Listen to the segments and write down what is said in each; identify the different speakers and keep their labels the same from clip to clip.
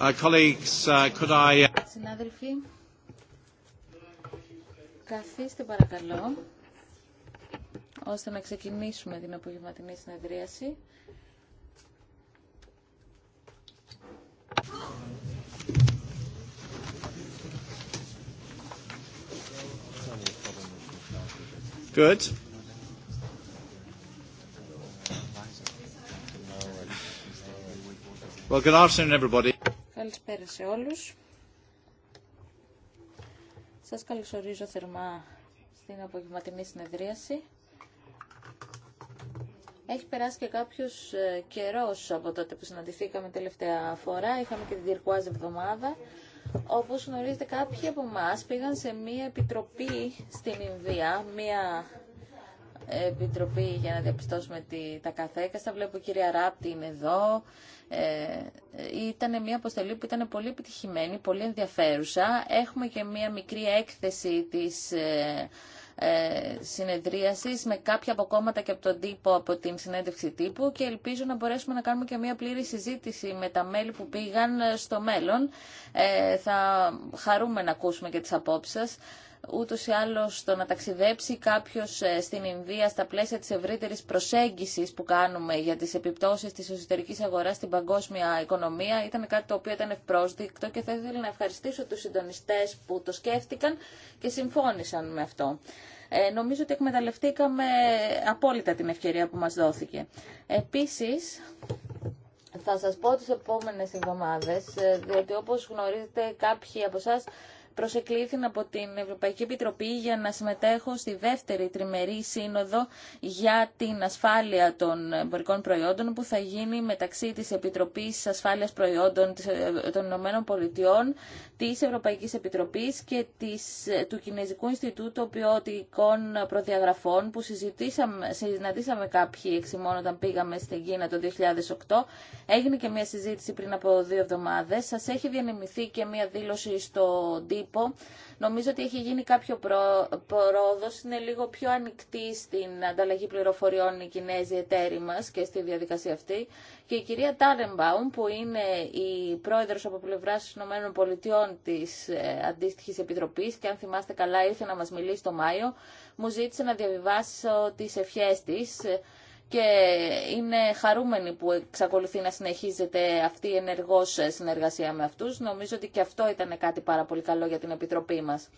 Speaker 1: Uh, uh, could
Speaker 2: I... Uh,
Speaker 3: Συνάδελφοι, καθίστε παρακαλώ, ώστε να ξεκινήσουμε την απογευματινή συνεδρίαση.
Speaker 1: Good. Καλησπέρα
Speaker 3: σε όλους. Σας καλωσορίζω θερμά στην απογευματινή συνεδρίαση. Έχει περάσει και κάποιος ε, καιρός από τότε που συναντηθήκαμε τελευταία φορά. Είχαμε και την Τυρκουάζ εβδομάδα. Όπως γνωρίζετε κάποιοι από εμά πήγαν σε μία επιτροπή στην Ινδία, μία Επιτροπή για να διαπιστώσουμε τι, τα καθέκαστα. Βλέπω η κυρία Ράπτη είναι εδώ. Ε, ήταν μια αποστολή που ήταν πολύ επιτυχημένη, πολύ ενδιαφέρουσα. Έχουμε και μια μικρή έκθεση της ε, ε συνεδρίασης με κάποια κόμματα και από τον τύπο από την συνέντευξη τύπου και ελπίζω να μπορέσουμε να κάνουμε και μια πλήρη συζήτηση με τα μέλη που πήγαν στο μέλλον. Ε, θα χαρούμε να ακούσουμε και τις απόψεις σας ούτως ή άλλως το να ταξιδέψει κάποιος ε, στην Ινδία στα πλαίσια της ευρύτερης προσέγγισης που κάνουμε για τις επιπτώσεις της εσωτερική αγοράς στην παγκόσμια οικονομία ήταν κάτι το οποίο ήταν ευπρόσδεικτο και θα ήθελα να ευχαριστήσω τους συντονιστές που το σκέφτηκαν και συμφώνησαν με αυτό. Ε, νομίζω ότι εκμεταλλευτήκαμε απόλυτα την ευκαιρία που μας δόθηκε. Επίσης, θα σας πω τις επόμενες εβδομάδες, ε, διότι όπως γνωρίζετε κάποιοι από εσάς προσεκλήθην από την Ευρωπαϊκή Επιτροπή για να συμμετέχω στη δεύτερη τριμερή σύνοδο για την ασφάλεια των εμπορικών προϊόντων που θα γίνει μεταξύ της Επιτροπής Ασφάλειας Προϊόντων ε, των Ηνωμένων Πολιτειών, της Ευρωπαϊκής Επιτροπής και της, ε, του Κινέζικου Ινστιτούτου Ποιοτικών Προδιαγραφών που συζητήσαμε, συναντήσαμε κάποιοι εξημών όταν πήγαμε στην Κίνα το 2008. Έγινε και μια συζήτηση πριν από δύο εβδομάδες. Σας έχει διανεμηθεί και μια δήλωση στο νομίζω ότι έχει γίνει κάποιο πρόοδο. Είναι λίγο πιο ανοιχτή στην ανταλλαγή πληροφοριών η Κινέζοι εταίροι μα και στη διαδικασία αυτή. Και η κυρία Τάρεμπαουμ, που είναι η πρόεδρο από πλευρά των ΗΠΑ τη ε, αντίστοιχη επιτροπή, και αν θυμάστε καλά, ήρθε να μα μιλήσει το Μάιο, μου ζήτησε να διαβιβάσω τι ευχέ τη ε, και είναι χαρούμενοι που εξακολουθεί να συνεχίζεται αυτή η ενεργός συνεργασία με αυτούς. Νομίζω ότι και αυτό ήταν κάτι πάρα πολύ καλό για την Επιτροπή μας.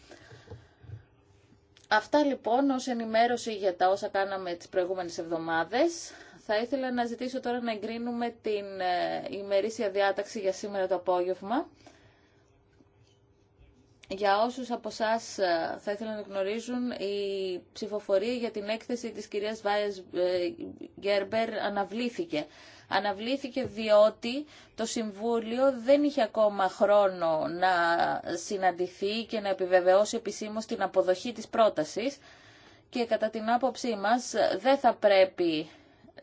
Speaker 3: Αυτά λοιπόν ως ενημέρωση για τα όσα κάναμε τις προηγούμενες εβδομάδες. Θα ήθελα να ζητήσω τώρα να εγκρίνουμε την ε, ημερήσια διάταξη για σήμερα το απόγευμα για όσους από εσά ε, θα ήθελαν να γνωρίζουν, η ψηφοφορία για την έκθεση της κυρίας Βάιας ε, Γκέρμπερ αναβλήθηκε. Αναβλήθηκε διότι το Συμβούλιο δεν είχε ακόμα χρόνο να συναντηθεί και να επιβεβαιώσει επισήμως την αποδοχή της πρότασης και κατά την άποψή μας δεν θα πρέπει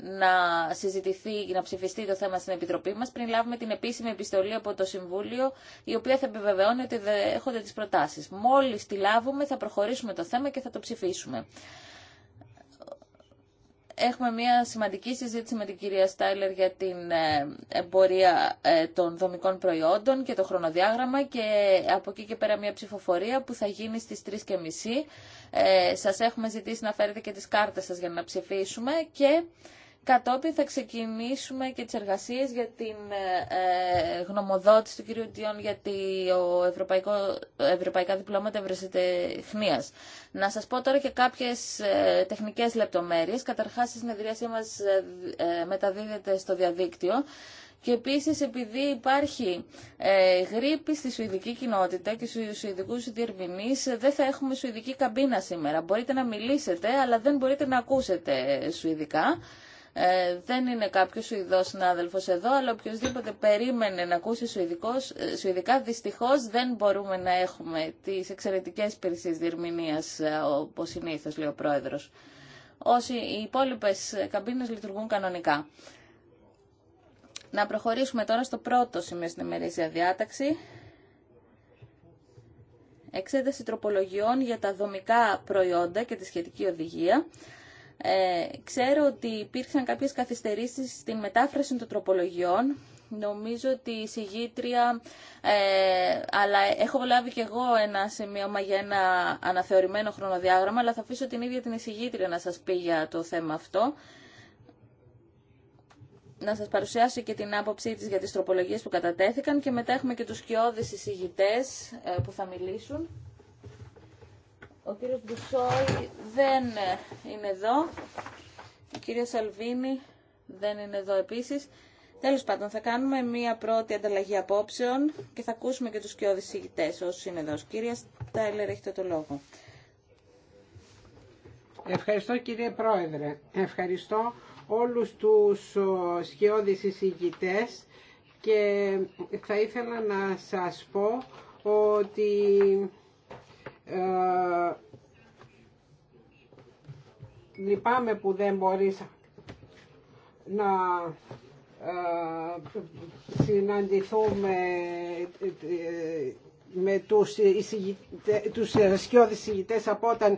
Speaker 3: να συζητηθεί και να ψηφιστεί το θέμα στην Επιτροπή μας πριν λάβουμε την επίσημη επιστολή από το Συμβούλιο η οποία θα επιβεβαιώνει ότι έχονται τις προτάσεις. Μόλις τη λάβουμε θα προχωρήσουμε το θέμα και θα το ψηφίσουμε. Έχουμε μια σημαντική συζήτηση με την κυρία Στάιλερ για την ε, εμπορία ε, των δομικών προϊόντων και το χρονοδιάγραμμα και από εκεί και πέρα μια ψηφοφορία που θα γίνει στις 3.30. Ε, σας έχουμε ζητήσει να φέρετε και τις κάρτες σας για να ψηφίσουμε και Κατόπιν θα ξεκινήσουμε και τις εργασίες για την ε, ε, γνωμοδότηση του κυρίου Τιόν για ο Ευρωπαϊκό, Ευρωπαϊκά Διπλώματα χνίας. Να σας πω τώρα και κάποιες ε, τεχνικές λεπτομέρειες. Καταρχάς η συνεδρίασή μας μεταδίδεται στο διαδίκτυο. Και επίσης επειδή υπάρχει ε, γρήπη στη σουηδική κοινότητα και στους σουηδικούς διερμηνείς, δεν θα έχουμε σουηδική καμπίνα σήμερα. Μπορείτε να μιλήσετε, αλλά δεν μπορείτε να ακούσετε σουηδικά. Ε, δεν είναι κάποιο Σουηδό συνάδελφο εδώ, αλλά οποιοδήποτε περίμενε να ακούσει Σουηδικός, ε, Σουηδικά, δυστυχώ, δεν μπορούμε να έχουμε τις εξαιρετικές υπηρεσίες διερμηνίας, ε, όπως συνήθως λέει ο πρόεδρο. Όσοι οι υπόλοιπε καμπίνες λειτουργούν κανονικά. Να προχωρήσουμε τώρα στο πρώτο σημείο στην ημερήσια διάταξη. Εξέταση τροπολογιών για τα δομικά προϊόντα και τη σχετική οδηγία. Ε, ξέρω ότι υπήρξαν κάποιες καθυστερήσεις στην μετάφραση των τροπολογιών. Νομίζω ότι η συγγήτρια, ε, αλλά έχω λάβει και εγώ ένα σημείωμα για ένα αναθεωρημένο χρονοδιάγραμμα, αλλά θα αφήσω την ίδια την συγγήτρια να σας πει για το θέμα αυτό. Να σας παρουσιάσω και την άποψή της για τις τροπολογίες που κατατέθηκαν και μετά έχουμε και τους κοιόδης εισηγητές ε, που θα μιλήσουν. Ο κύριος Μπουσόη δεν ε, είναι εδώ. Ο κύριος Σαλβίνη δεν είναι εδώ επίσης. Τέλος πάντων, θα κάνουμε μία πρώτη ανταλλαγή απόψεων και θα ακούσουμε και τους κοιόδης
Speaker 2: ηγητές όσους είναι εδώ. Κύριε Στάιλερ, έχετε το λόγο. Ευχαριστώ κύριε Πρόεδρε. Ευχαριστώ όλους τους σκιώδης εισηγητές και θα ήθελα να σας πω ότι ε, λυπάμαι που δεν μπορείς να ε, συναντηθούμε ε, με τους, τους σκιώδεις από όταν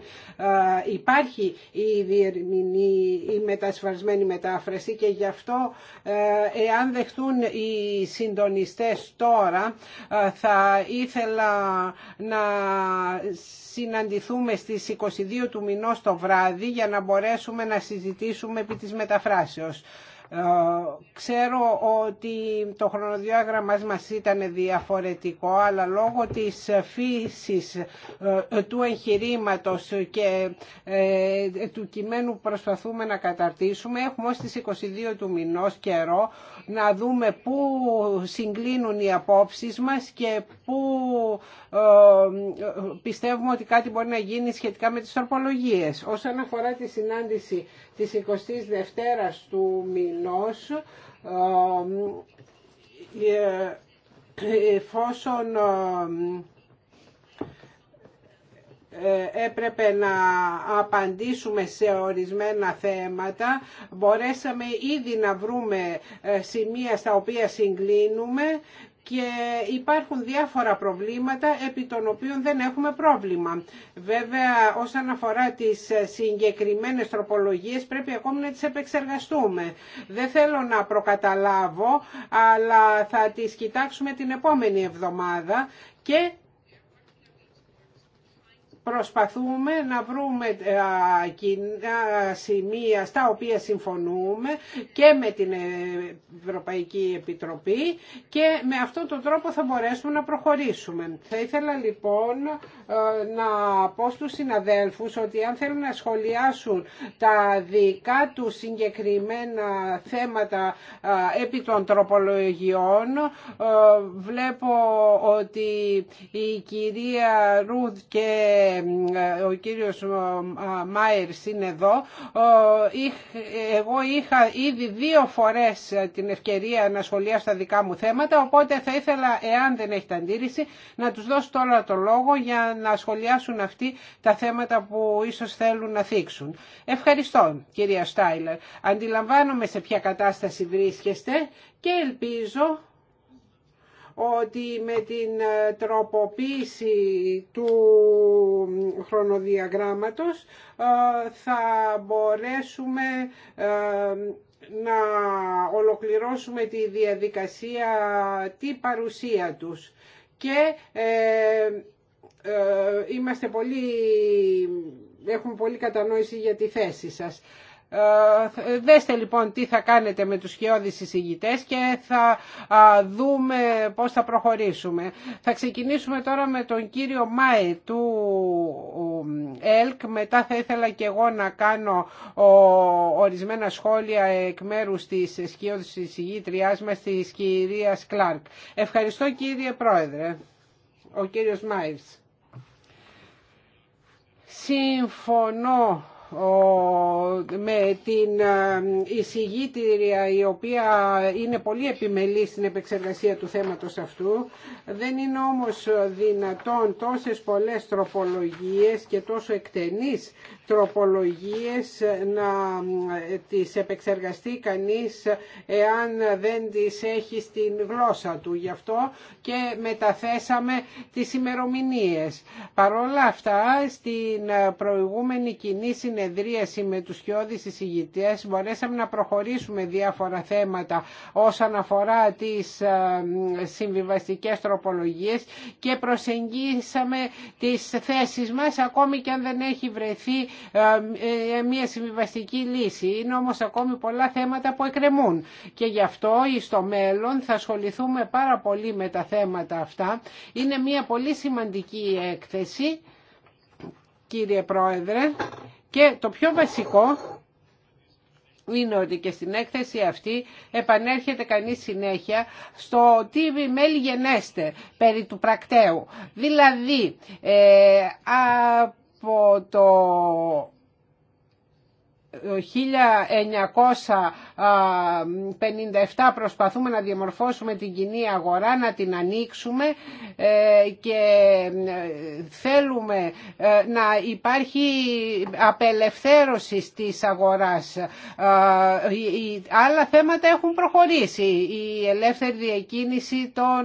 Speaker 2: υπάρχει η διερμηνή ή μετασφαλισμένη μετάφραση και γι' αυτό ε, εάν δεχτούν οι συντονιστές τώρα θα ήθελα να συναντηθούμε στις 22 του μηνός το βράδυ για να μπορέσουμε να συζητήσουμε επί της μεταφράσεως. Ε, ξέρω ότι το χρονοδιάγραμμα μας ήταν διαφορετικό, αλλά λόγω της φύσης ε, του εγχειρήματο και ε, του κειμένου που προσπαθούμε να καταρτήσουμε, έχουμε ως τις 22 του μηνός καιρό να δούμε πού συγκλίνουν οι απόψεις μας και πού πιστεύουμε ότι κάτι μπορεί να γίνει σχετικά με τις τροπολογίες. Όσον αφορά τη συνάντηση της 22ης του μηνός ε, ε, εφόσον ε, έπρεπε να απαντήσουμε σε ορισμένα θέματα. Μπορέσαμε ήδη να βρούμε σημεία στα οποία συγκλίνουμε και υπάρχουν διάφορα προβλήματα επί των οποίων δεν έχουμε πρόβλημα. Βέβαια όσον αφορά τις συγκεκριμένες τροπολογίες πρέπει ακόμη να τις επεξεργαστούμε. Δεν θέλω να προκαταλάβω αλλά θα τις κοιτάξουμε την επόμενη εβδομάδα και προσπαθούμε να βρούμε ε, κοινά σημεία στα οποία συμφωνούμε και με την ε, Ευρωπαϊκή Επιτροπή και με αυτόν τον τρόπο θα μπορέσουμε να προχωρήσουμε. Θα ήθελα λοιπόν ε, να πω στους συναδέλφους ότι αν θέλουν να σχολιάσουν τα δικά του συγκεκριμένα θέματα επί των τροπολογιών βλέπω ότι η κυρία Ρούδ και ο κύριος Μάιρς είναι εδώ, εγώ είχα ήδη δύο φορές ε, την ευκαιρία να σχολιάσω τα δικά μου θέματα, οπότε θα ήθελα, εάν δεν έχετε αντίρρηση, να τους δώσω τώρα το λόγο για να σχολιάσουν αυτοί τα θέματα που ίσως θέλουν να θίξουν. Ευχαριστώ, κυρία Στάιλερ. Αντιλαμβάνομαι σε ποια κατάσταση βρίσκεστε και ελπίζω ότι με την ε, τροποποίηση του χρονοδιαγράμματος ε, θα μπορέσουμε ε, να ολοκληρώσουμε τη διαδικασία, τη παρουσία τους. Και είμαστε πολύ, έχουμε πολύ κατανόηση για τη θέση σας. Ε, δέστε λοιπόν τι θα κάνετε με τους χειώδεις εισηγητές και θα δούμε πώς θα προχωρήσουμε. Θα ξεκινήσουμε τώρα με τον κύριο Μάε του ΕΛΚ. Μετά θα ήθελα και εγώ να κάνω ορισμένα σχόλια εκ μέρους της σκιώδης εισηγήτριάς μας της κυρίας Κλάρκ. Ευχαριστώ κύριε Πρόεδρε. Ο κύριος Μάιρς. Συμφωνώ με την ε, εισηγήτηρια η οποία είναι πολύ επιμελή στην επεξεργασία του θέματος αυτού. Δεν είναι όμως δυνατόν τόσες πολλές τροπολογίες και τόσο εκτενείς τροπολογίες να ε, τις επεξεργαστεί κανείς εάν δεν τις έχει στην γλώσσα του. Γι' αυτό και μεταθέσαμε τις ημερομηνίες. Παρόλα αυτά στην προηγούμενη κοινή συνεργασία με τους χιώδεις εισηγητές μπορέσαμε να προχωρήσουμε διάφορα θέματα όσον αφορά τις ε, συμβιβαστικές τροπολογίες και προσεγγίσαμε τις θέσεις μας ακόμη και αν δεν έχει βρεθεί ε, ε, μια συμβιβαστική λύση. Είναι όμως ακόμη πολλά θέματα που εκκρεμούν και γι' αυτό στο μέλλον θα ασχοληθούμε πάρα πολύ με τα θέματα αυτά. Είναι μια πολύ σημαντική έκθεση κύριε Πρόεδρε και το πιο βασικό είναι ότι και στην έκθεση αυτή επανέρχεται κανείς συνέχεια στο τι μέλη γενέστε περί του πρακτέου. Δηλαδή, ε, από το 1957 προσπαθούμε να διαμορφώσουμε την κοινή αγορά, να την ανοίξουμε ε, και ε, θέλουμε ε, να υπάρχει απελευθέρωση της αγοράς. Άλλα θέματα έχουν προχωρήσει. Η ελεύθερη διακίνηση των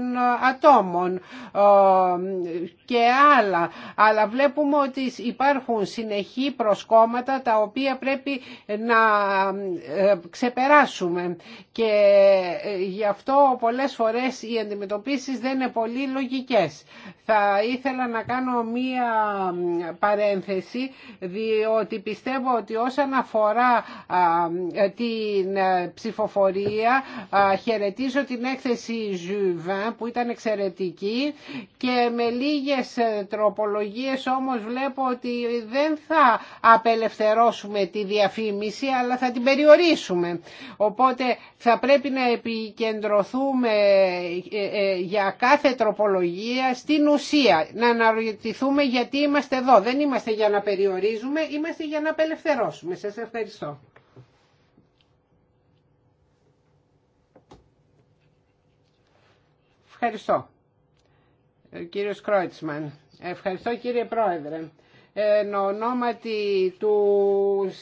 Speaker 2: ατόμων και άλλα. Αλλά βλέπουμε ότι υπάρχουν συνεχή προσκόμματα τα οποία πρέπει να ε, ξεπεράσουμε και ε, γι' αυτό πολλές φορές οι αντιμετωπίσεις δεν είναι πολύ λογικές. Θα ήθελα να κάνω μία παρένθεση διότι πιστεύω ότι όσον αφορά την ε, ψηφοφορία χαιρετίζω την έκθεση Ζουβά που ήταν εξαιρετική και με λίγες τροπολογίες όμως βλέπω ότι δεν θα απελευθερώσουμε τη διαφορά διαφήμιση αλλά θα την περιορίσουμε. Οπότε θα πρέπει να επικεντρωθούμε ε, ε, για κάθε τροπολογία στην ουσία. Να αναρωτηθούμε γιατί είμαστε εδώ. Δεν είμαστε για να περιορίζουμε, είμαστε για να απελευθερώσουμε. Σας ευχαριστώ. Ευχαριστώ. Ο ε, κύριος Κρόιτσμαν. Ευχαριστώ κύριε Πρόεδρε. Εν ονόματι του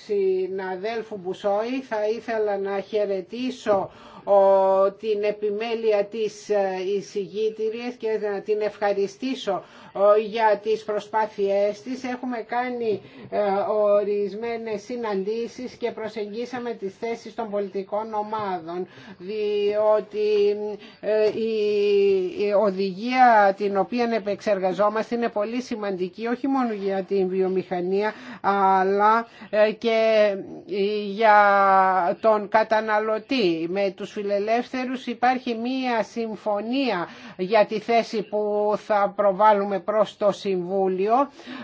Speaker 2: συναδέλφου Μπουσόη θα ήθελα να χαιρετήσω την επιμέλεια της ε, εισηγήτηριας και να την ευχαριστήσω ε, για τις προσπάθειές της. Έχουμε κάνει ε, ορισμένες συναντήσεις και προσεγγίσαμε τις θέσεις των πολιτικών ομάδων διότι η οδηγία την οποία επεξεργαζόμαστε είναι πολύ σημαντική όχι μόνο για την βιομηχανία αλλά και για τον καταναλωτή με τους φιλελεύθερους υπάρχει μία συμφωνία για τη θέση που θα προβάλλουμε προς το Συμβούλιο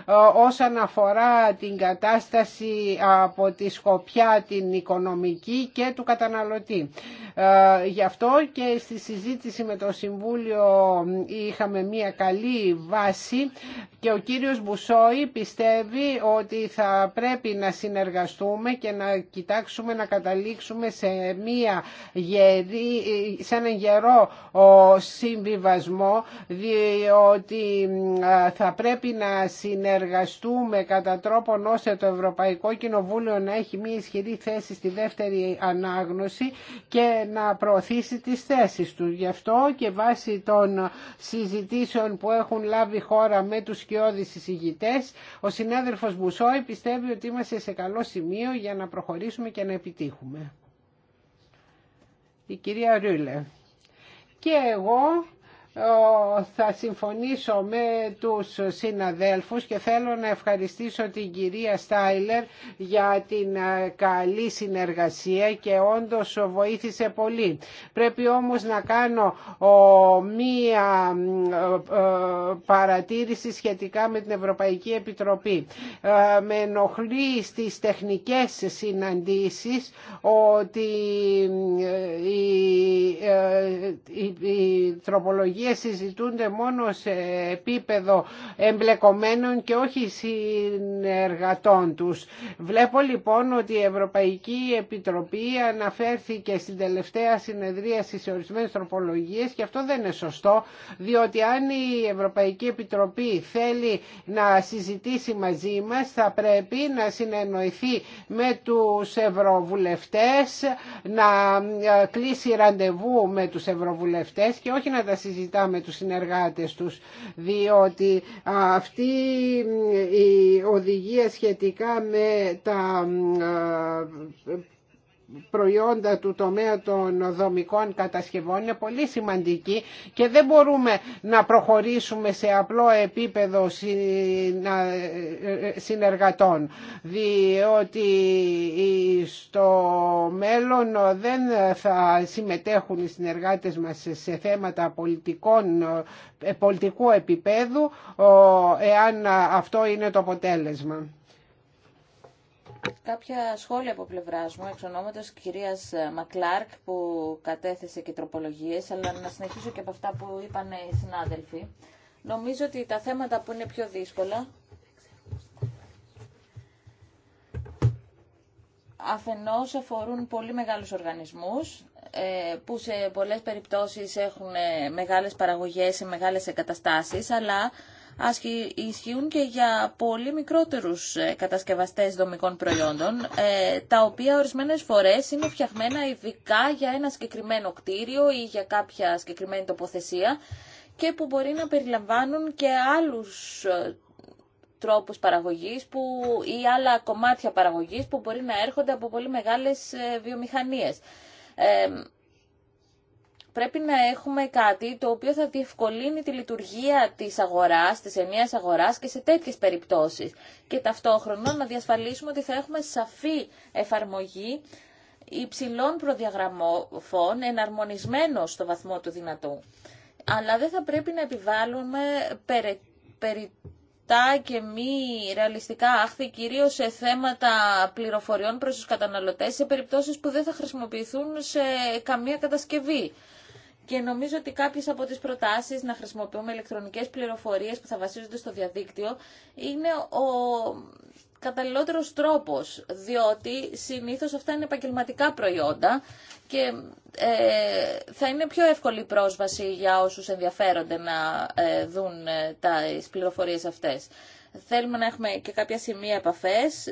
Speaker 2: ε, όσον αφορά την κατάσταση από τη σκοπιά την οικονομική και του καταναλωτή. Ε, γι' αυτό και στη συζήτηση με το Συμβούλιο είχαμε μία καλή βάση και ο κύριος Μπουσόη πιστεύει ότι θα πρέπει να συνεργαστούμε και να κοιτάξουμε να καταλήξουμε σε μία σε έναν γερό συμβιβασμό διότι θα πρέπει να συνεργαστούμε κατά τρόπον ώστε το Ευρωπαϊκό Κοινοβούλιο να έχει μια ισχυρή θέση στη δεύτερη ανάγνωση και να προωθήσει τις θέσεις του. Γι' αυτό και βάσει των συζητήσεων που έχουν λάβει χώρα με τους σκιώδεις συζητητές, ο συνάδελφος Μπουσόη πιστεύει ότι είμαστε σε καλό σημείο για να προχωρήσουμε και να επιτύχουμε η κυρία Ρούλε. Και εγώ θα συμφωνήσω με τους συναδέλφους και θέλω να ευχαριστήσω την κυρία Στάιλερ για την ε, καλή συνεργασία και όντως βοήθησε πολύ. Πρέπει όμως να κάνω μία παρατήρηση σχετικά με την Ευρωπαϊκή Επιτροπή. Ε, με ενοχλεί στις τεχνικές συναντήσεις ότι ε, η, η, η τροπολογία συζητούνται μόνο σε επίπεδο εμπλεκομένων και όχι συνεργατών τους. Βλέπω λοιπόν ότι η Ευρωπαϊκή Επιτροπή αναφέρθηκε στην τελευταία συνεδρία στι ορισμένε τροπολογίες και αυτό δεν είναι σωστό, διότι αν η Ευρωπαϊκή Επιτροπή θέλει να συζητήσει μαζί μας θα πρέπει να συνεννοηθεί με τους ευρωβουλευτές, να κλείσει ραντεβού με τους ευρωβουλευτές και όχι να τα συζητήσει με τους συνεργάτες τους διότι αυτή η οδηγία σχετικά με τα προϊόντα του τομέα των δομικών κατασκευών είναι πολύ σημαντική και δεν μπορούμε να προχωρήσουμε σε απλό επίπεδο συνεργατών διότι στο μέλλον δεν θα συμμετέχουν οι συνεργάτες μας σε θέματα πολιτικών, πολιτικού επίπεδου εάν αυτό είναι το αποτέλεσμα
Speaker 3: κάποια σχόλια από πλευρά μου, εξ ονόματο κυρία Μακλάρκ που κατέθεσε και τροπολογίε, αλλά να συνεχίσω και από αυτά που είπαν οι συνάδελφοι. Νομίζω ότι τα θέματα που είναι πιο δύσκολα αφενός αφορούν πολύ μεγάλους οργανισμούς ε, που σε πολλές περιπτώσεις έχουν μεγάλες παραγωγές σε μεγάλες εγκαταστάσεις αλλά ισχύουν και για πολύ μικρότερους ε, κατασκευαστές δομικών προϊόντων, ε, τα οποία ορισμένες φορές είναι φτιαγμένα ειδικά για ένα συγκεκριμένο κτίριο ή για κάποια συγκεκριμένη τοποθεσία και που μπορεί να περιλαμβάνουν και άλλους ε, τρόπους παραγωγής που, ή άλλα κομμάτια παραγωγής που μπορεί να έρχονται από πολύ μεγάλες βιομηχανίες. Πρέπει να έχουμε κάτι το οποίο θα διευκολύνει τη λειτουργία της αγοράς, της ενίας αγοράς και σε τέτοιες περιπτώσεις. Και ταυτόχρονα να διασφαλίσουμε ότι θα έχουμε σαφή εφαρμογή υψηλών προδιαγραμμών, εναρμονισμένο στο βαθμό του δυνατού. Αλλά δεν θα πρέπει να επιβάλλουμε περι, και μη ρεαλιστικά άχθη, κυρίω σε θέματα πληροφοριών προ του καταναλωτέ, σε περιπτώσει που δεν θα χρησιμοποιηθούν σε καμία κατασκευή και νομίζω ότι κάποιες από τις προτάσεις να χρησιμοποιούμε ηλεκτρονικές πληροφορίες που θα βασίζονται στο διαδίκτυο είναι ο καταλληλότερος τρόπος, διότι συνήθως αυτά είναι επαγγελματικά προϊόντα και ε, θα είναι πιο εύκολη πρόσβαση για όσους ενδιαφέρονται να ε, δουν ε, τα, τις πληροφορίες αυτές. Θέλουμε να έχουμε και κάποια σημεία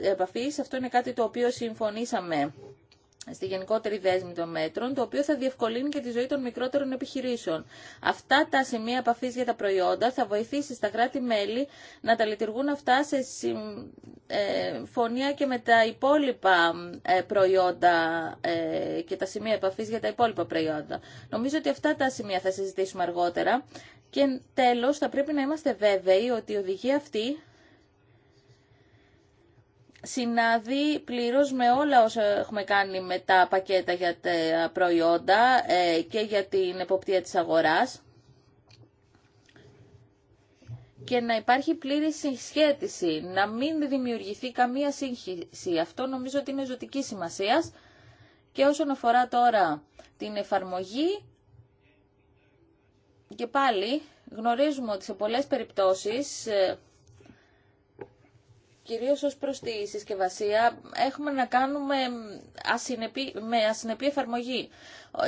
Speaker 3: επαφή. Αυτό είναι κάτι το οποίο συμφωνήσαμε στη γενικότερη δέσμη των μέτρων, το οποίο θα διευκολύνει και τη ζωή των μικρότερων επιχειρήσεων. Αυτά τα σημεία επαφή για τα προϊόντα θα βοηθήσει στα κράτη-μέλη να τα λειτουργούν αυτά σε συμφωνία ε, και με τα υπόλοιπα ε, προϊόντα ε, και τα σημεία επαφή για τα υπόλοιπα προϊόντα. Νομίζω ότι αυτά τα σημεία θα συζητήσουμε αργότερα. Και τέλος, θα πρέπει να είμαστε βέβαιοι ότι η οδηγία αυτή συνάδει πλήρως με όλα όσα έχουμε κάνει με τα πακέτα για τα προϊόντα ε, και για την εποπτεία της αγοράς και να υπάρχει πλήρη συσχέτιση, να μην δημιουργηθεί καμία σύγχυση. Αυτό νομίζω ότι είναι ζωτική σημασία. Και όσον αφορά τώρα την εφαρμογή, και πάλι γνωρίζουμε ότι σε πολλές περιπτώσεις ε, κυρίως ως προς τη συσκευασία, έχουμε να κάνουμε ασυνεπή, με ασυνεπή εφαρμογή.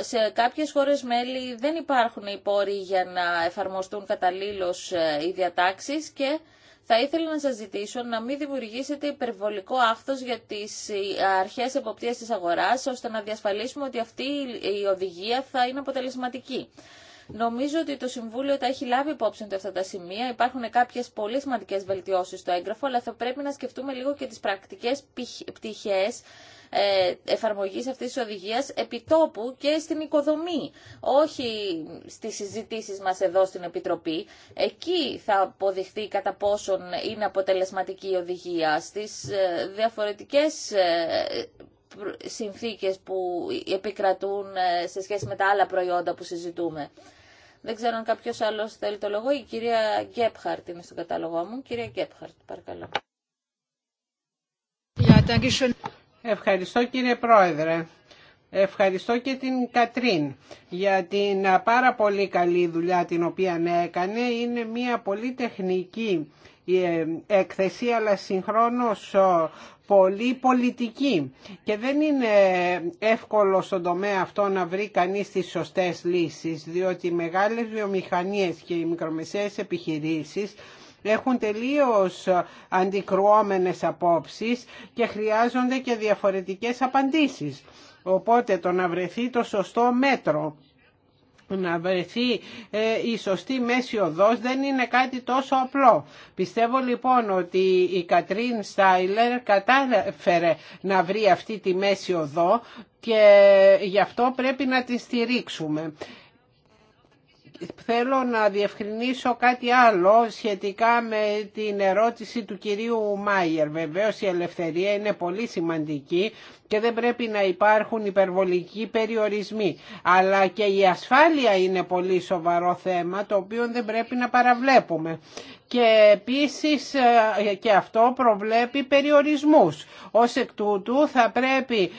Speaker 3: Σε κάποιες χώρες μέλη δεν υπάρχουν οι πόροι για να εφαρμοστούν καταλήλως ε, οι διατάξεις και θα ήθελα να σας ζητήσω να μην δημιουργήσετε υπερβολικό άχθος για τις ε, αρχές εποπτείας της αγοράς, ώστε να διασφαλίσουμε ότι αυτή η οδηγία θα είναι αποτελεσματική. Νομίζω ότι το Συμβούλιο τα έχει λάβει υπόψη του αυτά τα σημεία. Υπάρχουν κάποιε πολύ σημαντικέ βελτιώσει στο έγγραφο, αλλά θα πρέπει να σκεφτούμε λίγο και τι πρακτικέ πτυχέ ε, εφαρμογής αυτής της οδηγίας επιτόπου και στην οικοδομή, όχι στι συζητήσει μα εδώ στην Επιτροπή. Εκεί θα αποδειχθεί κατά πόσον είναι αποτελεσματική η οδηγία στι ε, διαφορετικέ ε, συνθήκες που επικρατούν σε σχέση με τα άλλα προϊόντα που συζητούμε. Δεν ξέρω αν κάποιος άλλος θέλει το λόγο. Η κυρία Γκέπχαρτ είναι στον κατάλογό μου. Κυρία Γκέπχαρτ, παρακαλώ.
Speaker 2: Ευχαριστώ κύριε Πρόεδρε. Ευχαριστώ και την Κατρίν για την πάρα πολύ καλή δουλειά την οποία ναι έκανε. Είναι μια πολύ τεχνική ε, έκθεση αλλά συγχρόνως πολύ πολιτική και δεν είναι εύκολο στον τομέα αυτό να βρει κανείς τις σωστές λύσεις διότι οι μεγάλες βιομηχανίες και οι μικρομεσαίες επιχειρήσεις έχουν τελείως αντικρουόμενες απόψεις και χρειάζονται και διαφορετικές απαντήσεις. Οπότε το να βρεθεί το σωστό μέτρο να βρεθεί ε, η σωστή μέση οδός δεν είναι κάτι τόσο απλό. Πιστεύω λοιπόν ότι η Κατρίν Στάιλερ κατάφερε να βρει αυτή τη μέση οδό και γι' αυτό πρέπει να τη στηρίξουμε θέλω να διευκρινίσω κάτι άλλο σχετικά με την ερώτηση του κυρίου Μάιερ. Βεβαίως η ελευθερία είναι πολύ σημαντική και δεν πρέπει να υπάρχουν υπερβολικοί περιορισμοί. Αλλά και η ασφάλεια είναι πολύ σοβαρό θέμα το οποίο δεν πρέπει να παραβλέπουμε και επίσης ε, και αυτό προβλέπει περιορισμούς. Ως εκ τούτου θα πρέπει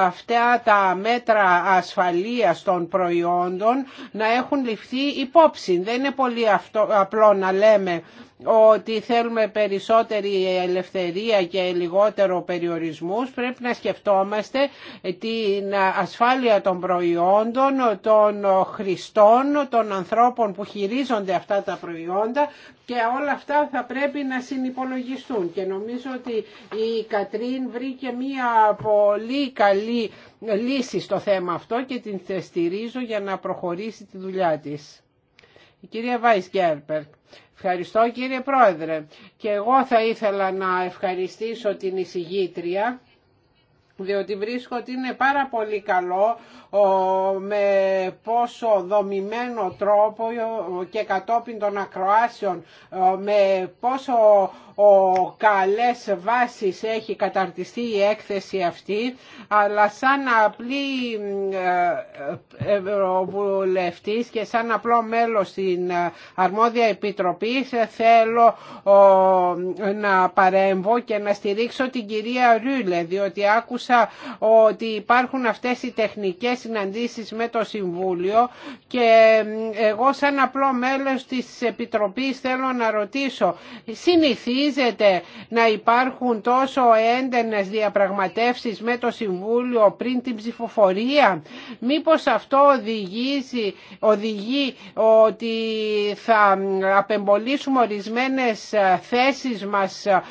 Speaker 2: αυτά τα μέτρα ασφαλείας των προϊόντων να έχουν ληφθεί υπόψη. Δεν είναι πολύ αυτό, απλό να λέμε ότι θέλουμε περισσότερη ελευθερία και λιγότερο περιορισμούς πρέπει να σκεφτόμαστε την ασφάλεια των προϊόντων, των χρηστών, των ανθρώπων που χειρίζονται αυτά τα προϊόντα και όλα αυτά θα πρέπει να συνυπολογιστούν και νομίζω ότι η Κατρίν βρήκε μία πολύ καλή λύση στο θέμα αυτό και την θεστηρίζω για να προχωρήσει τη δουλειά της. Η κυρία Βάις Γκέρπερ, Ευχαριστώ κύριε Πρόεδρε. Και εγώ θα ήθελα να ευχαριστήσω την εισηγήτρια διότι βρίσκω ότι είναι πάρα πολύ καλό με πόσο δομημένο τρόπο και κατόπιν των ακροάσεων με πόσο ο καλές βάσεις έχει καταρτιστεί η έκθεση αυτή, αλλά σαν απλή ε, ευρωβουλευτής και σαν απλό μέλος στην αρμόδια επιτροπή θέλω να παρέμβω και να στηρίξω την κυρία Ρούλε, διότι άκουσα ότι υπάρχουν αυτές οι τεχνικές συναντήσεις με το Συμβούλιο και εγώ σαν απλό μέλος της Επιτροπής θέλω να ρωτήσω, συνηθίζει να υπάρχουν τόσο έντενες διαπραγματεύσεις με το Συμβούλιο πριν την ψηφοφορία. Μήπως αυτό οδηγήσει, οδηγεί ότι θα απεμπολίσουμε ορισμένες θέσεις μας ε,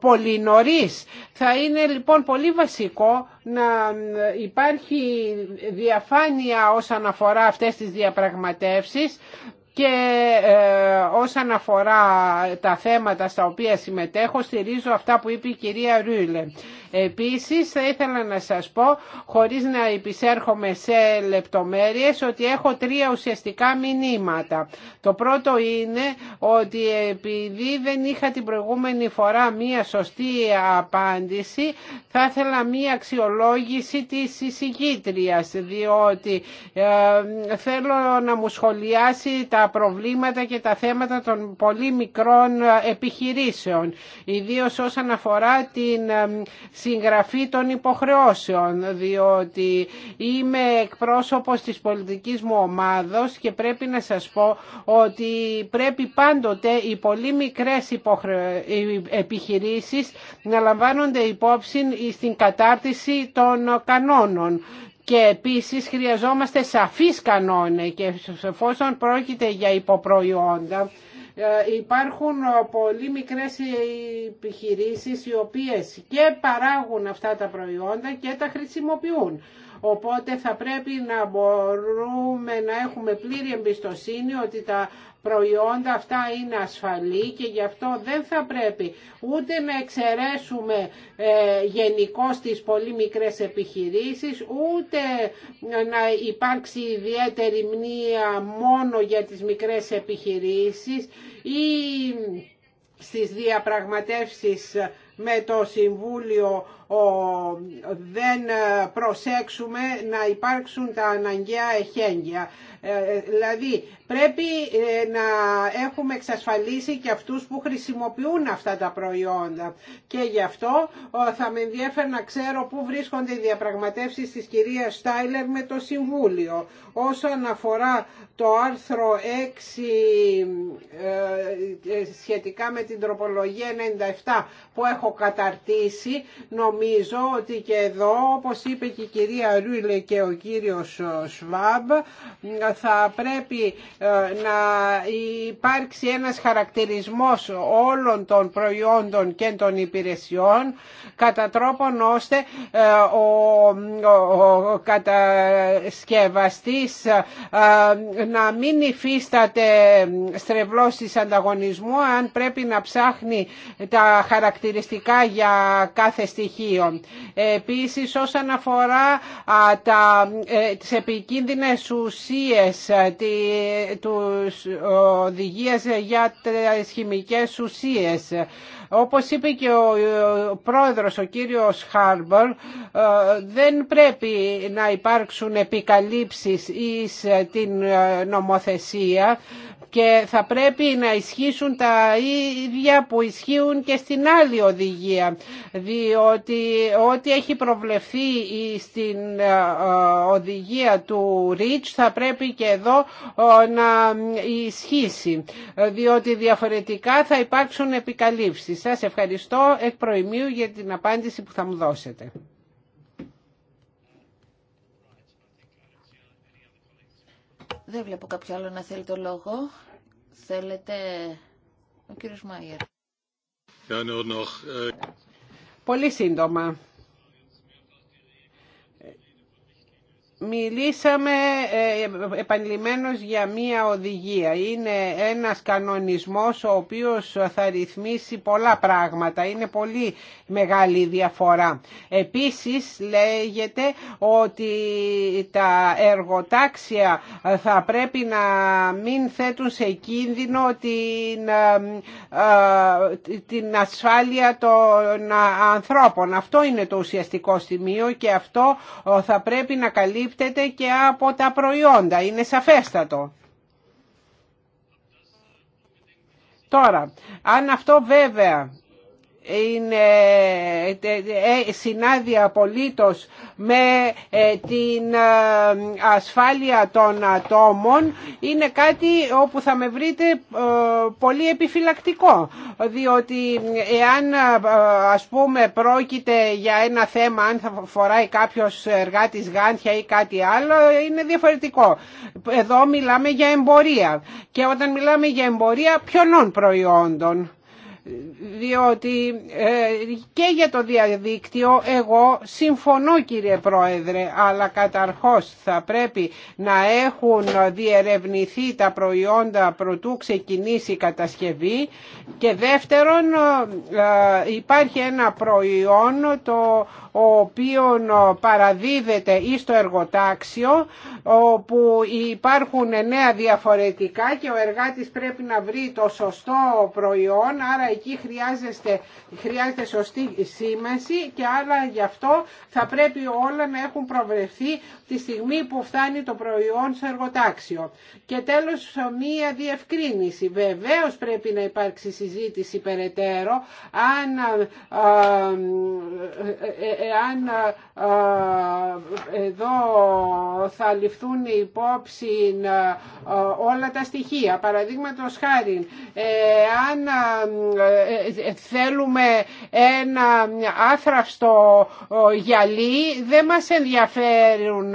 Speaker 2: πολύ νωρίς. Θα είναι λοιπόν πολύ βασικό να ε, υπάρχει διαφάνεια όσον αφορά αυτές τις διαπραγματεύσεις και ε, όσον αφορά τα θέματα στα οποία συμμετέχω στηρίζω αυτά που είπε η κυρία Ρούιλε. Επίσης θα ήθελα να σας πω χωρίς να επισέρχομαι σε λεπτομέρειες ότι έχω τρία ουσιαστικά μηνύματα. Το πρώτο είναι ότι επειδή δεν είχα την προηγούμενη φορά μία σωστή απάντηση θα ήθελα μία αξιολόγηση της εισηγήτριας διότι ε, θέλω να μου σχολιάσει τα τα προβλήματα και τα θέματα των πολύ μικρών ε, επιχειρήσεων, ιδίως όσον αφορά την ε, συγγραφή των υποχρεώσεων, διότι είμαι εκπρόσωπος της πολιτικής μου ομάδος και πρέπει να σας πω ότι πρέπει πάντοτε οι πολύ μικρές ε, επιχειρήσεις να λαμβάνονται υπόψη στην κατάρτιση των κανόνων και επίσης χρειαζόμαστε σαφείς κανόνες και εφόσον πρόκειται για υποπροϊόντα ε, υπάρχουν ε, πολύ μικρές επιχειρήσεις οι οποίες και παράγουν αυτά τα προϊόντα και τα χρησιμοποιούν. Οπότε θα πρέπει να μπορούμε να έχουμε πλήρη εμπιστοσύνη ότι τα προϊόντα αυτά είναι ασφαλή και γι' αυτό δεν θα πρέπει ούτε να εξαιρέσουμε ε, γενικώ τις πολύ μικρές επιχειρήσεις, ούτε να υπάρξει ιδιαίτερη μνήμα μόνο για τις μικρές επιχειρήσεις ή στις διαπραγματεύσεις με το Συμβούλιο δεν προσέξουμε να υπάρξουν τα αναγκαία εχέγγυα. Ε, δηλαδή Πρέπει ε, να έχουμε εξασφαλίσει και αυτούς που χρησιμοποιούν αυτά τα προϊόντα. Και γι' αυτό θα με ενδιαφέρει να ξέρω πού βρίσκονται οι διαπραγματεύσεις της κυρίας Στάιλερ με το Συμβούλιο. Όσον αφορά το άρθρο 6 ε, ε, σχετικά με την τροπολογία 97 που έχω καταρτήσει, νομίζω ότι και εδώ, όπως είπε και η κυρία Ρούλε και ο κύριος Σβάμπ, θα πρέπει ε, να υπάρξει ένας χαρακτηρισμός όλων των προϊόντων και των υπηρεσιών κατά τρόπον ώστε ε, ο κατασκευαστής ε, να μην υφίσταται της ανταγωνισμού αν πρέπει να ψάχνει τα χαρακτηριστικά για κάθε στοιχείο. Επίσης όσον αφορά τα, τις επικίνδυνες ουσίες, τους οδηγίες για τις χημικές ουσίες. Όπως είπε και ο πρόεδρος, ο κύριος Χάρμπορ, ε, δεν πρέπει να υπάρξουν επικαλύψεις εις ε, την ε, νομοθεσία και θα πρέπει να ισχύσουν τα ίδια που ισχύουν και στην άλλη οδηγία διότι ό,τι έχει προβλεφθεί στην ε, ε, οδηγία του Ριτς θα πρέπει και εδώ ε, να ισχύσει διότι διαφορετικά θα υπάρξουν επικαλύψεις. Σας ευχαριστώ εκ προημίου για την απάντηση που θα μου δώσετε.
Speaker 3: Δεν βλέπω κάποιο άλλο να θέλει το λόγο. Θέλετε... Ο
Speaker 2: κύριος Μάιερ. Äh, Πολύ σύντομα. Μιλήσαμε ε, επανειλημμένως για μία οδηγία. Είναι ένας κανονισμός ο οποίος θα ρυθμίσει πολλά πράγματα. Είναι πολύ μεγάλη διαφορά. Επίσης λέγεται ότι τα εργοτάξια θα πρέπει να μην θέτουν σε κίνδυνο την, ε, ε, την ασφάλεια των ανθρώπων. Αυτό είναι το ουσιαστικό σημείο και αυτό θα πρέπει να καλύψει καλύπτεται και από τα προϊόντα. Είναι σαφέστατο. Τώρα, αν αυτό βέβαια είναι, ε, συνάδεια απολύτως με ε, την ε, ασφάλεια των ατόμων είναι κάτι όπου θα με βρείτε πολύ επιφυλακτικό διότι εάν ας πούμε πρόκειται για ένα θέμα αν θα φοράει κάποιος εργάτης γάντια ή κάτι άλλο είναι διαφορετικό εδώ μιλάμε για εμπορία και όταν μιλάμε για εμπορία ποιονών προϊόντων διότι ε, και για το διαδίκτυο εγώ συμφωνώ κύριε Πρόεδρε αλλά καταρχώς θα πρέπει να έχουν διερευνηθεί τα προϊόντα προτού ξεκινήσει η κατασκευή και δεύτερον ε, υπάρχει ένα προϊόν το οποίο παραδίδεται ή στο εργοτάξιο όπου υπάρχουν νέα διαφορετικά και ο εργάτης πρέπει να βρει το σωστό προϊόν άρα εκεί χρειάζεστε, χρειάζεται σωστή σήμανση και άρα γι' αυτό θα πρέπει όλα να έχουν προβρεθεί τη στιγμή που φτάνει το προϊόν στο εργοτάξιο. Και τέλος μία διευκρίνηση. Βεβαίως πρέπει να υπάρξει συζήτηση περαιτέρω αν, ε, ε, ε, αν εδώ θα ληφθούν υπόψη όλα τα στοιχεία. Παραδείγματος χάρη, αν ε, ε, ε, θέλουμε ένα άθραυστο γυαλί, δεν μας ενδιαφέρουν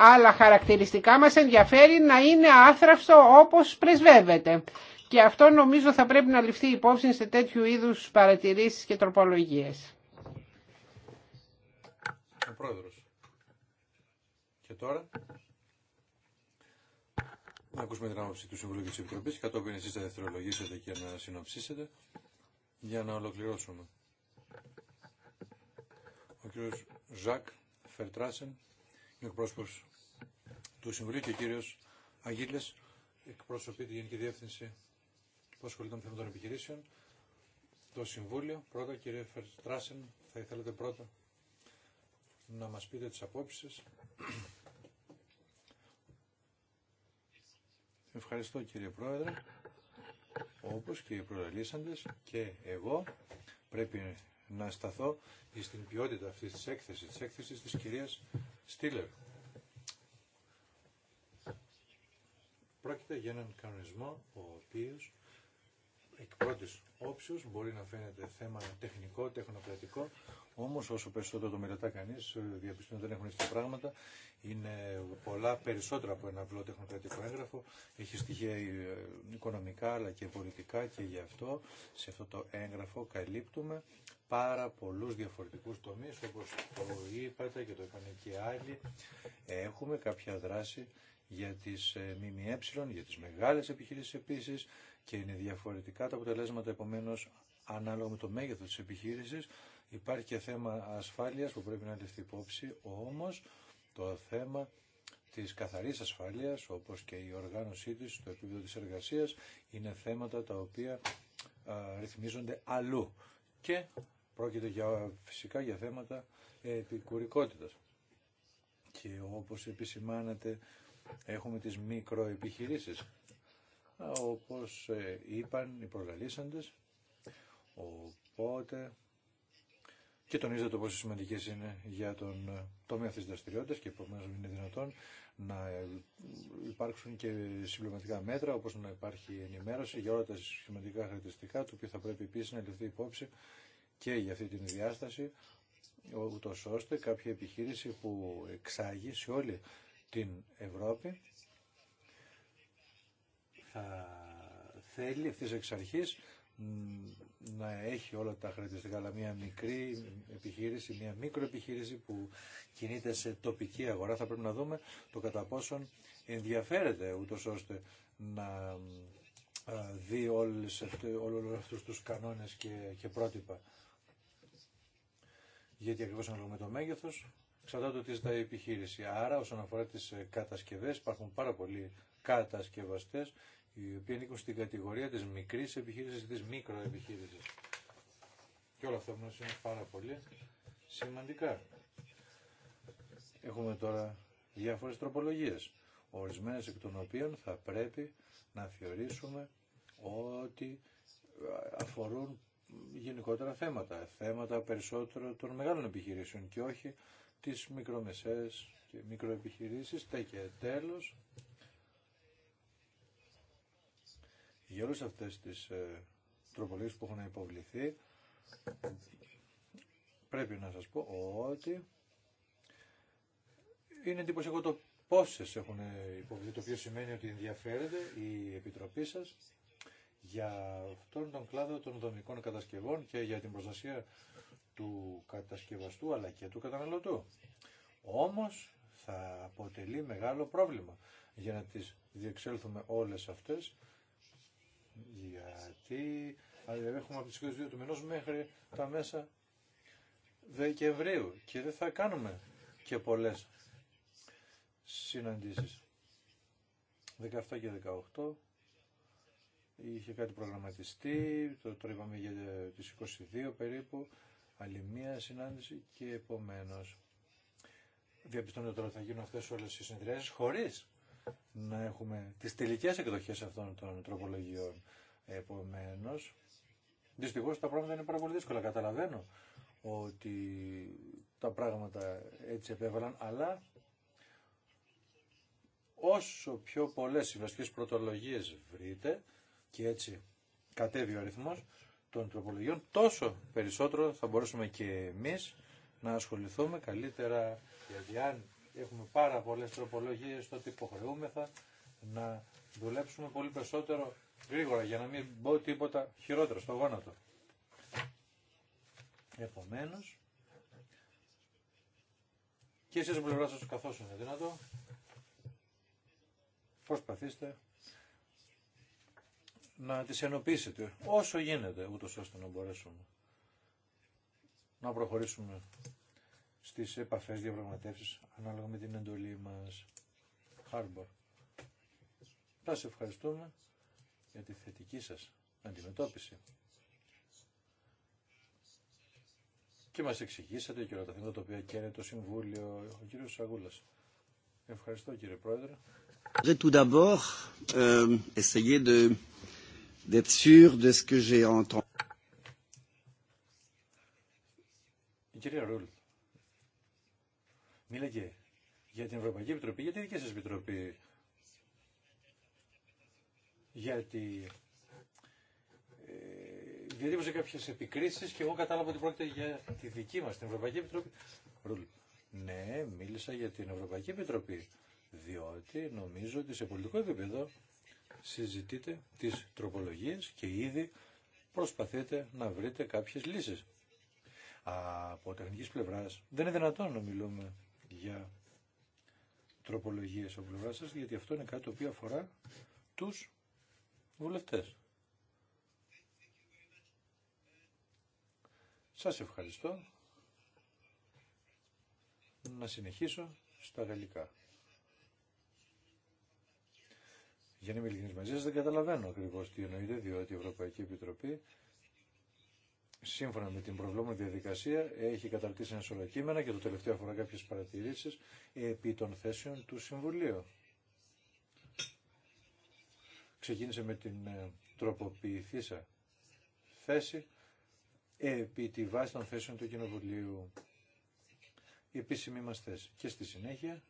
Speaker 2: άλλα χαρακτηριστικά, μας ενδιαφέρει να είναι άθραυστο όπως πρεσβεύεται. Και αυτό νομίζω θα πρέπει να ληφθεί υπόψη σε τέτοιου είδους παρατηρήσεις και τροπολογίες.
Speaker 1: πρόεδρος. Και τώρα... Να ακούσουμε την άποψη του Συμβουλίου και της Επιτροπής. Κατόπιν εσείς θα δευτερολογήσετε και να συνοψίσετε για να ολοκληρώσουμε. Ο κύριο Ζακ Φερτράσεν είναι εκπρόσωπο του Συμβουλίου και ο κύριο Αγίλες εκπροσωπεί τη Γενική Διεύθυνση που ασχολείται με των επιχειρήσεων. Το Συμβούλιο, πρώτα κύριε Φερτράσεν, θα ήθελατε πρώτα να μας πείτε τις απόψεις σας. Ευχαριστώ κύριε Πρόεδρε. Όπως και οι και εγώ πρέπει να σταθώ στην ποιότητα αυτής της έκθεσης, της έκθεσης της κυρίας Στήλερ. Πρόκειται για έναν κανονισμό ο οποίος εκ πρώτη όψεω μπορεί να φαίνεται θέμα τεχνικό, τεχνοκρατικό, όμως όσο περισσότερο το μελετά κανείς, διαπιστώνει δεν έχουν έρθει τα πράγματα, είναι πολλά περισσότερα από ένα απλό τεχνοκρατικό έγγραφο, έχει στοιχεία ε, οικονομικά αλλά και πολιτικά και γι' αυτό σε αυτό το έγγραφο καλύπτουμε πάρα πολλούς διαφορετικούς τομείς, όπως το είπατε και το είπαν και άλλοι. Έχουμε κάποια δράση για τις ε, ΜΜΕ, για τις μεγάλες επιχειρήσεις επίσης και είναι διαφορετικά τα αποτελέσματα επομένως ανάλογα με το μέγεθο της επιχείρησης. Υπάρχει και θέμα ασφάλειας που πρέπει να ληφθεί υπόψη, όμως το θέμα της καθαρής ασφάλειας, όπως και η οργάνωσή της στο επίπεδο της εργασίας, είναι θέματα τα οποία α, ρυθμίζονται αλλού. Και Πρόκειται για, φυσικά για θέματα επικουρικότητας. Και όπως επισημάνατε έχουμε τις μικροεπιχειρήσεις. Όπως ε, είπαν οι προγραλήσαντες. οπότε και τονίζεται το πόσο σημαντικέ είναι για τον ε, τομέα αυτή τη δραστηριότητα και επομένω είναι δυνατόν να ε, υπάρξουν και συμπληρωματικά μέτρα, όπω να υπάρχει ενημέρωση για όλα τα σημαντικά χαρακτηριστικά, το οποίο θα πρέπει επίση να ληφθεί υπόψη και για αυτή την διάσταση, ούτω ώστε κάποια επιχείρηση που εξάγει σε όλη την Ευρώπη θα θέλει αυτής εξ αρχής να έχει όλα τα χαρακτηριστικά, αλλά μια μικρή επιχείρηση, μια επιχείρηση που κινείται σε τοπική αγορά, θα πρέπει να δούμε το κατά πόσον ενδιαφέρεται ούτω ώστε να δει όλους, όλους αυτούς τους κανόνες και, και πρότυπα γιατί ακριβώς ανάλογα με το μέγεθος εξαρτάται ότι ζητάει η επιχείρηση. Άρα όσον αφορά τις ε, κατασκευές υπάρχουν πάρα πολλοί κατασκευαστές οι οποίοι ανήκουν στην κατηγορία τη μικρή επιχείρηση ή τη μικροεπιχείρηση. Και όλα αυτά μας είναι πάρα πολύ σημαντικά. Έχουμε τώρα διάφορες τροπολογίε. Ορισμένε εκ των οποίων θα πρέπει να θεωρήσουμε ότι ε, αφορούν γενικότερα θέματα, θέματα περισσότερο των μεγάλων επιχειρήσεων και όχι τις μικρομεσαίες και μικροεπιχειρήσεις. Τε και τέλος, για όλες αυτές τις ε, που έχουν υποβληθεί, πρέπει να σας πω ότι είναι εντυπωσιακό το πόσες έχουν ε, υποβληθεί, το οποίο σημαίνει ότι ενδιαφέρεται η Επιτροπή σας για αυτόν τον κλάδο των δομικών κατασκευών και για την προστασία του κατασκευαστού αλλά και του καταναλωτού. Όμως θα αποτελεί μεγάλο πρόβλημα για να τις διεξέλθουμε όλες αυτές γιατί έχουμε από τις 22 του μηνός μέχρι τα μέσα Δεκεμβρίου και δεν θα κάνουμε και πολλές συναντήσεις. 17 και 18 είχε κάτι προγραμματιστεί, το, το για τις 22 περίπου, άλλη μία συνάντηση και επομένως. Διαπιστώνω τώρα ότι θα γίνουν αυτές όλες οι συνεδριάσεις χωρίς να έχουμε τις τελικές εκδοχές αυτών των τροπολογιών. Επομένως, δυστυχώς τα πράγματα είναι πάρα πολύ δύσκολα. Καταλαβαίνω ότι τα πράγματα έτσι επέβαλαν, αλλά όσο πιο πολλές συμβαστικές πρωτολογίες βρείτε, και έτσι κατέβει ο αριθμός των τροπολογιών, τόσο περισσότερο θα μπορέσουμε και εμείς να ασχοληθούμε καλύτερα, γιατί αν έχουμε πάρα πολλές τροπολογίες, τότε υποχρεούμεθα να δουλέψουμε πολύ περισσότερο γρήγορα, για να μην μπω τίποτα χειρότερο στο γόνατο. Επομένως, και εσείς πλευρά σας καθώς είναι δυνατό, προσπαθήστε να τις ενοποιήσετε όσο γίνεται, ούτως ώστε να μπορέσουμε να προχωρήσουμε στις επαφές διαπραγματεύσεις ανάλογα με την εντολή μας Harbor. Θα σε ευχαριστούμε για τη θετική σας αντιμετώπιση. Και μας εξηγήσατε και όλα τα θέματα τα οποία καίνε το Συμβούλιο ο κ. Σαγούλας. Ευχαριστώ κύριε Πρόεδρε.
Speaker 2: Tout d'abord, euh, essayer de d'être sûr de ce que j'ai entendu.
Speaker 1: Η Ρούλ, μίλαγε για την Ευρωπαϊκή Επιτροπή, για τη δική σας Επιτροπή. Γιατί ε, διατύπωσε κάποιες επικρίσεις και εγώ κατάλαβα ότι πρόκειται για τη δική μας, την Ευρωπαϊκή Επιτροπή. Ρούλ, ναι, μίλησα για την Ευρωπαϊκή Επιτροπή, διότι νομίζω ότι σε πολιτικό επίπεδο συζητείτε τις τροπολογίες και ήδη προσπαθείτε να βρείτε κάποιες λύσεις. Από τεχνικής πλευράς δεν είναι δυνατόν να μιλούμε για τροπολογίες από πλευρά σας, γιατί αυτό είναι κάτι το οποίο αφορά τους βουλευτές. Σας ευχαριστώ. Να συνεχίσω στα γαλλικά. Για να είμαι ειλικρινή μαζί σα, δεν καταλαβαίνω ακριβώ τι εννοείται, διότι η Ευρωπαϊκή Επιτροπή, σύμφωνα με την προβλόμου διαδικασία, έχει καταρτήσει ένα σωρό κείμενα και το τελευταίο αφορά κάποιε παρατηρήσει επί των θέσεων του Συμβουλίου. Ξεκίνησε με την ε, τροποποιηθήσα θέση επί τη βάση των θέσεων του Κοινοβουλίου. Η επίσημη μας θέση. Και στη συνέχεια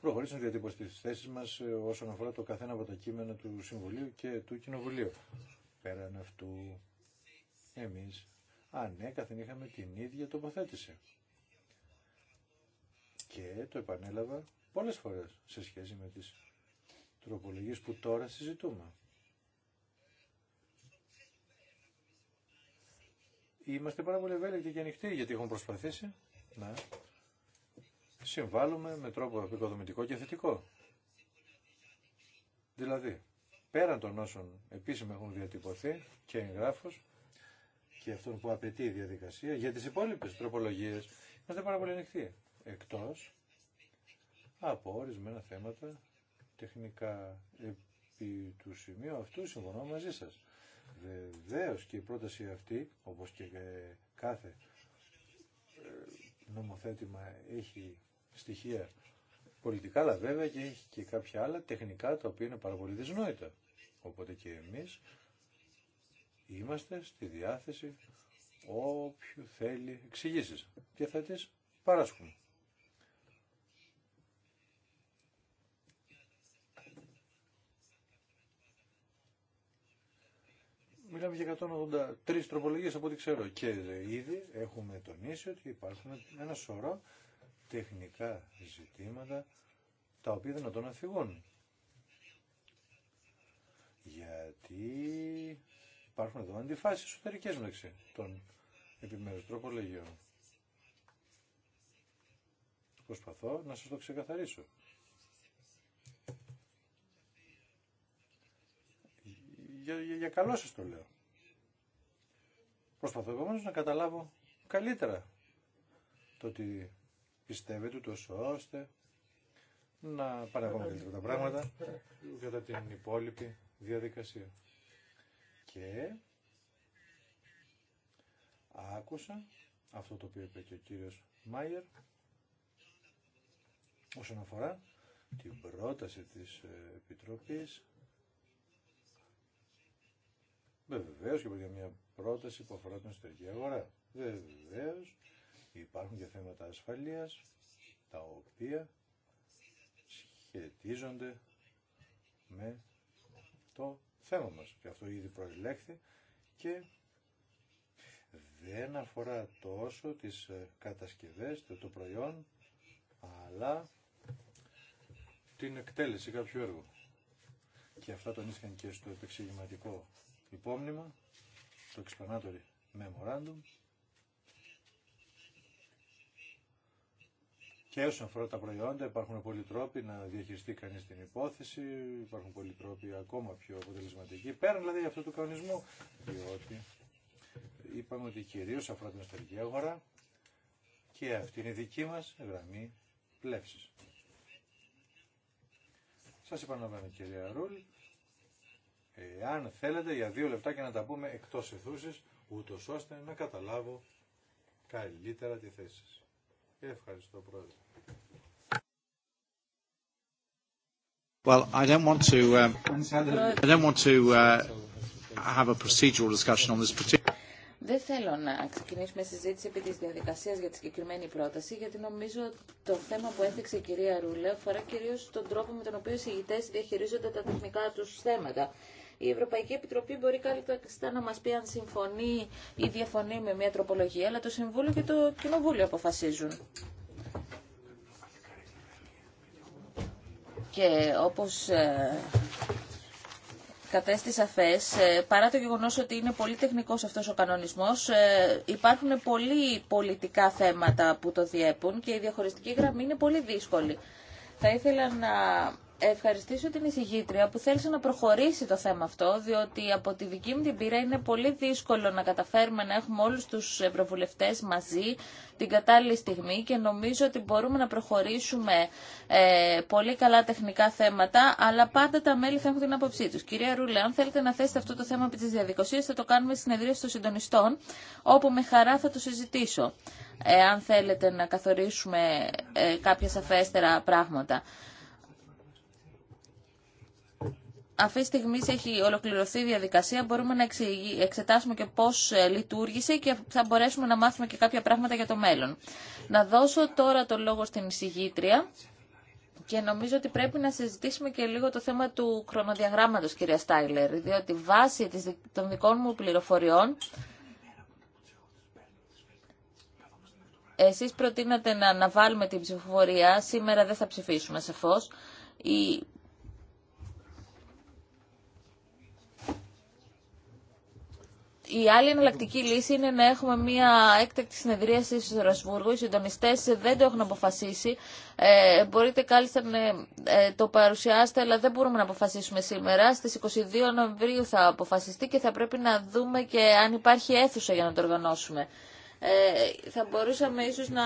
Speaker 1: προχωρήσουν διατύπωση τη θέση μα ε, όσον αφορά το καθένα από τα κείμενα του Συμβουλίου και του Κοινοβουλίου. Πέραν αυτού, εμεί ανέκαθεν ναι, είχαμε την ίδια τοποθέτηση. Και το επανέλαβα πολλές φορές σε σχέση με τις τροπολογίες που τώρα συζητούμε. Είμαστε πάρα πολύ ευέλικτοι και ανοιχτοί γιατί έχουν προσπαθήσει να συμβάλλουμε με τρόπο επικοδομητικό και θετικό. Δηλαδή, πέραν των όσων επίσημα έχουν διατυπωθεί και εγγράφος και αυτών που απαιτεί η διαδικασία, για τις υπόλοιπες τροπολογίες είμαστε πάρα πολύ ανοιχτοί. Εκτός από ορισμένα θέματα τεχνικά επί του σημείου αυτού συμφωνώ μαζί σας. Βεβαίω και η πρόταση αυτή, όπως και κάθε ε, νομοθέτημα έχει στοιχεία πολιτικά, αλλά βέβαια και έχει και κάποια άλλα τεχνικά τα οποία είναι πάρα πολύ δυσνόητα. Οπότε και εμείς είμαστε στη διάθεση όποιου θέλει εξηγήσει και θα τις παράσχουμε. Μιλάμε για 183 τροπολογίες από ό,τι ξέρω και ήδη έχουμε τονίσει ότι υπάρχουν ένα σωρό τεχνικά ζητήματα τα οποία δεν τον αφηγούν. Γιατί υπάρχουν εδώ αντιφάσεις εσωτερικές μεταξύ των επιμέρους τροπολογιών. Προσπαθώ να σας το ξεκαθαρίσω. Για, για, για καλό σας το λέω. Προσπαθώ επομένως να καταλάβω καλύτερα το ότι πιστεύετε τόσο ώστε να πάνε ακόμα τα πράγματα κατά την υπόλοιπη διαδικασία. Και άκουσα αυτό το οποίο είπε και ο κύριος Μάιερ όσον αφορά την πρόταση της Επιτροπής Βεβαίω και για μια πρόταση που αφορά την εσωτερική αγορά. Βεβαίω Υπάρχουν και θέματα ασφαλείας, τα οποία σχετίζονται με το θέμα μας. Και αυτό ήδη προελέχθη και δεν αφορά τόσο τις ε, κατασκευές, το, το προϊόν, αλλά την εκτέλεση κάποιου έργου. Και αυτά τονίστηκαν και στο επεξηγηματικό υπόμνημα, το explanatory memorandum, Και όσον αφορά τα προϊόντα, υπάρχουν πολλοί τρόποι να διαχειριστεί κανεί την υπόθεση, υπάρχουν πολλοί τρόποι ακόμα πιο αποτελεσματικοί, πέραν δηλαδή αυτού του κανονισμού, διότι είπαμε ότι κυρίω αφορά την εσωτερική αγορά και αυτή είναι η δική μα γραμμή πλεύση. Σα επαναλαμβάνω, κυρία Ρούλ, εάν θέλετε για δύο λεπτά και να τα πούμε εκτό αιθούση, ούτω ώστε να καταλάβω καλύτερα τη θέση σας. Ευχαριστώ πρόεδρε. Well, I don't want to, uh, I don't want to uh, have a procedural discussion on this particular...
Speaker 3: Δεν θέλω να ξεκινήσουμε συζήτηση επί της διαδικασίας για τη συγκεκριμένη πρόταση, γιατί νομίζω το θέμα που έθιξε η κυρία Ρούλε αφορά κυρίως τον τρόπο με τον οποίο οι συγητές διαχειρίζονται τα τεχνικά τους θέματα. Η Ευρωπαϊκή Επιτροπή μπορεί καλύτερα να μας πει αν συμφωνεί ή διαφωνεί με μια τροπολογία, αλλά το Συμβούλιο και το Κοινοβούλιο αποφασίζουν. Και όπως ε, κατέστησα φες, ε, παρά το γεγονό ότι είναι πολύ τεχνικό αυτό ο κανονισμό, ε, υπάρχουν πολλοί πολιτικά θέματα που το διέπουν και η διαχωριστική γραμμή είναι πολύ δύσκολη. Θα ήθελα να ευχαριστήσω την εισηγήτρια που θέλησε να προχωρήσει το θέμα αυτό, διότι από τη δική μου την πείρα είναι πολύ δύσκολο να καταφέρουμε να έχουμε όλους τους ευρωβουλευτές μαζί την κατάλληλη στιγμή και νομίζω ότι μπορούμε να προχωρήσουμε ε, πολύ καλά τεχνικά θέματα, αλλά πάντα τα μέλη θα έχουν την άποψή τους. Κυρία Ρούλε, αν θέλετε να θέσετε αυτό το θέμα επί της διαδικασίας, θα το κάνουμε στη συνεδρία των συντονιστών, όπου με χαρά θα το συζητήσω, ε, αν θέλετε να καθορίσουμε ε, κάποια σαφέστερα πράγματα. αυτή τη στιγμή έχει ολοκληρωθεί η διαδικασία. Μπορούμε να εξετάσουμε και πώς ε, λειτουργήσε και θα μπορέσουμε να μάθουμε και κάποια πράγματα για το μέλλον. Να δώσω τώρα το λόγο στην εισηγήτρια και νομίζω ότι πρέπει να συζητήσουμε και λίγο το θέμα του χρονοδιαγράμματος, κυρία Στάιλερ, διότι βάσει των δικών μου πληροφοριών εσείς προτείνατε να αναβάλουμε την ψηφοφορία. Σήμερα δεν θα ψηφίσουμε σαφώς. Η Η άλλη εναλλακτική λύση είναι να έχουμε μια έκτακτη συνεδρίαση στο Στρασβούργο. Οι συντονιστέ δεν το έχουν αποφασίσει. Ε, μπορείτε κάλλιστα να ε, το παρουσιάσετε, αλλά δεν μπορούμε να αποφασίσουμε σήμερα. Στι 22 Νοεμβρίου θα αποφασιστεί και θα πρέπει να δούμε και αν υπάρχει αίθουσα για να το οργανώσουμε. Ε, θα μπορούσαμε ίσως να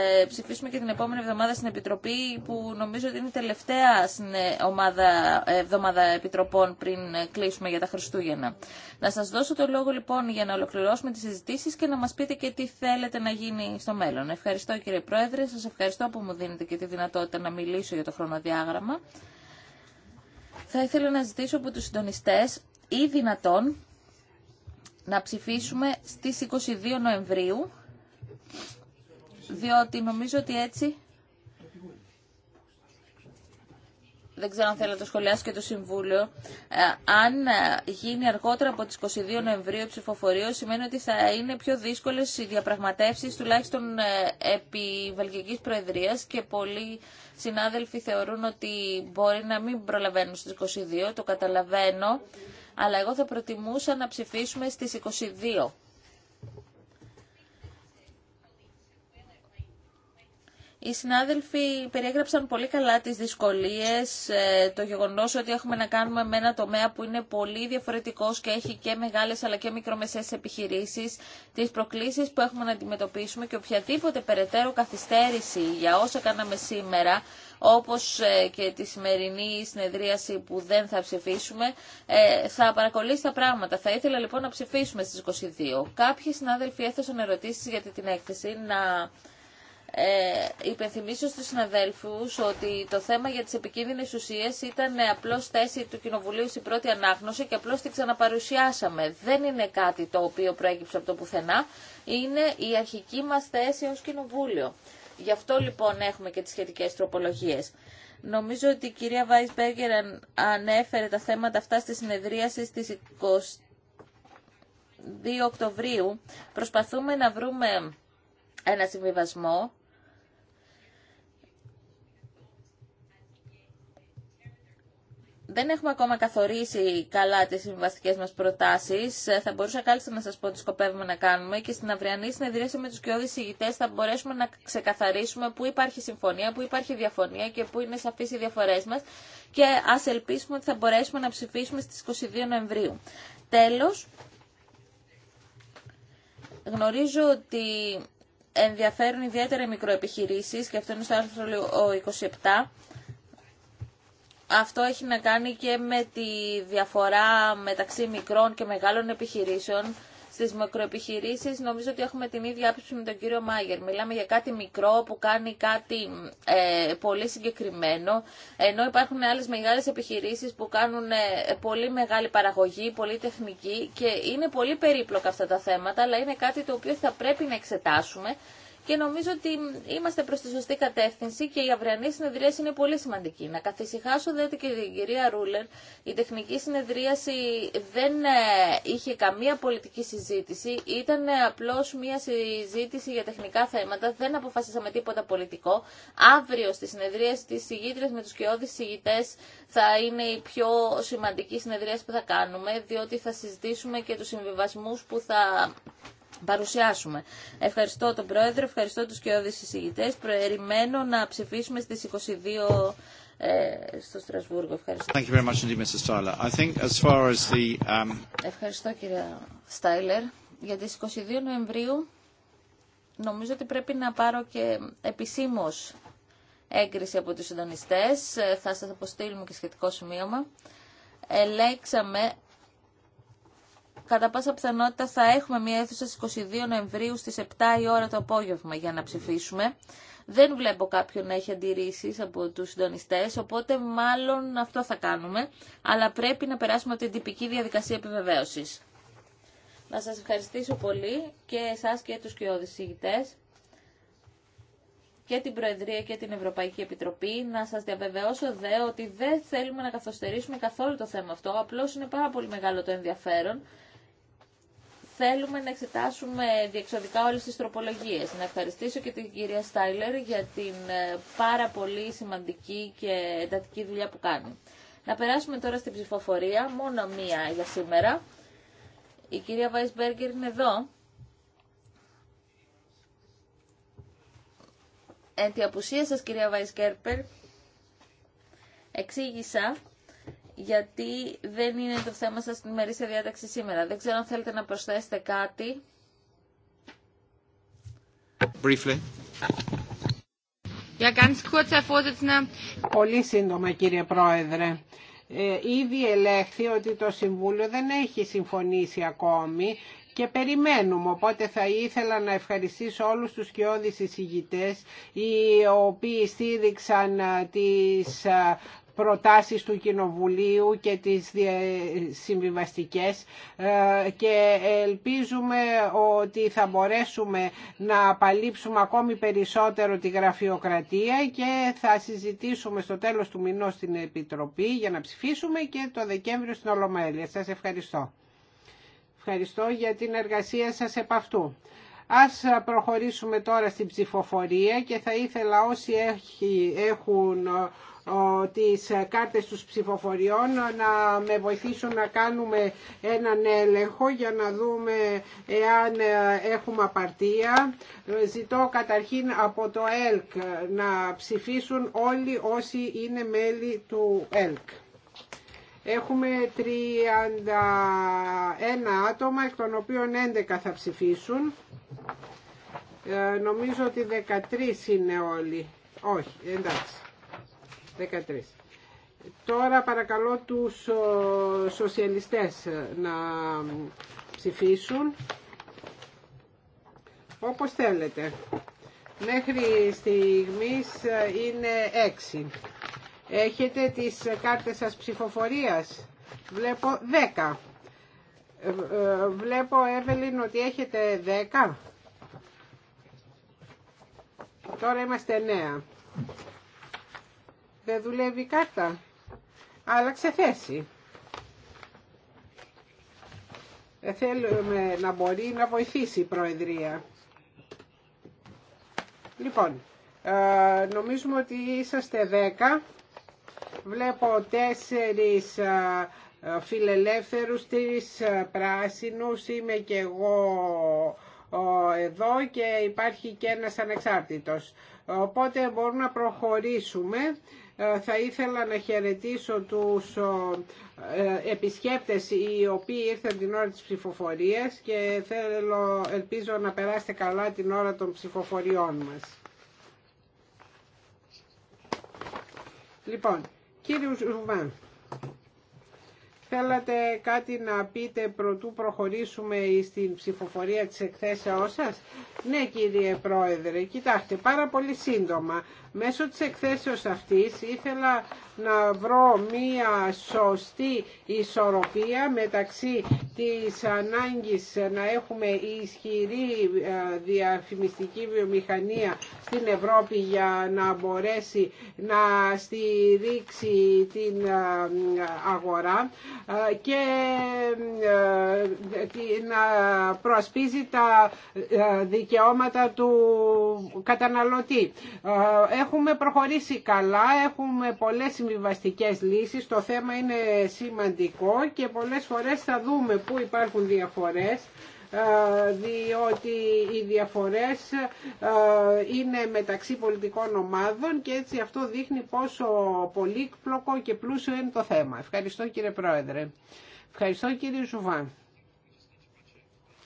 Speaker 3: ε, ψηφίσουμε και την επόμενη εβδομάδα στην Επιτροπή που νομίζω ότι είναι η τελευταία ε, ομάδα, εβδομάδα Επιτροπών πριν κλείσουμε για τα Χριστούγεννα. Να σας δώσω το λόγο λοιπόν για να ολοκληρώσουμε τις συζητήσεις και να μας πείτε και τι θέλετε να γίνει στο μέλλον. Ευχαριστώ κύριε Πρόεδρε, σας ευχαριστώ που μου δίνετε και τη δυνατότητα να μιλήσω για το χρονοδιάγραμμα. Θα ήθελα να ζητήσω από τους συντονιστές ή δυνατόν να ψηφίσουμε στις 22 Νοεμβρίου, διότι νομίζω ότι έτσι... δεν ξέρω αν θέλω να το σχολιάσει και το Συμβούλιο, ε, αν ε, γίνει αργότερα από τις 22 Νοεμβρίου ψηφοφορείο, σημαίνει ότι θα είναι πιο δύσκολες οι διαπραγματεύσεις, τουλάχιστον ε, επί Βελγικής Προεδρίας και πολλοί συνάδελφοι θεωρούν ότι μπορεί να μην προλαβαίνουν στις 22, το καταλαβαίνω αλλά εγώ θα προτιμούσα να ψηφίσουμε στις 22 Οι συνάδελφοι περιέγραψαν πολύ καλά τις δυσκολίες, ε, το γεγονός ότι έχουμε να κάνουμε με ένα τομέα που είναι πολύ διαφορετικός και έχει και μεγάλες αλλά και μικρομεσαίες επιχειρήσεις, τις προκλήσεις που έχουμε να αντιμετωπίσουμε και οποιαδήποτε περαιτέρω καθυστέρηση για όσα κάναμε σήμερα, όπως ε, και τη σημερινή συνεδρίαση που δεν θα ψηφίσουμε, ε, θα παρακολύσει τα πράγματα. Θα ήθελα λοιπόν να ψηφίσουμε στις 22. Κάποιοι συνάδελφοι έθεσαν ερωτήσεις για την έκθεση να ε, υπενθυμίσω στους συναδέλφους ότι το θέμα για τις επικίνδυνες ουσίες ήταν απλώς θέση του Κοινοβουλίου στην πρώτη ανάγνωση και απλώς την ξαναπαρουσιάσαμε. Δεν είναι κάτι το οποίο προέκυψε από το πουθενά, είναι η αρχική μας θέση ως Κοινοβούλιο. Γι' αυτό λοιπόν έχουμε και τις σχετικές τροπολογίες. Νομίζω ότι η κυρία Βάισμπεργκερ ανέφερε τα θέματα αυτά στη συνεδρίαση στις 22 Οκτωβρίου. Προσπαθούμε να βρούμε ένα συμβιβασμό δεν έχουμε ακόμα καθορίσει καλά τι συμβαστικέ μα προτάσει. Ε, θα μπορούσα κάλλιστα να σα πω τι σκοπεύουμε να κάνουμε και στην αυριανή συνεδρίαση με τους κοιόδης ηγητές θα μπορέσουμε να ξεκαθαρίσουμε πού υπάρχει συμφωνία, πού υπάρχει διαφωνία και πού είναι σαφεί οι διαφορέ μα και α ελπίσουμε ότι θα μπορέσουμε να ψηφίσουμε στι 22 Νοεμβρίου. Τέλο, γνωρίζω ότι ενδιαφέρουν ιδιαίτερα οι μικροεπιχειρήσεις και αυτό είναι στο άρθρο 27 αυτό έχει να κάνει και με τη διαφορά μεταξύ μικρών και μεγάλων επιχειρήσεων. Στις μικροεπιχειρήσεις νομίζω ότι έχουμε την ίδια άποψη με τον κύριο Μάγερ. Μιλάμε για κάτι μικρό που κάνει κάτι ε, πολύ συγκεκριμένο, ενώ υπάρχουν άλλες μεγάλες επιχειρήσεις που κάνουν ε, πολύ μεγάλη παραγωγή, πολύ τεχνική και είναι πολύ περίπλοκα αυτά τα θέματα, αλλά είναι κάτι το οποίο θα πρέπει να εξετάσουμε και νομίζω ότι είμαστε προ τη σωστή κατεύθυνση και οι αυριανή συνεδρίαση είναι πολύ σημαντική. Να καθησυχάσω δέτε και την κυρία Ρούλερ, η τεχνική συνεδρίαση δεν ε, είχε καμία πολιτική συζήτηση, ήταν ε, απλώ μια συζήτηση για τεχνικά θέματα, δεν αποφασίσαμε τίποτα πολιτικό. Αύριο στη συνεδρία, τη συγγήτρια με του κοιόδη συγγητές θα είναι η πιο σημαντική συνεδρίαση που θα κάνουμε, διότι θα συζητήσουμε και του συμβιβασμού που θα παρουσιάσουμε. Ευχαριστώ τον Πρόεδρο, ευχαριστώ τους και όδες Περιμένω να ψηφίσουμε στις 22 ε, στο Στρασβούργο. Ευχαριστώ.
Speaker 1: Thank you I think as far as
Speaker 2: the, um,
Speaker 3: Ευχαριστώ κύριε Στάιλερ. Για τις 22 Νοεμβρίου νομίζω ότι πρέπει να πάρω και επισήμως έγκριση από τους συντονιστές. Ε, θα σας αποστείλουμε και σχετικό σημείωμα. Ελέξαμε κατά πάσα πιθανότητα θα έχουμε μια αίθουσα στις 22 Νοεμβρίου στις 7 η ώρα το απόγευμα για να ψηφίσουμε. Δεν βλέπω κάποιον να έχει αντιρρήσεις από τους συντονιστές, οπότε μάλλον αυτό θα κάνουμε, αλλά πρέπει να περάσουμε από την τυπική διαδικασία επιβεβαίωσης. Να σας ευχαριστήσω πολύ και εσάς και τους κοιόδης ηγητές και την Προεδρία και την Ευρωπαϊκή Επιτροπή. Να σας διαβεβαιώσω δε ότι δεν θέλουμε να καθοστερήσουμε καθόλου το θέμα αυτό, απλώς είναι πάρα πολύ μεγάλο το ενδιαφέρον θέλουμε να εξετάσουμε διεξοδικά όλες τις τροπολογίες. Να ευχαριστήσω και την κυρία Στάιλερ για την ε, πάρα πολύ σημαντική και εντατική δουλειά που κάνει. Να περάσουμε τώρα στην ψηφοφορία, μόνο μία για σήμερα. Η κυρία Βάισμπεργκερ είναι εδώ. Εν τη απουσία σας κυρία Βάισκέρπερ, εξήγησα γιατί δεν είναι το θέμα σας στην ημερήσια διάταξη σήμερα. Δεν ξέρω αν θέλετε να προσθέσετε κάτι.
Speaker 2: Briefly. Πολύ σύντομα, κύριε Πρόεδρε. Ε, ήδη ελέγχθη ότι το Συμβούλιο δεν έχει συμφωνήσει ακόμη και περιμένουμε. Οπότε θα ήθελα να ευχαριστήσω όλους τους κοιόδης εισηγητές οι οποίοι στήριξαν ε, τις ε, προτάσεις του Κοινοβουλίου και τις συμβιβαστικές ε, και ελπίζουμε ότι θα μπορέσουμε να απαλείψουμε ακόμη περισσότερο τη γραφειοκρατία και θα συζητήσουμε στο τέλος του μηνός στην Επιτροπή για να ψηφίσουμε και το Δεκέμβριο στην Ολομέλεια. Σας ευχαριστώ. Ευχαριστώ για την εργασία σας επ' αυτού. Ας προχωρήσουμε τώρα στην ψηφοφορία και θα ήθελα όσοι έχουν τις ε, κάρτες τους ψηφοφοριών να με βοηθήσουν να κάνουμε έναν έλεγχο για να δούμε εάν ε, έχουμε απαρτία. Ε, ζητώ καταρχήν από το ΕΛΚ να ψηφίσουν όλοι όσοι είναι μέλη του ΕΛΚ. Έχουμε 31 άτομα, εκ των οποίων 11 θα ψηφίσουν. νομίζω ότι 13 είναι όλοι. Όχι, εντάξει. 13. Τώρα παρακαλώ τους σοσιαλιστές να ψηφίσουν όπως θέλετε. Μέχρι στιγμής ε, είναι 6. Έχετε τις κάρτες σας ψηφοφορίας. Βλέπω 10. Ε, ε, βλέπω, Εύελιν, ότι έχετε 10. Τώρα είμαστε 9. Δεν δουλεύει η κάρτα. Άλλαξε θέση. Ε, θέλουμε να μπορεί να βοηθήσει η Προεδρία. Λοιπόν, ε, νομίζουμε ότι είσαστε 10. Βλέπω τέσσερις ε, φιλελεύθερους, τρεις πράσινους, είμαι και εγώ εδώ και υπάρχει και ένας ανεξάρτητος. Οπότε μπορούμε να προχωρήσουμε ε, θα ήθελα να χαιρετήσω τους ε, επισκέπτες οι οποίοι ήρθαν την ώρα της ψηφοφορίας και θέλω, ελπίζω να περάσετε καλά την ώρα των ψηφοφοριών μας. Λοιπόν, κύριε Ζουβάν, θέλατε κάτι να πείτε προτού προχωρήσουμε στην ψηφοφορία της εκθέσεώς σας. Ναι κύριε Πρόεδρε, κοιτάξτε πάρα πολύ σύντομα. Μέσω της εκθέσεως αυτής ήθελα να βρω μία σωστή ισορροπία μεταξύ της ανάγκης να έχουμε ισχυρή ε, διαφημιστική βιομηχανία στην Ευρώπη για να μπορέσει να στηρίξει την ε, αγορά ε, και να προασπίζει τα δικαιώματα όματα του καταναλωτή. Ε, έχουμε προχωρήσει καλά, έχουμε πολλές συμβιβαστικέ λύσεις, το θέμα είναι σημαντικό και πολλές φορές θα δούμε πού υπάρχουν διαφορές ε, διότι οι διαφορές ε, είναι μεταξύ πολιτικών ομάδων και έτσι αυτό δείχνει πόσο πολύπλοκο και πλούσιο είναι το θέμα. Ευχαριστώ κύριε Πρόεδρε. Ευχαριστώ κύριε Ζουβάν.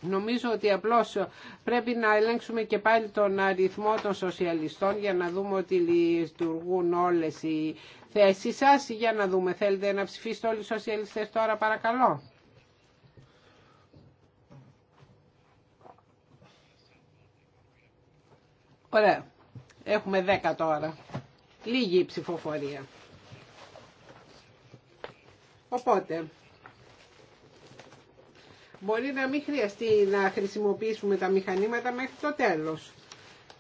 Speaker 2: Νομίζω ότι απλώς πρέπει να ελέγξουμε και πάλι τον αριθμό των σοσιαλιστών για να δούμε ότι λειτουργούν όλες οι θέσεις σας. Για να δούμε, θέλετε να ψηφίσετε όλοι οι σοσιαλιστές τώρα παρακαλώ. Ωραία. Έχουμε 10 τώρα. Λίγη ψηφοφορία. Οπότε, μπορεί να μην χρειαστεί να χρησιμοποιήσουμε τα μηχανήματα μέχρι το τέλος.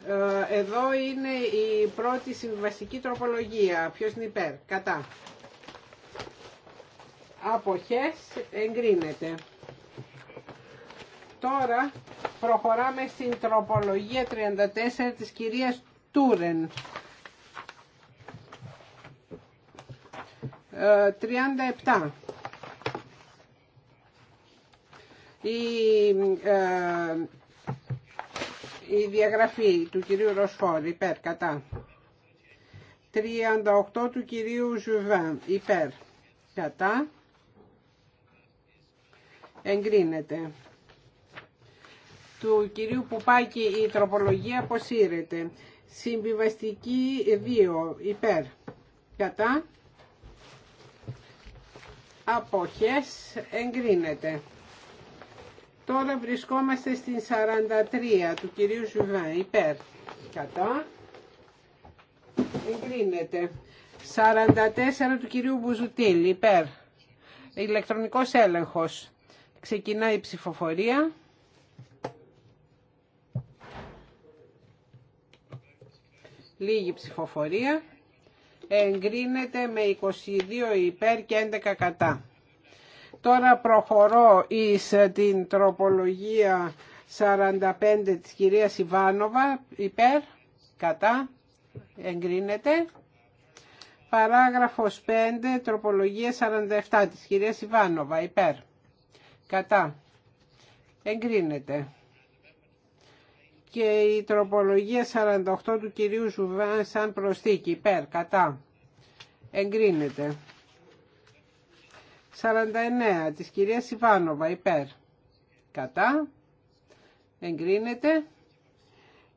Speaker 2: Ε, εδώ είναι η πρώτη συμβαστική τροπολογία. Ποιος είναι υπέρ, κατά. Αποχές εγκρίνεται. Τώρα προχωράμε στην τροπολογία 34 της κυρίας Τούρεν. 37. Ε, Ε, η διαγραφή του κυρίου Ροσφόρ υπέρ κατά 38 του κυρίου Ζουβά υπέρ κατά εγκρίνεται του κυρίου Πουπάκη η τροπολογία αποσύρεται συμβιβαστική 2 υπέρ κατά αποχές εγκρίνεται Τώρα βρισκόμαστε στην 43 του κυρίου Ζουβά, υπέρ. Κατά. Εγκρίνεται. 44 του κυρίου Μπουζουτήλ, υπέρ. Ηλεκτρονικός έλεγχος. Ξεκινάει η ψηφοφορία. Λίγη ψηφοφορία. Εγκρίνεται με 22 υπέρ και 11 κατά. Τώρα προχωρώ εις ε, την τροπολογία 45 της κυρίας Ιβάνοβα, υπέρ, κατά, εγκρίνεται. Παράγραφος 5, τροπολογία 47 της κυρίας Ιβάνοβα, υπέρ, κατά, εγκρίνεται. Και η τροπολογία 48 του κυρίου Ζουβάν σαν προσθήκη, υπέρ, κατά, εγκρίνεται. 49 της κυρίας Ιβάνοβα υπέρ. Κατά. Εγκρίνεται.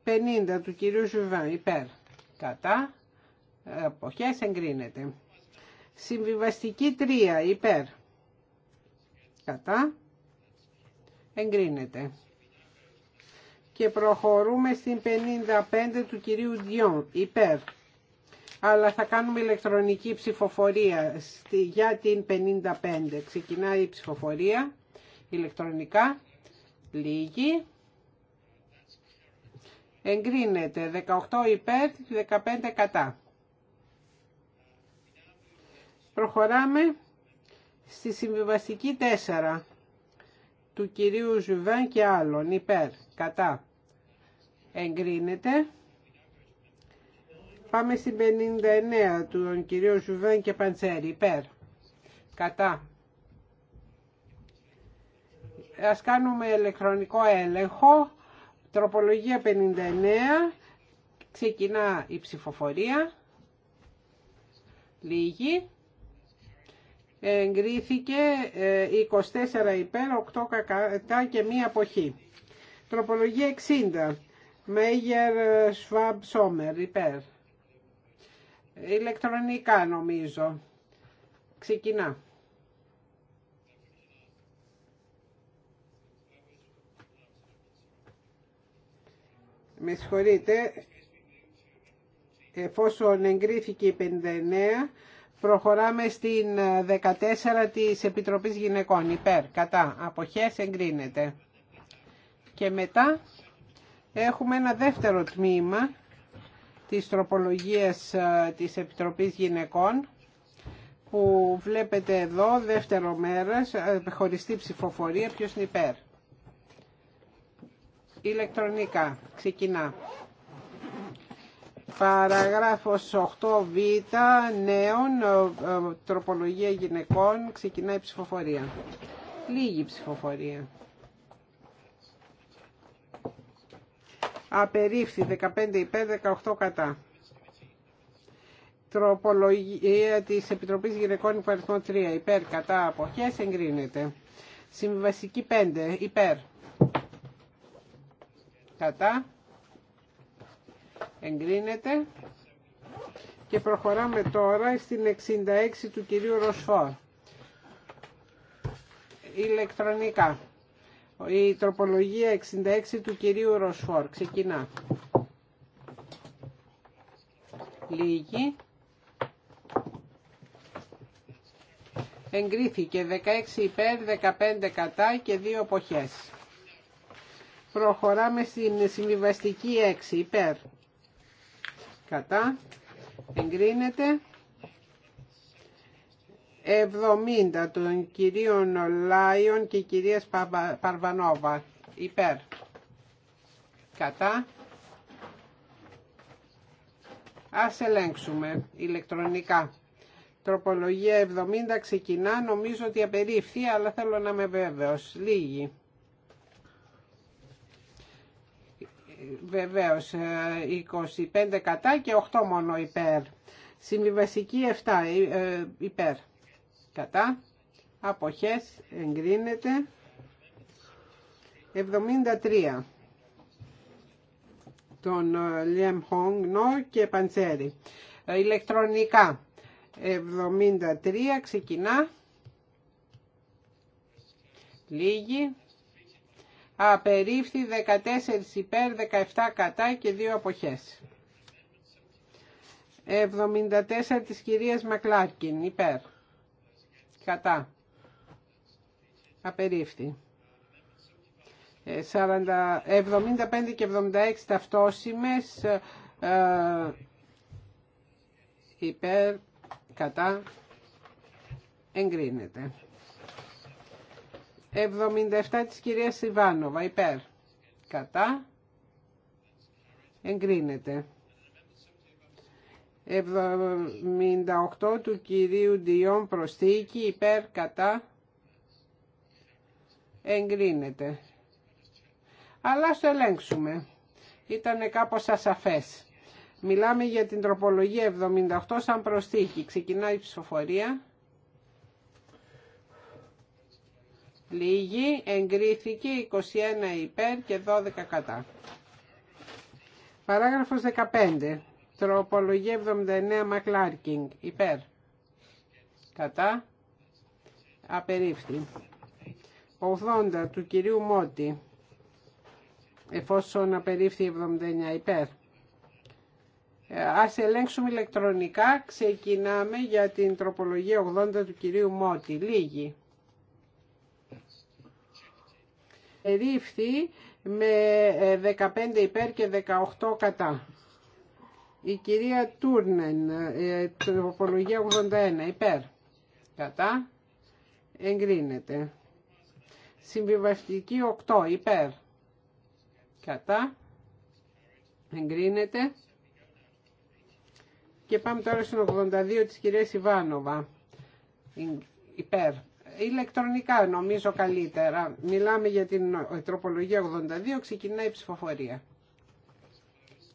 Speaker 2: 50 του κυρίου Ζουβάν υπέρ. Κατά. Αποχές εγκρίνεται. Συμβιβαστική 3 υπέρ. Κατά. Εγκρίνεται. Και προχωρούμε στην 55 του κυρίου Διόν υπέρ αλλά θα κάνουμε ηλεκτρονική ψηφοφορία για την 55. Ξεκινάει η ψηφοφορία ηλεκτρονικά, λίγη. Εγκρίνεται 18 υπέρ, 15 κατά. Προχωράμε στη συμβιβαστική 4 του κυρίου Ζουβέν και άλλων υπέρ, κατά. Εγκρίνεται. Πάμε στην 59 του κυρίου Ζουβέν και Παντσέρη. Υπέρ. Κατά. Ας κάνουμε ηλεκτρονικό έλεγχο. Τροπολογία 59. Ξεκινά η ψηφοφορία. Λίγη. Εγκρίθηκε 24 ε, υπέρ, 8 κακά και μία αποχή. Τροπολογία 60. Μέγερ ε, Σβάμπ Σόμερ υπέρ ηλεκτρονικά νομίζω. Ξεκινά. Με συγχωρείτε, εφόσον εγκρίθηκε η 59, προχωράμε στην 14 της Επιτροπής Γυναικών. Υπέρ, κατά, αποχές εγκρίνεται. Και μετά έχουμε ένα δεύτερο τμήμα της τροπολογίας ε, της Επιτροπής Γυναικών που βλέπετε εδώ, δεύτερο μέρος, ε, χωριστή ψηφοφορία, ποιος είναι υπέρ. Ηλεκτρονικά, ξεκινά. Παραγράφος 8β, νέων, ε, τροπολογία γυναικών, ξεκινά η ψηφοφορία. Λίγη ψηφοφορία. απερίφθη 15 υπέρ 18 κατά. Τροπολογία της Επιτροπής Γυναικών Υπαριθμό 3 υπέρ κατά αποχές εγκρίνεται. Συμβασική 5 υπέρ κατά εγκρίνεται. Και προχωράμε τώρα στην 66 του κυρίου Ροσφόρ. Ηλεκτρονικά. Η τροπολογία 66 του κυρίου Ροσφόρ. Ξεκινά. Λίγη. Εγκρίθηκε 16 υπέρ, 15 κατά και 2 εποχές. Προχωράμε στην συμβιβαστική 6 υπέρ. Κατά. Εγκρίνεται. 70 των κυρίων Λάιον και κυρίας Παρβανόβα. Υπέρ. Κατά. Ας ελέγξουμε ηλεκτρονικά. Τροπολογία 70 ξεκινά. Νομίζω ότι απερίφθη, αλλά θέλω να είμαι βέβαιος. Λίγη. Βεβαίως, 25 ε, κατά και 8 μόνο υπέρ. Συμβιβασική 7 ε, ε, υπέρ κατά, αποχές, εγκρίνεται. 73 Τον ε, Λιέμ Χόγνο και Παντσέρι. Ε, ηλεκτρονικά. 73 ξεκινά. Λίγη. Απερίφθη 14 υπέρ, 17 κατά και 2 αποχές. 74 της κυρίας Μακλάρκιν υπέρ κατά απερίφθη 75 ε, και 76 ταυτόσημες ε, ε, υπέρ κατά εγκρίνεται 77 της κυρίας Ιβάνοβα υπέρ κατά εγκρίνεται 78 του κυρίου Διόν προσθήκη υπέρ κατά εγκρίνεται. Αλλά στο ελέγξουμε. Ήταν κάπως ασαφές. Μιλάμε για την τροπολογία 78 σαν προσθήκη. Ξεκινάει η ψηφοφορία. Λίγη εγκρίθηκε 21 υπέρ και 12 κατά. Παράγραφος 15. Τροπολογία 79 Μακλάρκινγκ. Υπέρ. Κατά. Απερίφθη. 80 του κυρίου Μότι. Εφόσον απερίφθη 79 υπέρ. Ε, ας ελέγξουμε ηλεκτρονικά. Ξεκινάμε για την τροπολογία 80 του κυρίου Μότι. Λίγη. Ερίφθη με 15 ε, υπέρ και 18 κατά. Η κυρία Τούρνεν, ε, τροπολογία 81, υπέρ. Κατά. Εγκρίνεται. Συμβιβαστική 8, υπέρ. Κατά. Εγκρίνεται. Και πάμε τώρα στην 82 της κυρίας Ιβάνοβα. Υπέρ. Ηλεκτρονικά νομίζω καλύτερα. Μιλάμε για την ε, τροπολογία 82, ξεκινάει η ψηφοφορία.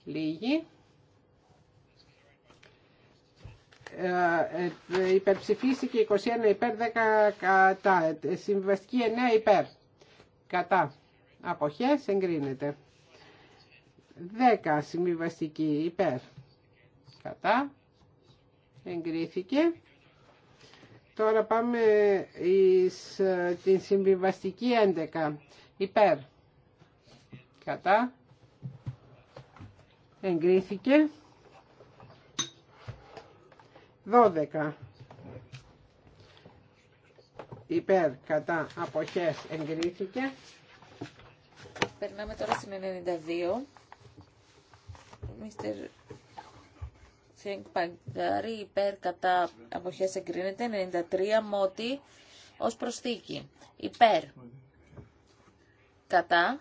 Speaker 2: Λίγη. Ε, ε, υπερψηφίστηκε 21 υπέρ 10 κατά. Ε, συμβαστική 9 υπέρ. Κατά. Αποχές εγκρίνεται. 10 συμβιβαστική υπέρ. Κατά. Εγκρίθηκε. Τώρα πάμε εις συμβιβαστική 11. Υπέρ. Κατά. Εγκρίθηκε. 12 υπέρ κατά αποχές εγκρίθηκε.
Speaker 3: Περνάμε τώρα στην 92. Μίστερ Τσέγκ Παγκάρη υπέρ κατά αποχές εγκρίνεται. 93 Μότι ως προσθήκη. Υπέρ κατά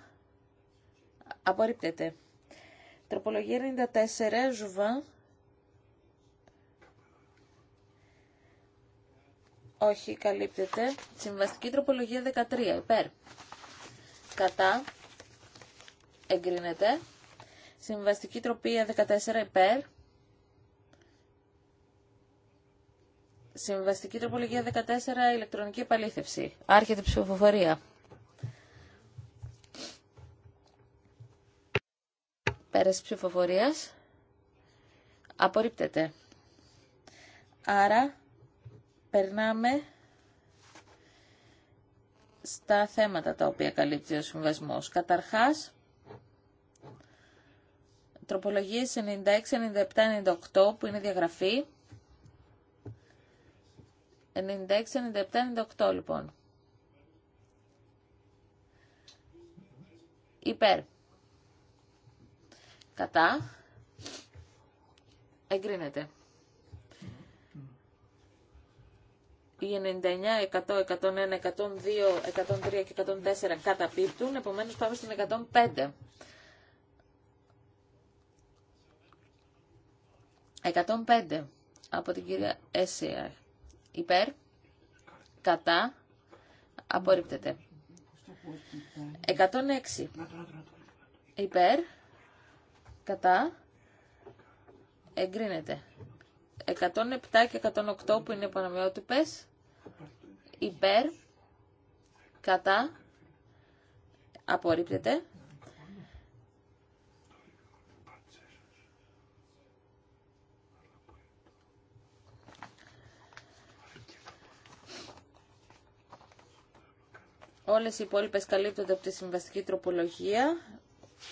Speaker 3: απορρίπτεται. Τροπολογία 94 Ζουβά Όχι, καλύπτεται. Συμβαστική τροπολογία 13. Υπέρ. Κατά. Εγκρίνεται. Συμβαστική τροπία 14. Υπέρ. Συμβαστική τροπολογία 14. Ηλεκτρονική επαλήθευση. Άρχεται ψηφοφορία. Πέρας ψηφοφορίας. Απορρίπτεται. Άρα περνάμε στα θέματα τα οποία καλύπτει ο συμβασμός. Καταρχάς, τροπολογίες 96, 97, 98 που είναι διαγραφή. 96, 97, 98 λοιπόν. Υπέρ. Κατά. Εγκρίνεται. 99, 100, 101, 102, 103 και 104 καταπίπτουν, επομένως πάμε στην 105. 105 από την κυρία Έσια. Υπέρ, κατά, απορρίπτεται. 106 υπέρ, κατά, εγκρίνεται. 107 και 108 που είναι πανομοιότυπες, υπέρ, κατά, απορρίπτεται. Όλες οι υπόλοιπες καλύπτονται από τη συμβαστική τροπολογία.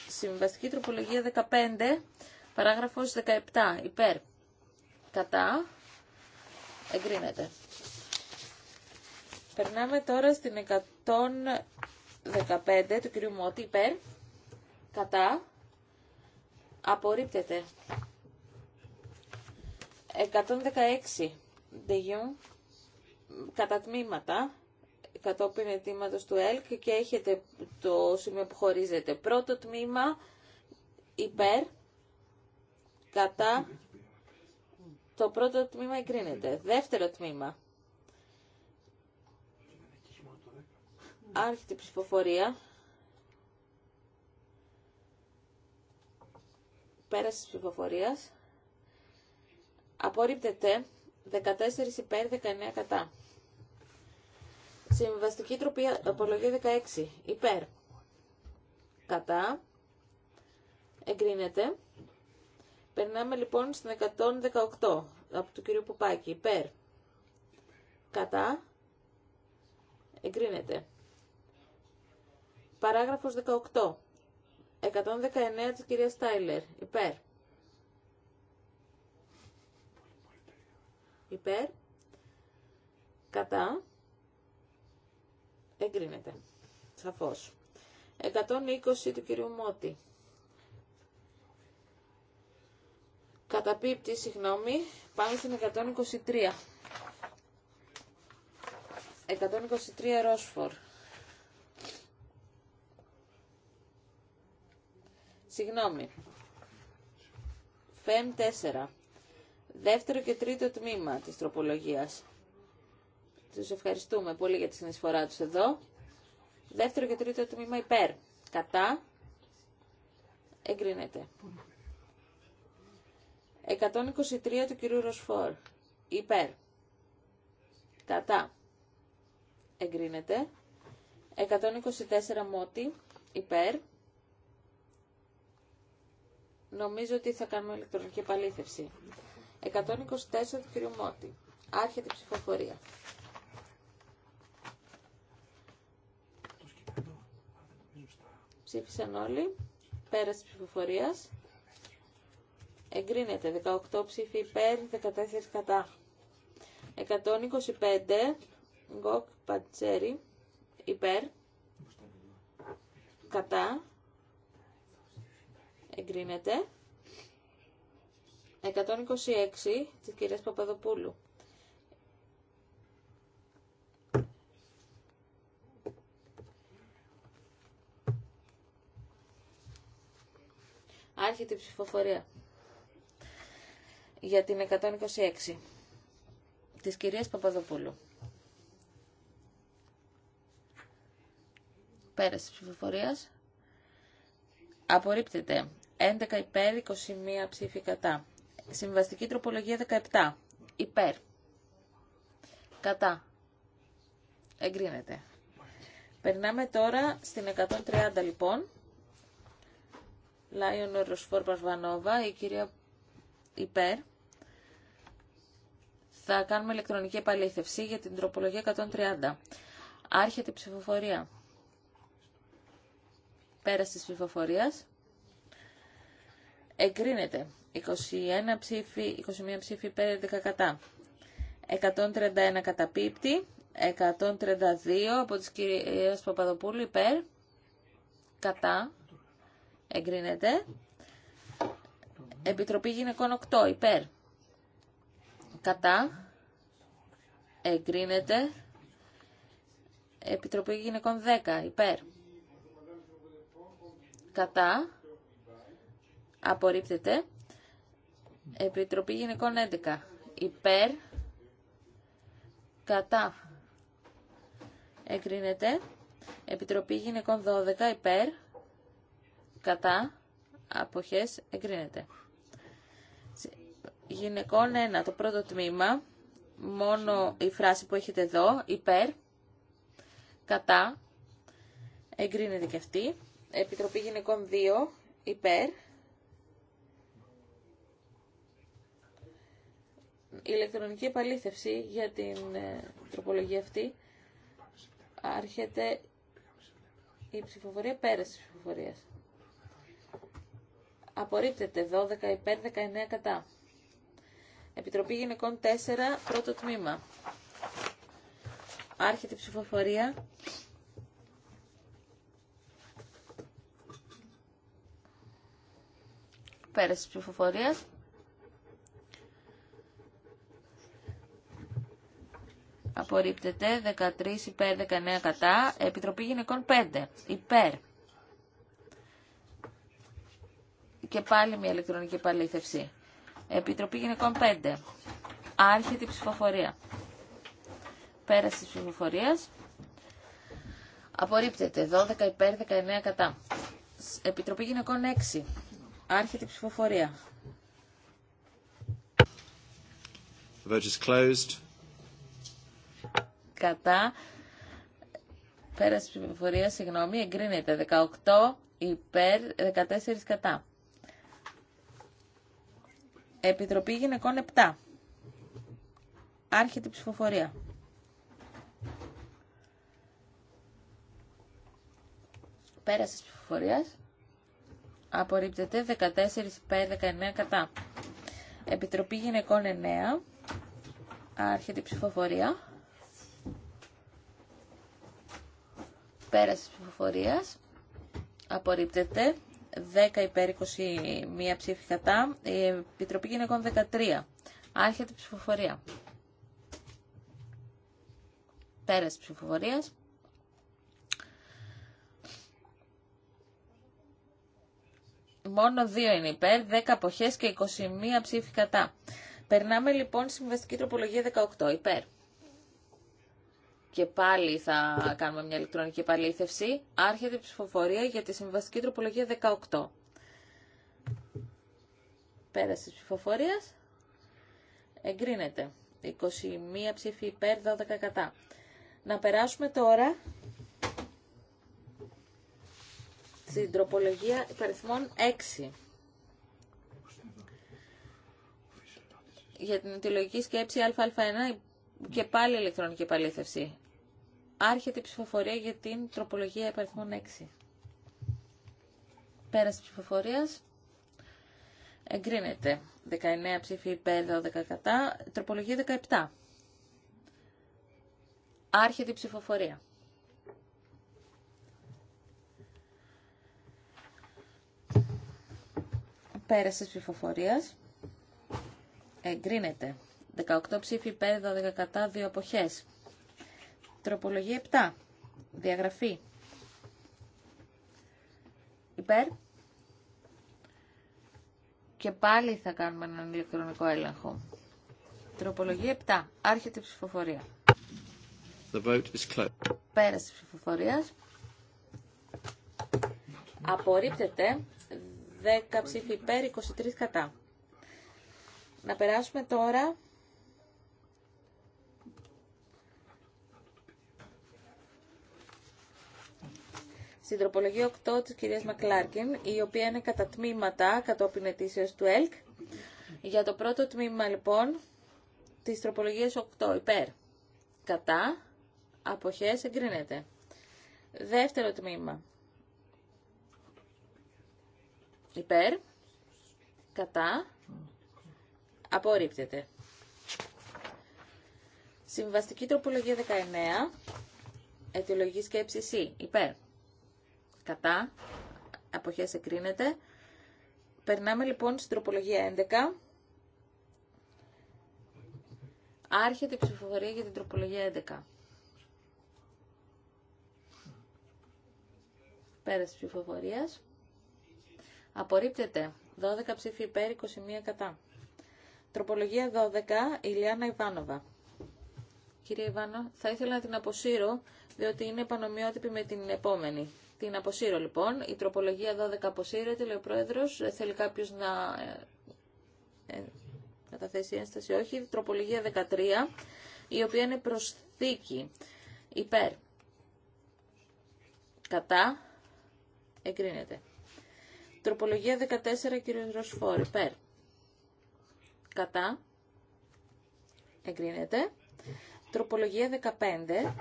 Speaker 3: Συμβαστική τροπολογία 15, παράγραφος 17, υπέρ, κατά, εγκρίνεται. Περνάμε τώρα στην 115 του κυρίου Μότι υπέρ. Κατά. Απορρίπτεται. 116. Κατά τμήματα. Κατόπιν αιτήματος του ΕΛΚ και έχετε το σημείο που χωρίζεται. Πρώτο τμήμα υπέρ. Κατά. Το πρώτο τμήμα εγκρίνεται. Δεύτερο τμήμα. Άρχεται ψηφοφορία. Πέραση της ψηφοφορίας. Απορρίπτεται 14 υπέρ 19 κατά. Συμβαστική τροπή απολογία 16 υπέρ. Κατά. Εγκρίνεται. Περνάμε λοιπόν στην 118 από του κύριο Πουπάκη. Υπέρ. Κατά. Εγκρίνεται. Παράγραφος 18. 119 του κυρία Τάιλερ. Υπέρ. Υπέρ. Κατά. Εγκρίνεται. Σαφώς. 120 του κυρίου Μότη. Καταπίπτει, συγγνώμη. Πάμε στην 123. 123 Ρόσφορ. Συγγνώμη. ΦΕΜ 4. Δεύτερο και τρίτο τμήμα της τροπολογίας. Τους ευχαριστούμε πολύ για τη συνεισφορά τους εδώ. Δεύτερο και τρίτο τμήμα υπέρ. Κατά. Εγκρίνεται. 123 του κυρίου Ροσφόρ. Υπέρ. Κατά. Εγκρίνεται. 124 μότι. Υπέρ. Νομίζω ότι θα κάνουμε ηλεκτρονική επαλήθευση. 124 του κ. Μότη. Άρχεται η ψηφοφορία. Ψήφισαν όλοι. Πέρασε τη ψηφοφορίας. Εγκρίνεται. 18 ψήφοι υπέρ, 14 κατά. 125. Γκοκ Πατσέρι. Υπέρ. Κατά εγκρίνεται. 126 της κυρίας Παπαδοπούλου. Άρχεται η ψηφοφορία για την 126 της κυρίας Παπαδοπούλου. Πέρασε της ψηφοφορίας. Απορρίπτεται. 11 υπέρ, 21 ψήφοι κατά. Συμβαστική τροπολογία 17 υπέρ. Κατά. Εγκρίνεται. Περνάμε τώρα στην 130 λοιπόν. Λάιον Ροσφόρ Παρβανόβα, η κυρία υπέρ. Θα κάνουμε ηλεκτρονική επαλήθευση για την τροπολογία 130. Άρχεται η ψηφοφορία. Πέρας της ψηφοφορίας. Εγκρίνεται. 21 ψήφι, 21 ψήφι υπέρ 11 κατά. 131 καταπίπτει. 132 από τις κυρίες Παπαδοπούλου υπέρ. Κατά. Εγκρίνεται. Επιτροπή Γυναικών 8 υπέρ. Κατά. Εγκρίνεται. Επιτροπή Γυναικών 10 υπέρ. Κατά. Απορρίπτεται. Επιτροπή Γυναικών 11. Υπέρ. Κατά. Εγκρίνεται. Επιτροπή Γυναικών 12. Υπέρ. Κατά. Αποχές. Εγκρίνεται. Γυναικών 1. Το πρώτο τμήμα. Μόνο η φράση που έχετε εδώ. Υπέρ. Κατά. Εγκρίνεται και αυτή. Επιτροπή Γυναικών 2. Υπέρ. η ηλεκτρονική επαλήθευση για την ε, τροπολογία αυτή. Άρχεται η ψηφοφορία πέρας της ψηφοφορίας. Απορρίπτεται 12 υπέρ 19 κατά. Επιτροπή Γυναικών 4, πρώτο τμήμα. Άρχεται η ψηφοφορία. Πέραση ψηφοφορίας. Απορρίπτεται 13 υπέρ 19 κατά. Επιτροπή Γυναικών 5 υπέρ. Και πάλι μια ηλεκτρονική επαλήθευση. Επιτροπή Γυναικών 5. Άρχεται η ψηφοφορία. Πέραση τη ψηφοφορίας. Απορρίπτεται 12 υπέρ 19 κατά. Επιτροπή Γυναικών 6. Άρχεται η ψηφοφορία.
Speaker 1: vote
Speaker 3: κατά πέρας ψηφοφορία, συγγνώμη, εγκρίνεται 18 υπέρ, 14 κατά. Επιτροπή Γυναικών 7. Άρχεται ψηφοφορία. Πέραση ψηφοφορία. Απορρίπτεται 14 υπέρ, 19 κατά. Επιτροπή Γυναικών 9. Άρχεται η ψηφοφορία. Πέραση ψίφικατα. Πιτροπή κυνηγών 13. Άρχετε ψυχοφορία. ψηφοφορίας. Απορρίπτεται. 10 υπέρ 21 ψήφι κατά. Η Επιτροπή Γυναικών 13. Άρχεται ψηφοφορία. Πέραση ψυχοφοριας ψηφοφορίας. Μόνο 2 είναι υπέρ, 10 αποχές και 21 ψήφι κατά. Περνάμε λοιπόν στη συμβαστική τροπολογία 18 υπέρ και πάλι θα κάνουμε μια ηλεκτρονική επαλήθευση. Άρχεται η ψηφοφορία για τη συμβαστική τροπολογία 18. Πέραση της ψηφοφορίας. Εγκρίνεται. 21 ψήφοι υπέρ, 12 κατά. Να περάσουμε τώρα στην τροπολογία υπαριθμών 6. Για την αιτιολογική σκέψη α1 και πάλι ηλεκτρονική επαλήθευση. Άρχεται η ψηφοφορία για την τροπολογία υπαριθμών 6. Πέραση ψηφοφορία. ψηφοφορίας. Εγκρίνεται. 19 ψήφοι υπέρ, 12 κατά. Τροπολογία 17. Άρχεται η ψηφοφορία. Πέραση ψηφοφορία. ψηφοφορίας. Εγκρίνεται. 18 ψήφοι υπέρ, 12 κατά, 2 αποχές. Τροπολογία 7. Διαγραφή. Υπέρ. Και πάλι θα κάνουμε έναν ηλεκτρονικό έλεγχο. Τροπολογία 7. Άρχεται η ψηφοφορία.
Speaker 1: The vote is closed.
Speaker 3: Πέραση ψηφοφορίας. Απορρίπτεται 10 ψήφοι υπέρ, 23 κατά. Να περάσουμε τώρα στην τροπολογία 8 της κυρίας Μακλάρκιν, η οποία είναι κατά τμήματα κατόπιν ετήσεως του ΕΛΚ. Για το πρώτο τμήμα λοιπόν της τροπολογίας 8 υπέρ κατά αποχές εγκρίνεται. Δεύτερο τμήμα υπέρ κατά απορρίπτεται. Συμβαστική τροπολογία 19 αιτιολογική σκέψη C υπέρ κατά, αποχές εκρίνεται. Περνάμε λοιπόν στην τροπολογία 11. Άρχεται η ψηφοφορία για την τροπολογία 11. Πέρας ψηφοφορίας. Απορρίπτεται. 12 ψήφοι υπέρ, 21 κατά. Τροπολογία 12, Ηλιάνα Ιβάνοβα. Κύριε Ιβάνο, θα ήθελα να την αποσύρω, διότι είναι επανομοιότυπη με την επόμενη. Την αποσύρω λοιπόν. Η τροπολογία 12 αποσύρεται, λέει ο πρόεδρο. Θέλει κάποιο να καταθέσει ε, ε, ένσταση. Όχι. Η τροπολογία 13, η οποία είναι προσθήκη. Υπέρ. Κατά. Εγκρίνεται. Τροπολογία 14, κύριο Ροσφόρ. Υπέρ. Κατά. Εγκρίνεται. Τροπολογία 15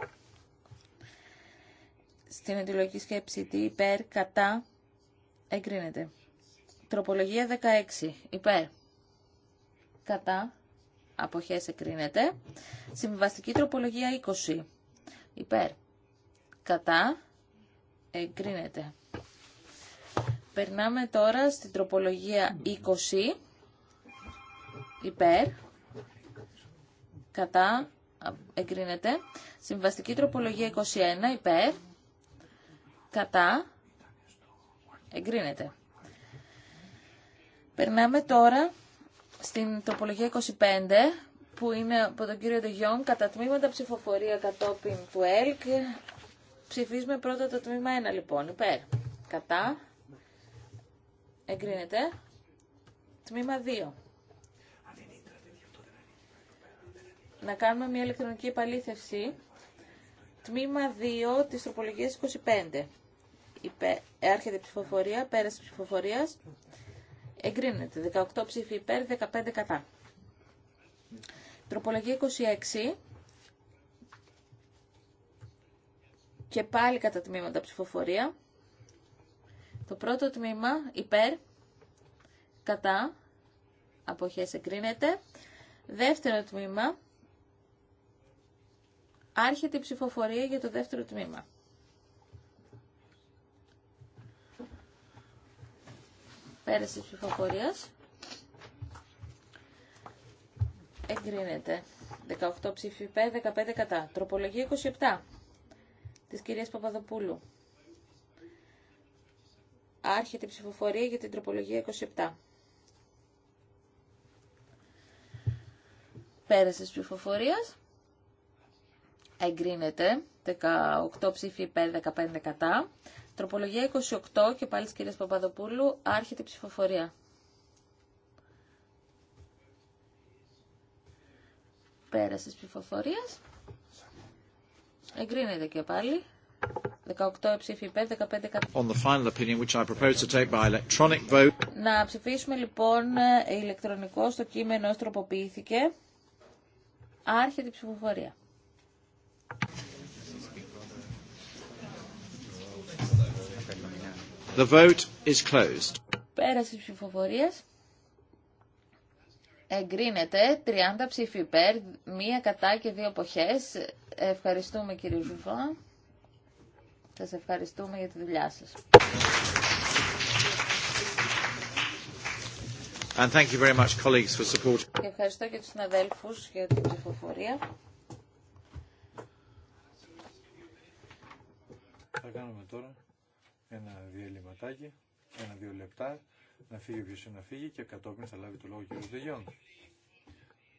Speaker 3: στην αιτιολογική σκέψη τι υπέρ, κατά, εγκρίνεται. Τροπολογία 16, υπέρ, κατά, αποχές εγκρίνεται. Συμβαστική τροπολογία 20, υπέρ, κατά, εγκρίνεται. Περνάμε τώρα στην τροπολογία 20, υπέρ, κατά, εγκρίνεται. Συμβαστική τροπολογία 21, υπέρ, κατά, εγκρίνεται. Περνάμε τώρα στην τροπολογία 25 που είναι από τον κύριο Ντεγιόν κατά τμήματα ψηφοφορία κατόπιν του ΕΛΚ. Ψηφίζουμε πρώτα το τμήμα 1 λοιπόν, υπέρ. Κατά. Εγκρίνεται. Τμήμα 2. Να κάνουμε μια ηλεκτρονική επαλήθευση. Τμήμα 2 της τροπολογίας 25 υπέ, η ψηφοφορία, πέρας της ψηφοφορίας, εγκρίνεται. 18 ψήφοι υπέρ, 15 κατά. Τροπολογία 26. Και πάλι κατά τμήματα ψηφοφορία. Το πρώτο τμήμα υπέρ, κατά, αποχές εγκρίνεται. Δεύτερο τμήμα, άρχεται η ψηφοφορία για το δεύτερο τμήμα. Πέραση της ψηφοφορίας. Εγκρίνεται. 18 ψήφι υπέρ, 15 κατά. Τροπολογία 27 της κυρίας Παπαδοπούλου. Άρχεται η ψηφοφορία για την τροπολογία 27. Πέρασε της ψηφοφορίας. Εγκρίνεται. 18 ψήφι υπέρ, 15 κατά. Τροπολογία 28 και πάλι της κυρίας Παπαδοπούλου, άρχεται η ψηφοφορία. Πέρασε της ψηφοφορίας. Εγκρίνεται και πάλι. 18 ψηφί υπέρ, 15 κατά.
Speaker 1: On the final opinion, which I propose to take by electronic vote.
Speaker 3: Να ψηφίσουμε λοιπόν ηλεκτρονικό στο κείμενο ως τροποποιήθηκε. Άρχεται η ψηφοφορία.
Speaker 1: The vote is closed.
Speaker 3: Πέραση ψηφοφορίας. Εγκρίνεται 30 ψήφοι υπέρ, μία κατά και δύο εποχές. Ευχαριστούμε κύριε Ζουβά. Σα ευχαριστούμε για τη δουλειά σας.
Speaker 1: And thank you very much, colleagues, for support.
Speaker 3: Και ευχαριστώ και τους συναδέλφους για την ψηφοφορία.
Speaker 1: Θα κάνουμε τώρα ένα διαλυματάκι, ένα-δύο λεπτά, να φύγει ποιος να φύγει και κατόπιν θα λάβει το λόγο ο κ. Δεγιόν.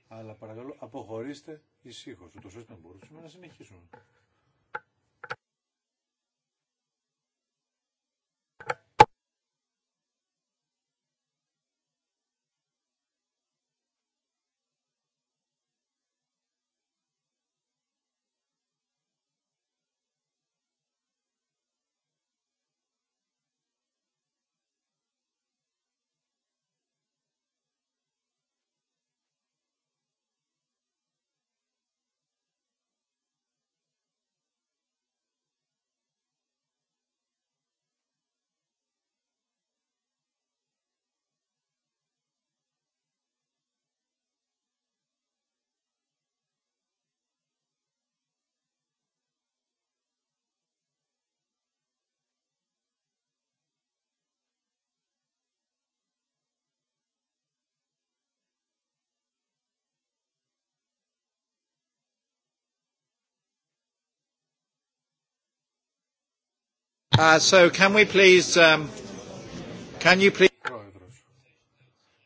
Speaker 1: Αλλά παρακαλώ αποχωρήστε ησύχως, ούτως ώστε να μπορούσαμε να συνεχίσουμε.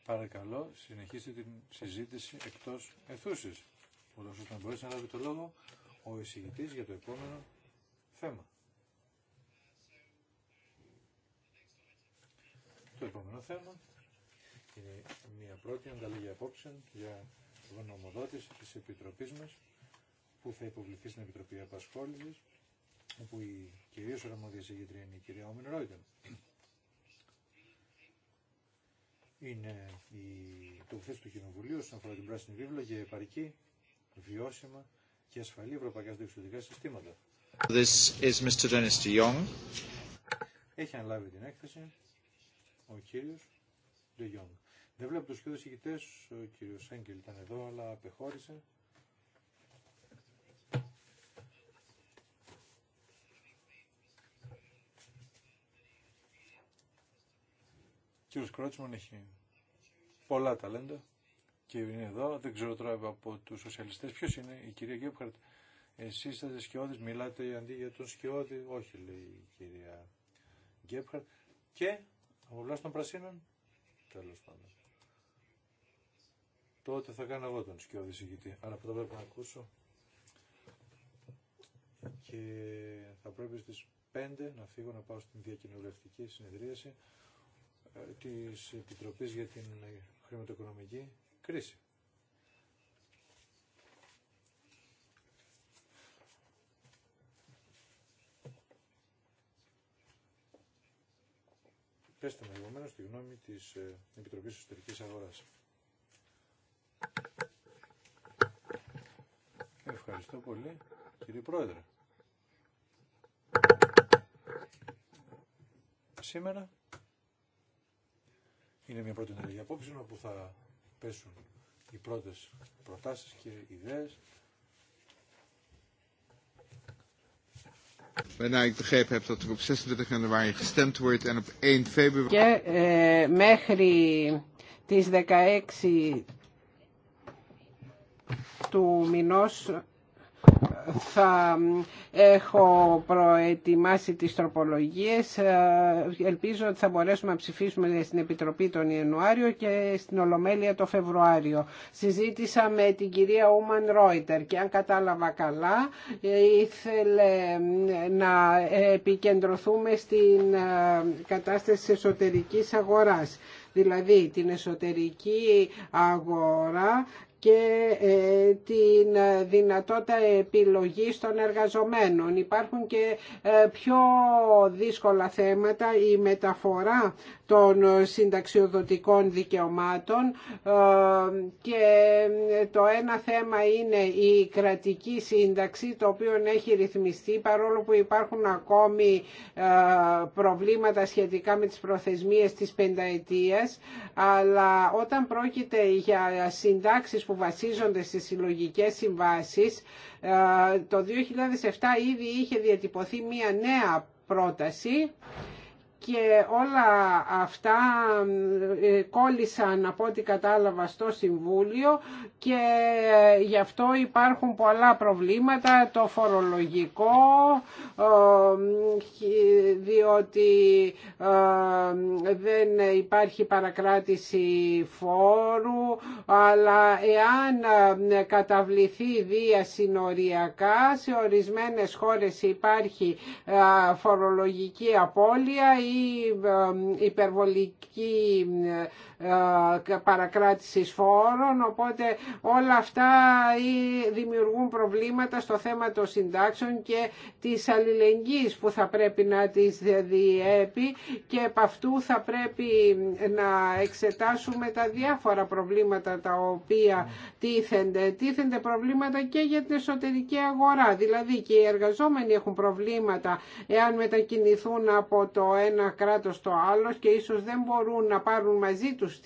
Speaker 1: παρακαλώ συνεχίστε την συζήτηση εκτός αιθούσης, ούτως ώστε να μπορέσει να λάβει το λόγο ο εισηγητής για το επόμενο θέμα. Το επόμενο θέμα είναι μια πρώτη ανταλλαγή απόψε για γνωμοδότηση της Επιτροπής μας που θα υποβληθεί στην Επιτροπή Απασχόλησης όπου η κυρίως αρμόδια ηγετρία είναι η κυρία Όμιν Ρόιτεν. Είναι η τοποθέτηση του Κοινοβουλίου όσον αφορά την πράσινη Βίβλα για επαρκή, βιώσιμα και ασφαλή ευρωπαϊκά διεξοδικά συστήματα. This Έχει αναλάβει την έκθεση ο κύριος De Δεν βλέπω τους κύριους ηγητές, ο κύριος Έγκελ ήταν εδώ αλλά απεχώρησε. κύριος Κρότσμαν έχει πολλά ταλέντα και είναι εδώ. Δεν ξέρω τώρα από τους σοσιαλιστές ποιος είναι η κυρία Γκέπχαρτ. Εσείς είστε σκιώδης, μιλάτε αντί για τον σκιώδη. Όχι, λέει η κυρία Γκέπχαρτ. Και από βλάστον των πρασίνων, τέλος πάντων. Τότε θα κάνω εγώ τον σκιώδη συγκητή. Αλλά πρώτα πρέπει να ακούσω. Και θα πρέπει στις 5 να φύγω να πάω στην διακοινοβουλευτική συνεδρίαση της Επιτροπής για την Χρηματοοικονομική Κρίση. Πέστε με εγωμένως τη γνώμη της ε, Επιτροπής Ιστορικής Αγοράς. Ευχαριστώ πολύ κύριε Πρόεδρε. Σήμερα είναι μια πρώτη ενέργεια απόψεων όπου θα πέσουν οι πρώτες προτάσεις και ιδέες. Και ε, er
Speaker 2: eh, μέχρι τις 16 του μηνός θα έχω προετοιμάσει τις τροπολογίες. Ε, ελπίζω ότι θα μπορέσουμε να ψηφίσουμε στην Επιτροπή τον Ιανουάριο και στην Ολομέλεια το Φεβρουάριο. Συζήτησα με την κυρία Ούμαν Ρόιτερ και αν κατάλαβα καλά ε, ήθελε να επικεντρωθούμε στην ε, κατάσταση της εσωτερικής αγοράς δηλαδή την εσωτερική αγορά και ε, την ε, δυνατότητα επιλογής των εργαζομένων. Υπάρχουν και ε, πιο δύσκολα θέματα, η μεταφορά των συνταξιοδοτικών δικαιωμάτων ε, και το ένα θέμα είναι η κρατική σύνταξη το οποίο έχει ρυθμιστεί παρόλο που υπάρχουν ακόμη ε, προβλήματα σχετικά με τις προθεσμίες της πενταετίας αλλά όταν πρόκειται για συντάξεις που βασίζονται σε συλλογικές συμβάσεις ε, το 2007 ήδη είχε διατυπωθεί μια νέα πρόταση και όλα αυτά ε, κόλλησαν από ό,τι κατάλαβα στο Συμβούλιο και ε, γι' αυτό υπάρχουν πολλά προβλήματα, το φορολογικό, διότι ε, δεν υπάρχει παρακράτηση φόρου, αλλά εάν καταβληθεί διασυνοριακά, σε ορισμένες χώρες υπάρχει φορολογική απώλεια ε, ε, υπερβολική ε, ε, παρακράτησης φόρων, οπότε όλα αυτά δημιουργούν προβλήματα στο θέμα των συντάξεων και της αλληλεγγύης που θα πρέπει να τις διέπει και επ' αυτού θα πρέπει να εξετάσουμε τα διάφορα προβλήματα τα οποία τίθενται. Τίθενται προβλήματα και για την εσωτερική αγορά, δηλαδή και οι εργαζόμενοι έχουν προβλήματα εάν μετακινηθούν από το ένα κράτος στο άλλο και ίσως δεν μπορούν να πάρουν μαζί τους τους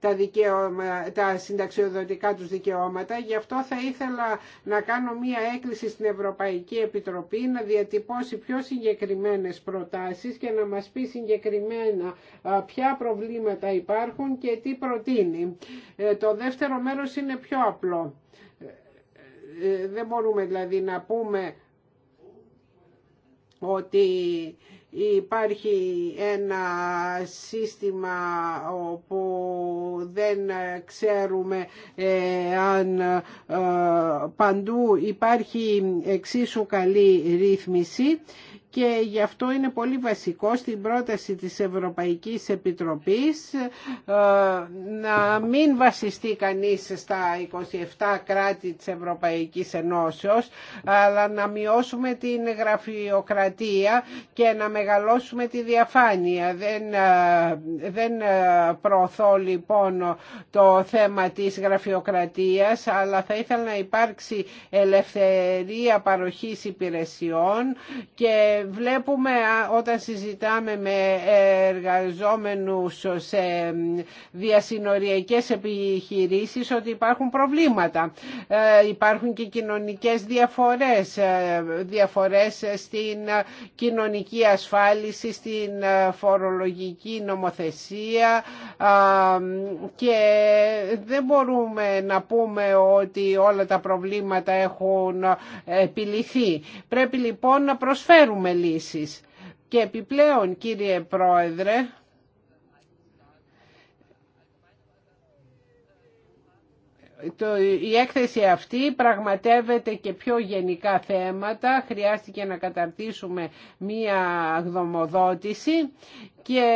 Speaker 2: τα, δικαιώμα, τα συνταξιοδοτικά τους δικαιώματα. Γι' αυτό θα ήθελα να κάνω μία έκκληση στην Ευρωπαϊκή Επιτροπή να διατυπώσει πιο συγκεκριμένες προτάσεις και να μας πει συγκεκριμένα ποια προβλήματα υπάρχουν και τι προτείνει. Ε, το δεύτερο μέρος είναι πιο απλό. Ε, ε, δεν μπορούμε δηλαδή να πούμε ότι υπάρχει ένα σύστημα όπου δεν ξέρουμε ε, αν ε, παντού υπάρχει εξίσου καλή ρύθμιση και γι' αυτό είναι πολύ βασικό στην πρόταση της Ευρωπαϊκής Επιτροπής ε, να μην βασιστεί κανείς στα 27 κράτη της Ευρωπαϊκής Ενώσεως αλλά να μειώσουμε την γραφειοκρατία και να μεγαλώσουμε τη διαφάνεια. Δεν, ε, δεν ε, προωθώ λοιπόν το θέμα της γραφειοκρατίας αλλά θα ήθελα να υπάρξει ελευθερία παροχής υπηρεσιών και βλέπουμε όταν συζητάμε με εργαζόμενους σε διασυνοριακές επιχειρήσεις ότι υπάρχουν προβλήματα. Ε, υπάρχουν και κοινωνικές διαφορές, ε, διαφορές στην κοινωνική ασφάλιση, στην ε, φορολογική νομοθεσία και δεν μπορούμε να πούμε ότι όλα τα προβλήματα έχουν επιληθεί. Πρέπει λοιπόν να προσφέρουμε και επιπλέον κύριε Πρόεδρε, η έκθεση αυτή πραγματεύεται και πιο γενικά θέματα. Χρειάστηκε να καταρτήσουμε μία γδομοδότηση και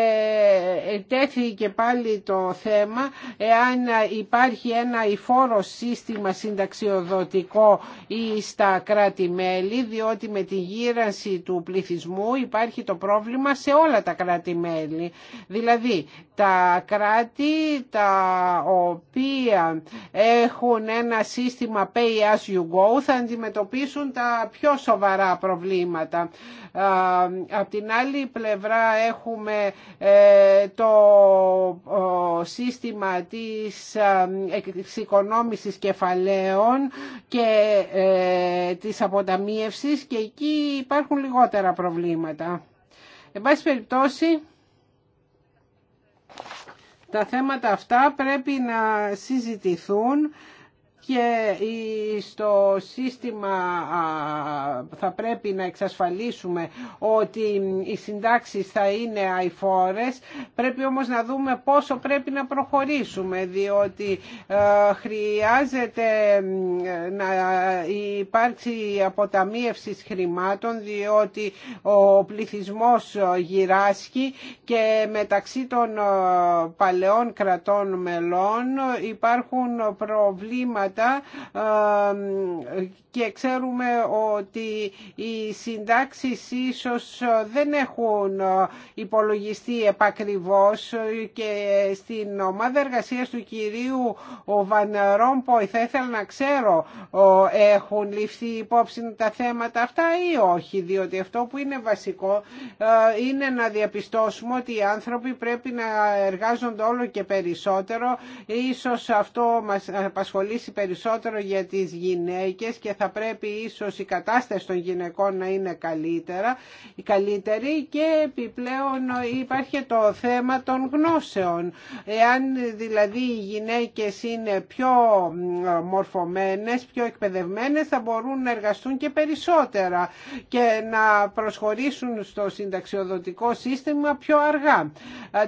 Speaker 2: τέθηκε πάλι το θέμα εάν υπάρχει ένα υφόρο σύστημα συνταξιοδοτικό ή στα κράτη-μέλη διότι με τη γύρανση του πληθυσμού υπάρχει το πρόβλημα σε όλα τα κράτη-μέλη. Δηλαδή τα κράτη τα οποία έχουν ένα σύστημα pay as you go θα αντιμετωπίσουν τα πιο σοβαρά προβλήματα. Απ' την άλλη πλευρά έχουμε ε, το σύστημα της εξοικονόμησης κεφαλαίων και ε, της αποταμίευσης και εκεί υπάρχουν λιγότερα προβλήματα. Εν πάση περιπτώσει, τα θέματα αυτά πρέπει να συζητηθούν και στο σύστημα θα πρέπει να εξασφαλίσουμε ότι οι συντάξεις θα είναι αηφόρες πρέπει όμως να δούμε πόσο πρέπει να προχωρήσουμε διότι ε, χρειάζεται να υπάρξει αποταμίευση χρημάτων διότι ο πληθυσμός γυράσκει και μεταξύ των ε, παλαιών κρατών μελών υπάρχουν προβλήματα και ξέρουμε ότι οι συντάξεις ίσως δεν έχουν υπολογιστεί επακριβώς και στην ομάδα εργασίας του κυρίου ο Ρόμπο, θα ήθελα να ξέρω έχουν ληφθεί υπόψη τα θέματα αυτά ή όχι διότι αυτό που είναι βασικό ε, είναι να διαπιστώσουμε ότι οι άνθρωποι πρέπει να εργάζονται όλο και περισσότερο ίσως αυτό μας απασχολήσει περισσότερο για τις γυναίκες και θα πρέπει ίσως η κατάσταση των γυναικών να είναι καλύτερα, καλύτερη και επιπλέον υπάρχει το θέμα των γνώσεων. Εάν δηλαδή οι γυναίκες είναι πιο μορφωμένες, πιο εκπαιδευμένες θα μπορούν να εργαστούν και περισσότερα και να προσχωρήσουν στο συνταξιοδοτικό σύστημα πιο αργά.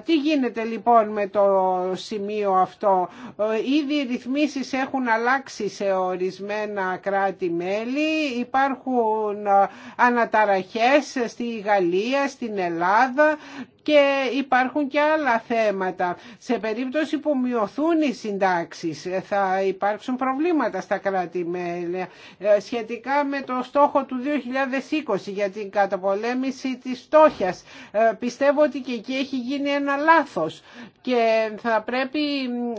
Speaker 2: Τι γίνεται λοιπόν με το σημείο αυτό. Ε, ήδη οι ρυθμίσεις έχουν αλλάξει αλλάξει σε ορισμένα κράτη-μέλη. Υπάρχουν ε, αναταραχές στη Γαλλία, στην Ελλάδα και υπάρχουν και άλλα θέματα. Σε περίπτωση που μειωθούν οι συντάξεις θα υπάρξουν προβλήματα στα κράτη-μέλη ε, σχετικά με το στόχο του 2020 για την καταπολέμηση της στόχιας. Ε, πιστεύω ότι και εκεί έχει γίνει ένα λάθος και θα πρέπει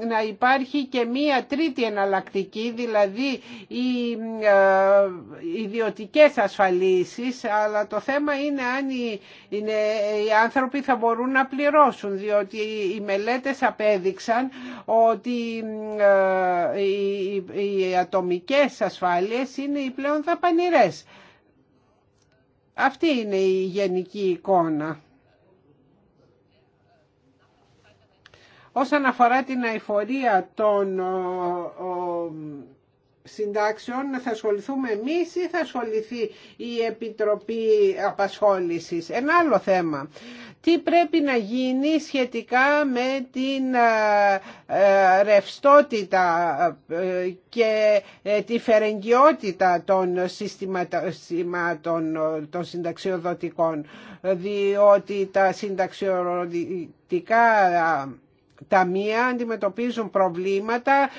Speaker 2: να υπάρχει και μία τρίτη εναλλακτική, δηλαδή οι ε, ιδιωτικές ασφαλίσεις, αλλά το θέμα είναι αν οι, άνθρωποι θα θα μπορούν να πληρώσουν διότι οι μελέτες απέδειξαν ότι ε, οι ατομικές ασφάλειες είναι οι πλέον δαπανηρές. Αυτή είναι η γενική εικόνα. Όσον αφορά την αηφορία των συντάξεων θα ασχοληθούμε εμείς ή θα ασχοληθεί η Επιτροπή Απασχόλησης. Ένα άλλο θέμα. Τι πρέπει να γίνει σχετικά με την ε, ε, ρευστότητα ε, και τη φερεγγιότητα των συστημάτων των συνταξιοδοτικών, διότι τα συνταξιοδοτικά τα μία αντιμετωπίζουν προβλήματα,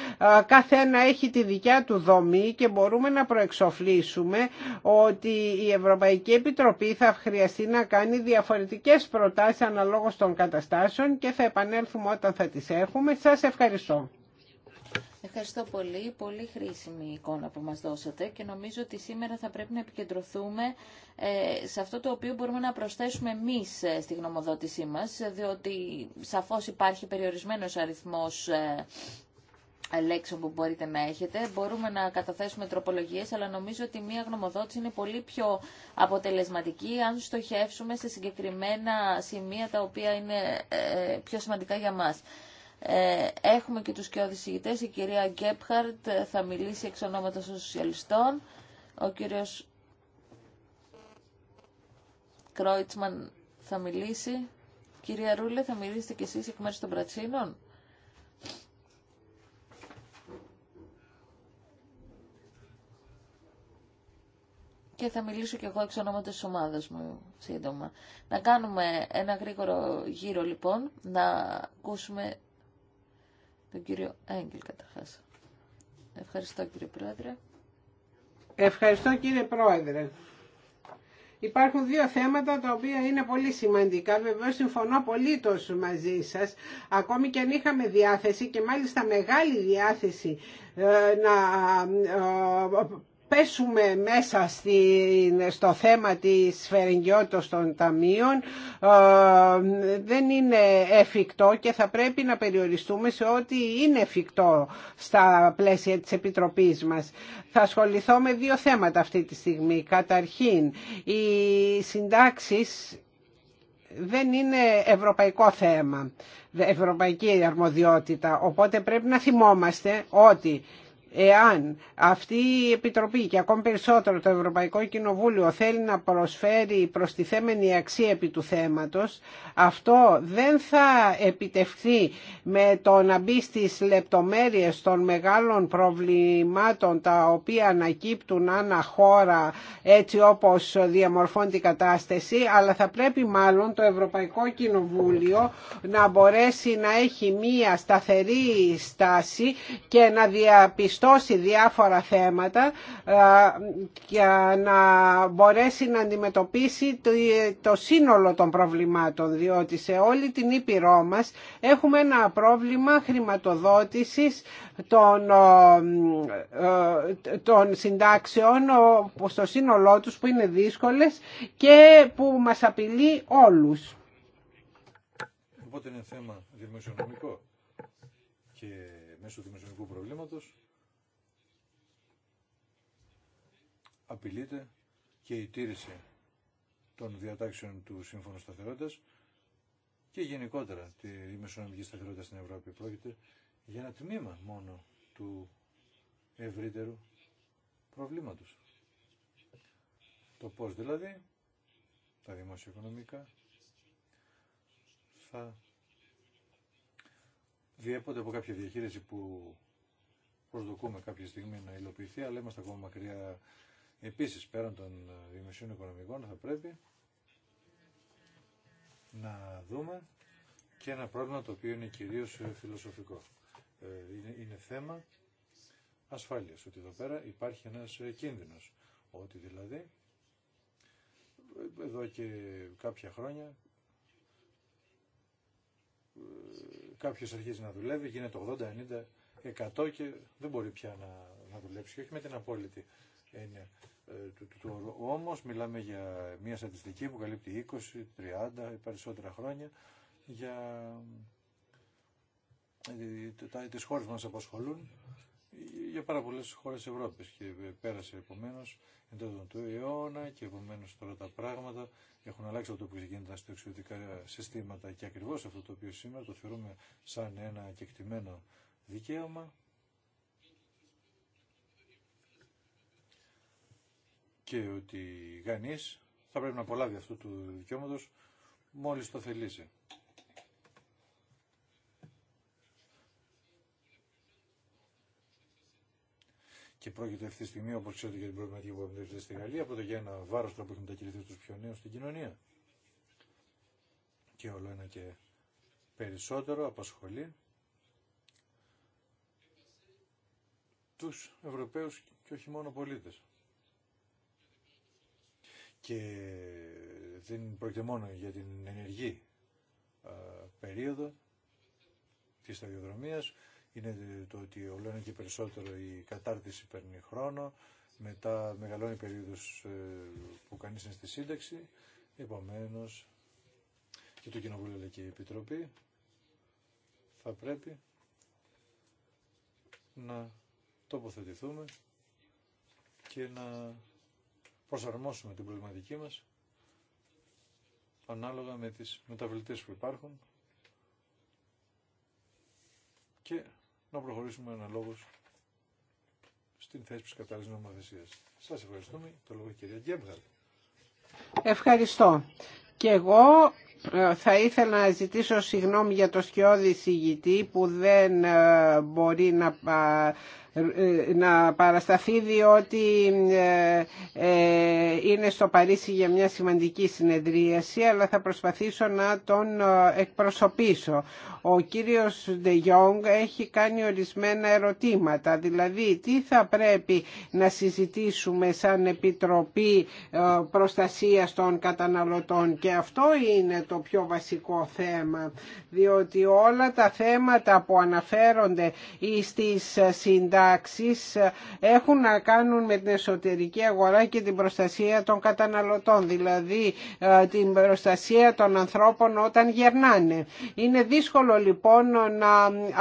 Speaker 2: κάθε ένα έχει τη δικιά του δομή και μπορούμε να προεξοφλήσουμε ότι η Ευρωπαϊκή Επιτροπή θα χρειαστεί να κάνει διαφορετικές προτάσεις αναλόγως των καταστάσεων και θα επανέλθουμε όταν θα τις έχουμε. Σας ευχαριστώ.
Speaker 3: Ευχαριστώ πολύ. Πολύ χρήσιμη εικόνα που μας δώσατε και νομίζω ότι σήμερα θα πρέπει να επικεντρωθούμε ε, σε αυτό το οποίο μπορούμε να προσθέσουμε εμείς ε, στη γνωμοδότησή μας, διότι σαφώς υπάρχει περιορισμένος αριθμός ε, λέξεων που μπορείτε να έχετε. Μπορούμε να καταθέσουμε τροπολογίες, αλλά νομίζω ότι μία γνωμοδότηση είναι πολύ πιο αποτελεσματική αν στοχεύσουμε σε συγκεκριμένα σημεία τα οποία είναι πιο σημαντικά για μας. Ε, έχουμε και τους και Η κυρία Γκέπχαρτ θα μιλήσει εξ ονόματος των σοσιαλιστών. Ο κύριος Κρόιτσμαν θα μιλήσει. Κυρία Ρούλε, θα μιλήσετε κι εσείς εκ μέρους των Πρατσίνων. και θα μιλήσω κι εγώ εξ ονόματος της ομάδας μου σύντομα. Να κάνουμε ένα γρήγορο γύρο λοιπόν, να ακούσουμε
Speaker 2: τον κύριο Ευχαριστώ κύριε Πρόεδρε. Ευχαριστώ κύριε Πρόεδρε. Υπάρχουν δύο θέματα τα οποία είναι πολύ σημαντικά. Βεβαίως συμφωνώ τόσο μαζί σας. Ακόμη και αν είχαμε διάθεση και μάλιστα μεγάλη διάθεση ε, να ε, πέσουμε μέσα στην, στο θέμα της φερεγγιότητας των ταμείων ε, δεν είναι εφικτό και θα πρέπει να περιοριστούμε σε ό,τι είναι εφικτό στα πλαίσια της Επιτροπής μας. Θα ασχοληθώ με δύο θέματα αυτή τη στιγμή. Καταρχήν, οι συντάξεις δεν είναι ευρωπαϊκό θέμα, ευρωπαϊκή αρμοδιότητα. Οπότε πρέπει να θυμόμαστε ότι Εάν αυτή η Επιτροπή και ακόμη περισσότερο το Ευρωπαϊκό Κοινοβούλιο θέλει να προσφέρει προστιθέμενη αξία επί του θέματος, αυτό δεν θα επιτευχθεί με το να μπει στις λεπτομέρειες των μεγάλων προβλημάτων τα οποία ανακύπτουν ανά χώρα έτσι όπως διαμορφώνει την κατάσταση, αλλά θα πρέπει μάλλον το Ευρωπαϊκό Κοινοβούλιο να μπορέσει να έχει μία σταθερή στάση και να διαπιστώσει διαπιστώσει διάφορα θέματα ε, για να μπορέσει να αντιμετωπίσει το σύνολο των προβλημάτων διότι σε όλη την Ήπειρό μας έχουμε ένα πρόβλημα χρηματοδότησης των, ε, ε, των συντάξεων στο σύνολό τους που είναι δύσκολες και που μας απειλεί όλους.
Speaker 1: Οπότε λοιπόν, είναι θέμα δημοσιονομικό και μέσω δημοσιονομικού προβλήματος απειλείται και η τήρηση των διατάξεων του Σύμφωνου Σταθερότητας και γενικότερα τη μεσονομική σταθερότητα στην Ευρώπη. Πρόκειται για ένα τμήμα μόνο του ευρύτερου προβλήματος. Το πώς δηλαδή τα δημοσιοοικονομικά θα διέπονται από κάποια διαχείριση που προσδοκούμε κάποια στιγμή να υλοποιηθεί, αλλά είμαστε ακόμα μακριά Επίσης, πέραν των ε, δημοσίων οικονομικών, θα πρέπει να δούμε και ένα πρόβλημα το οποίο είναι κυρίως ε, φιλοσοφικό. Ε, είναι, είναι θέμα ασφάλειας, ότι εδώ πέρα υπάρχει ένας κίνδυνος. Ότι δηλαδή, εδώ και κάποια χρόνια, κάποιος αρχίζει να δουλεύει, γίνεται 80, 90, και δεν μπορεί πια να, να δουλέψει. Και όχι με την απόλυτη έννοια ε, του, Όμως μιλάμε για μια στατιστική που καλύπτει 20, 30 ή περισσότερα χρόνια για ε, τις χώρες που μας απασχολούν για πάρα πολλές χώρες Ευρώπης και ε, πέρασε επομένως εντός του αιώνα και επομένως τώρα τα πράγματα έχουν αλλάξει από το που ξεκίνησαν τα εξωτικά συστήματα και ακριβώς αυτό το οποίο σήμερα το θεωρούμε σαν ένα κεκτημένο δικαίωμα και ότι κανεί θα πρέπει να απολάβει αυτού του δικαιώματος μόλις το θελήσει. Και πρόκειται αυτή τη στιγμή, όπω ξέρετε, για την προβληματική που απαιτείται στη Γαλλία, πρώτα για ένα βάρο που έχει μετακυληθεί στου πιο νέου στην κοινωνία. Και όλο ένα και περισσότερο απασχολεί τους Ευρωπαίους και όχι μόνο πολίτες και δεν πρόκειται μόνο για την ενεργή περίοδο της σταδιοδρομίας, είναι το ότι όλο και περισσότερο η κατάρτιση παίρνει χρόνο, μετά μεγαλώνει η περίοδος ε, που κανείς είναι στη σύνταξη, επομένως και το Κοινοβούλιο αλλά και η Επιτροπή θα πρέπει να τοποθετηθούμε και να προσαρμόσουμε την προβληματική μας ανάλογα με τις μεταβλητές που υπάρχουν και να προχωρήσουμε αναλόγως στην θέση της κατάλληλης νομοθεσίας. Σας ευχαριστούμε. Το λόγο η κυρία
Speaker 2: Ευχαριστώ. Και εγώ ε, θα ήθελα να ζητήσω συγγνώμη για το σκιώδη συγητή που δεν ε, μπορεί να, ε, να παρασταθεί διότι είναι στο Παρίσι για μια σημαντική συνεδρίαση αλλά θα προσπαθήσω να τον εκπροσωπήσω. Ο κύριος De Jong έχει κάνει ορισμένα ερωτήματα, δηλαδή τι θα πρέπει να συζητήσουμε σαν Επιτροπή Προστασίας των Καταναλωτών και αυτό είναι το πιο βασικό θέμα διότι όλα τα θέματα που αναφέρονται στις συντάξεις έχουν να κάνουν με την εσωτερική αγορά και την προστασία των καταναλωτών δηλαδή ε, την προστασία των ανθρώπων όταν γερνάνε. Είναι δύσκολο λοιπόν να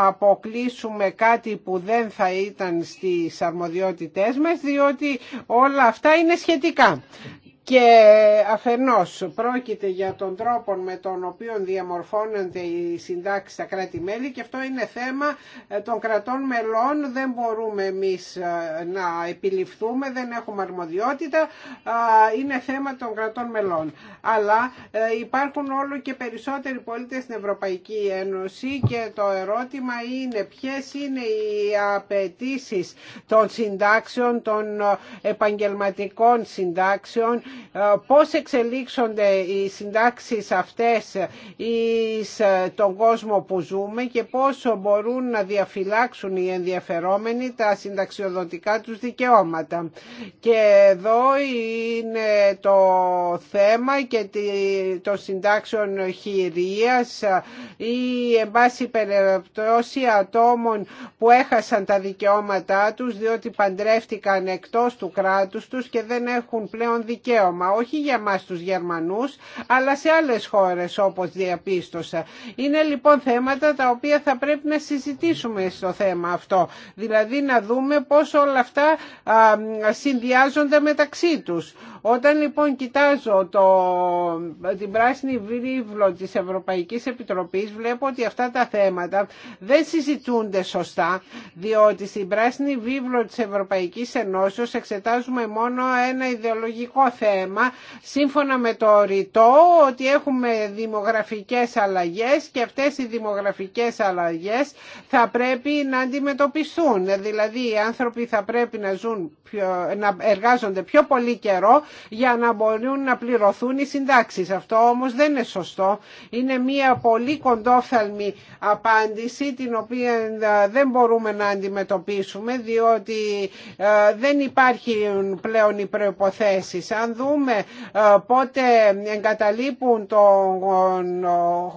Speaker 2: αποκλείσουμε κάτι που δεν θα ήταν στις αρμοδιότητές μας διότι όλα αυτά είναι σχετικά και αφενός πρόκειται για τον τρόπο με τον οποίο διαμορφώνονται οι συντάξεις στα κράτη-μέλη και αυτό είναι θέμα ε, των κρατών μελών. Δεν μπορούμε εμείς ε, να επιληφθούμε, δεν έχουμε αρμοδιότητα, ε, είναι θέμα των κρατών μελών. Αλλά υπάρχουν όλο και περισσότεροι πολίτες στην Ευρωπαϊκή Ένωση και το ερώτημα είναι ποιες είναι οι απαιτήσει των συντάξεων, των επαγγελματικών συντάξεων, ε, πώς εξελίξονται οι συντάξεις αυτές εις ε, τον κόσμο που ζούμε και πόσο μπορούν να διαφυλάξουν οι ενδιαφερόμενοι τα συνταξιοδοτικά τους δικαιώματα. Και εδώ είναι το θέμα και το συντάξεων χειρίας ή εν πάση περιπτώσει ατόμων που έχασαν τα δικαιώματά τους διότι παντρεύτηκαν εκτός του κράτους τους και δεν έχουν πλέον δικαίωμα όχι για μας τους Γερμανούς, αλλά σε άλλες χώρες όπως διαπίστωσα. Είναι λοιπόν θέματα τα οποία θα πρέπει να συζητήσουμε στο θέμα αυτό. Δηλαδή να δούμε πώς όλα αυτά συνδυάζονται μεταξύ τους. Όταν λοιπόν κοιτάζω το, την πράσινη βίβλο της Ευρωπαϊκής Επιτροπής βλέπω ότι αυτά τα θέματα δεν συζητούνται σωστά διότι στην πράσινη βίβλο της Ευρωπαϊκής Ενώσεως εξετάζουμε μόνο ένα ιδεολογικό θέμα σύμφωνα με το ρητό ότι έχουμε δημογραφικές αλλαγές και αυτές οι δημογραφικές αλλαγές θα πρέπει να αντιμετωπιστούν. Δηλαδή οι άνθρωποι θα πρέπει να, ζουν να εργάζονται πιο πολύ καιρό για να μπορούν να πληρωθούν οι συντάξεις. Αυτό όμως δεν είναι σωστό. Είναι μια πολύ κοντόφθαλμη απάντηση την οποία ε, δεν μπορούμε να αντιμετωπίσουμε διότι ε, δεν υπάρχουν πλέον οι προϋποθέσεις. Ε, πότε εγκαταλείπουν τον ε,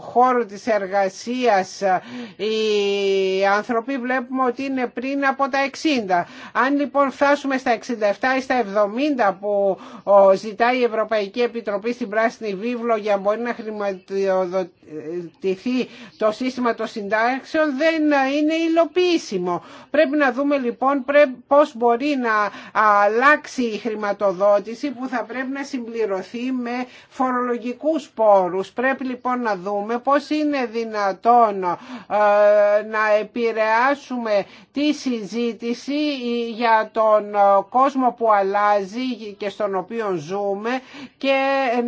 Speaker 2: χώρο της εργασίας ε, οι άνθρωποι βλέπουμε ότι είναι πριν από τα 60. Αν λοιπόν φτάσουμε στα 67 ή στα 70 που ζητάει η Ευρωπαϊκή Επιτροπή στην Πράσινη Βίβλο για να μπορεί να χρηματοδοτηθεί το σύστημα των συντάξεων δεν είναι υλοποιήσιμο. Πρέπει να δούμε λοιπόν πώς μπορεί να αλλάξει η χρηματοδότηση που θα πρέπει πρέπει να συμπληρωθεί με φορολογικούς πόρους. Πρέπει λοιπόν να δούμε πώς είναι δυνατόν ε, να επηρεάσουμε τη συζήτηση για τον ε, κόσμο που αλλάζει και στον οποίο ζούμε και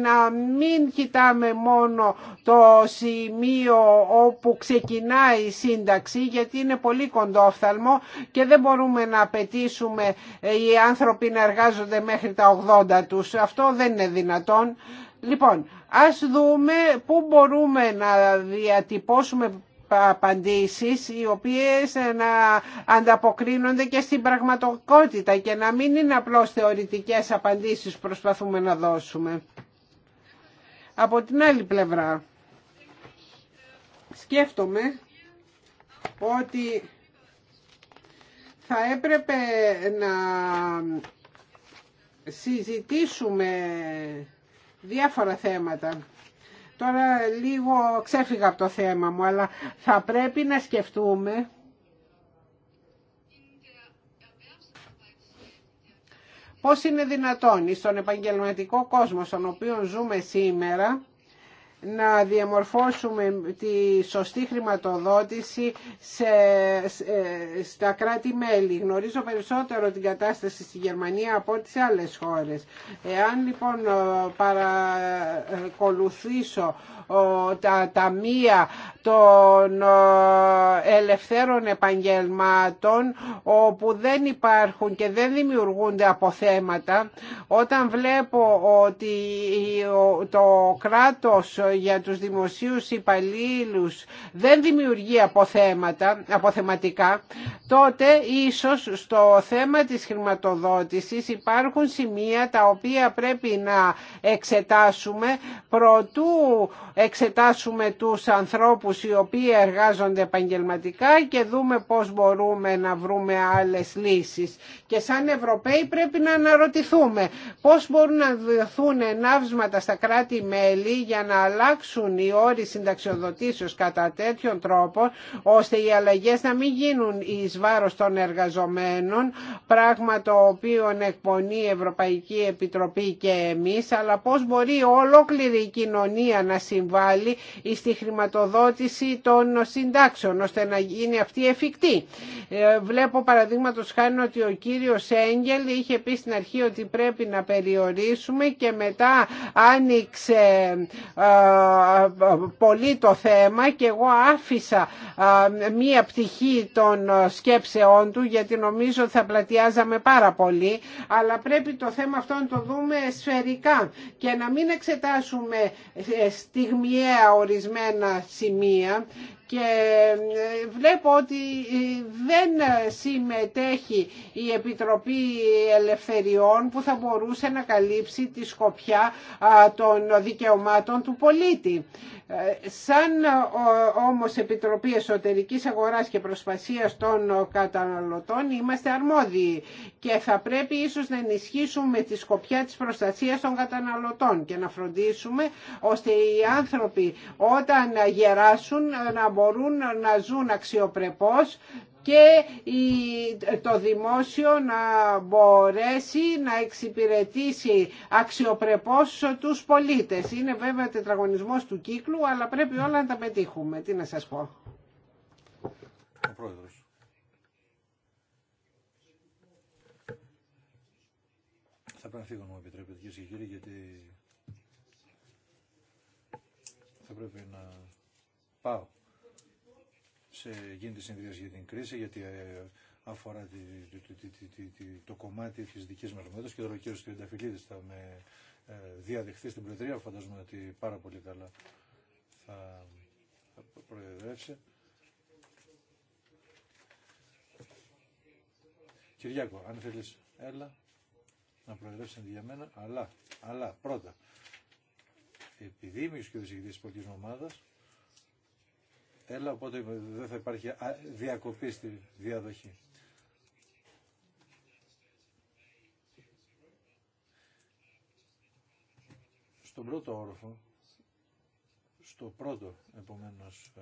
Speaker 2: να μην κοιτάμε μόνο το σημείο όπου ξεκινάει η σύνταξη γιατί είναι πολύ κοντόφθαλμο και δεν μπορούμε να απαιτήσουμε ε, οι άνθρωποι να εργάζονται μέχρι τα 80 τους τους. Αυτό δεν είναι δυνατόν. Λοιπόν, ας δούμε πού μπορούμε να διατυπώσουμε απαντήσεις οι οποίες να ανταποκρίνονται και στην πραγματικότητα και να μην είναι απλώς θεωρητικές απαντήσεις που προσπαθούμε να δώσουμε. Από την άλλη πλευρά, σκέφτομαι ότι θα έπρεπε να συζητήσουμε διάφορα θέματα. Τώρα λίγο ξέφυγα από το θέμα μου, αλλά θα πρέπει να σκεφτούμε πώς είναι δυνατόν στον επαγγελματικό κόσμο στον οποίο ζούμε σήμερα να διαμορφώσουμε τη σωστή χρηματοδότηση σε στα κράτη-μέλη. Γνωρίζω περισσότερο την κατάσταση στη Γερμανία από τις άλλες χώρες. Εάν λοιπόν παρακολουθήσω τα ταμεία των ελευθέρων επαγγελμάτων όπου δεν υπάρχουν και δεν δημιουργούνται αποθέματα όταν βλέπω ότι το κράτος για τους δημοσίους υπαλλήλου δεν δημιουργεί αποθέματα, αποθεματικά, τότε ίσως στο θέμα της χρηματοδότησης υπάρχουν σημεία τα οποία πρέπει να εξετάσουμε προτού εξετάσουμε τους ανθρώπους οι οποίοι εργάζονται επαγγελματικά και δούμε πώς μπορούμε να βρούμε άλλες λύσεις. Και σαν Ευρωπαίοι πρέπει να αναρωτηθούμε πώς μπορούν να δοθούν ενάυσματα στα κράτη-μέλη για να αλλάξουν οι όροι συνταξιοδοτήσεως κατά τέτοιον τρόπο ώστε οι αλλαγές να μην γίνουν εις βάρος των εργαζομένων πράγμα το οποίο εκπονεί η Ευρωπαϊκή Επιτροπή και εμείς αλλά πώς μπορεί ολόκληρη η κοινωνία να συμβάλλει στη χρηματοδότηση των συντάξεων ώστε να γίνει αυτή εφικτή. Ε, βλέπω παραδείγματο χάρη ότι ο κύριος Έγγελ είχε πει στην αρχή ότι πρέπει να περιορίσουμε και μετά άνοιξε ε, πολύ το θέμα και εγώ άφησα μία πτυχή των σκέψεών του γιατί νομίζω θα πλατιάζαμε πάρα πολύ αλλά πρέπει το θέμα αυτό να το δούμε σφαιρικά και να μην εξετάσουμε ε, στιγμιαία ορισμένα σημεία και ε, βλέπω ότι ε, δεν συμμετέχει η Επιτροπή Ελευθεριών που θα μπορούσε να καλύψει τη σκοπιά των δικαιωμάτων του πολίτη. Ε, σαν όμως Επιτροπή Εσωτερικής Αγοράς και Προσπασίας των Καταναλωτών είμαστε αρμόδιοι και θα πρέπει ίσως να ενισχύσουμε τη σκοπιά της προστασίας των καταναλωτών και να φροντίσουμε ώστε οι άνθρωποι όταν γεράσουν να μπορούν μπορούν να ζουν αξιοπρεπώς και το δημόσιο να μπορέσει να εξυπηρετήσει αξιοπρεπώς τους πολίτες. Είναι βέβαια τετραγωνισμός του κύκλου, αλλά πρέπει όλα να τα πετύχουμε. Τι να σας πω.
Speaker 1: Θα πρέπει να μου επιτρέπετε κύριε γιατί θα πρέπει να πάω. Ε, γίνεται συνδυασία για την κρίση, γιατί ε, αφορά το κομμάτι της δικής μας ομάδας και τώρα ο κύριος Τριανταφυλλίδης θα με ε, διαδεχθεί στην Προεδρία, φαντάζομαι ότι πάρα πολύ καλά θα προεδρεύσει. Κυριάκο, αν θέλεις, έλα να προεδρεύσεις για μένα, αλλά, αλλά πρώτα, επειδή είμαι ο σκιωδησηγητής της ομάδας, έλα, οπότε δεν θα υπάρχει διακοπή στη διαδοχή. Στον πρώτο όροφο, στο πρώτο επομένως ε,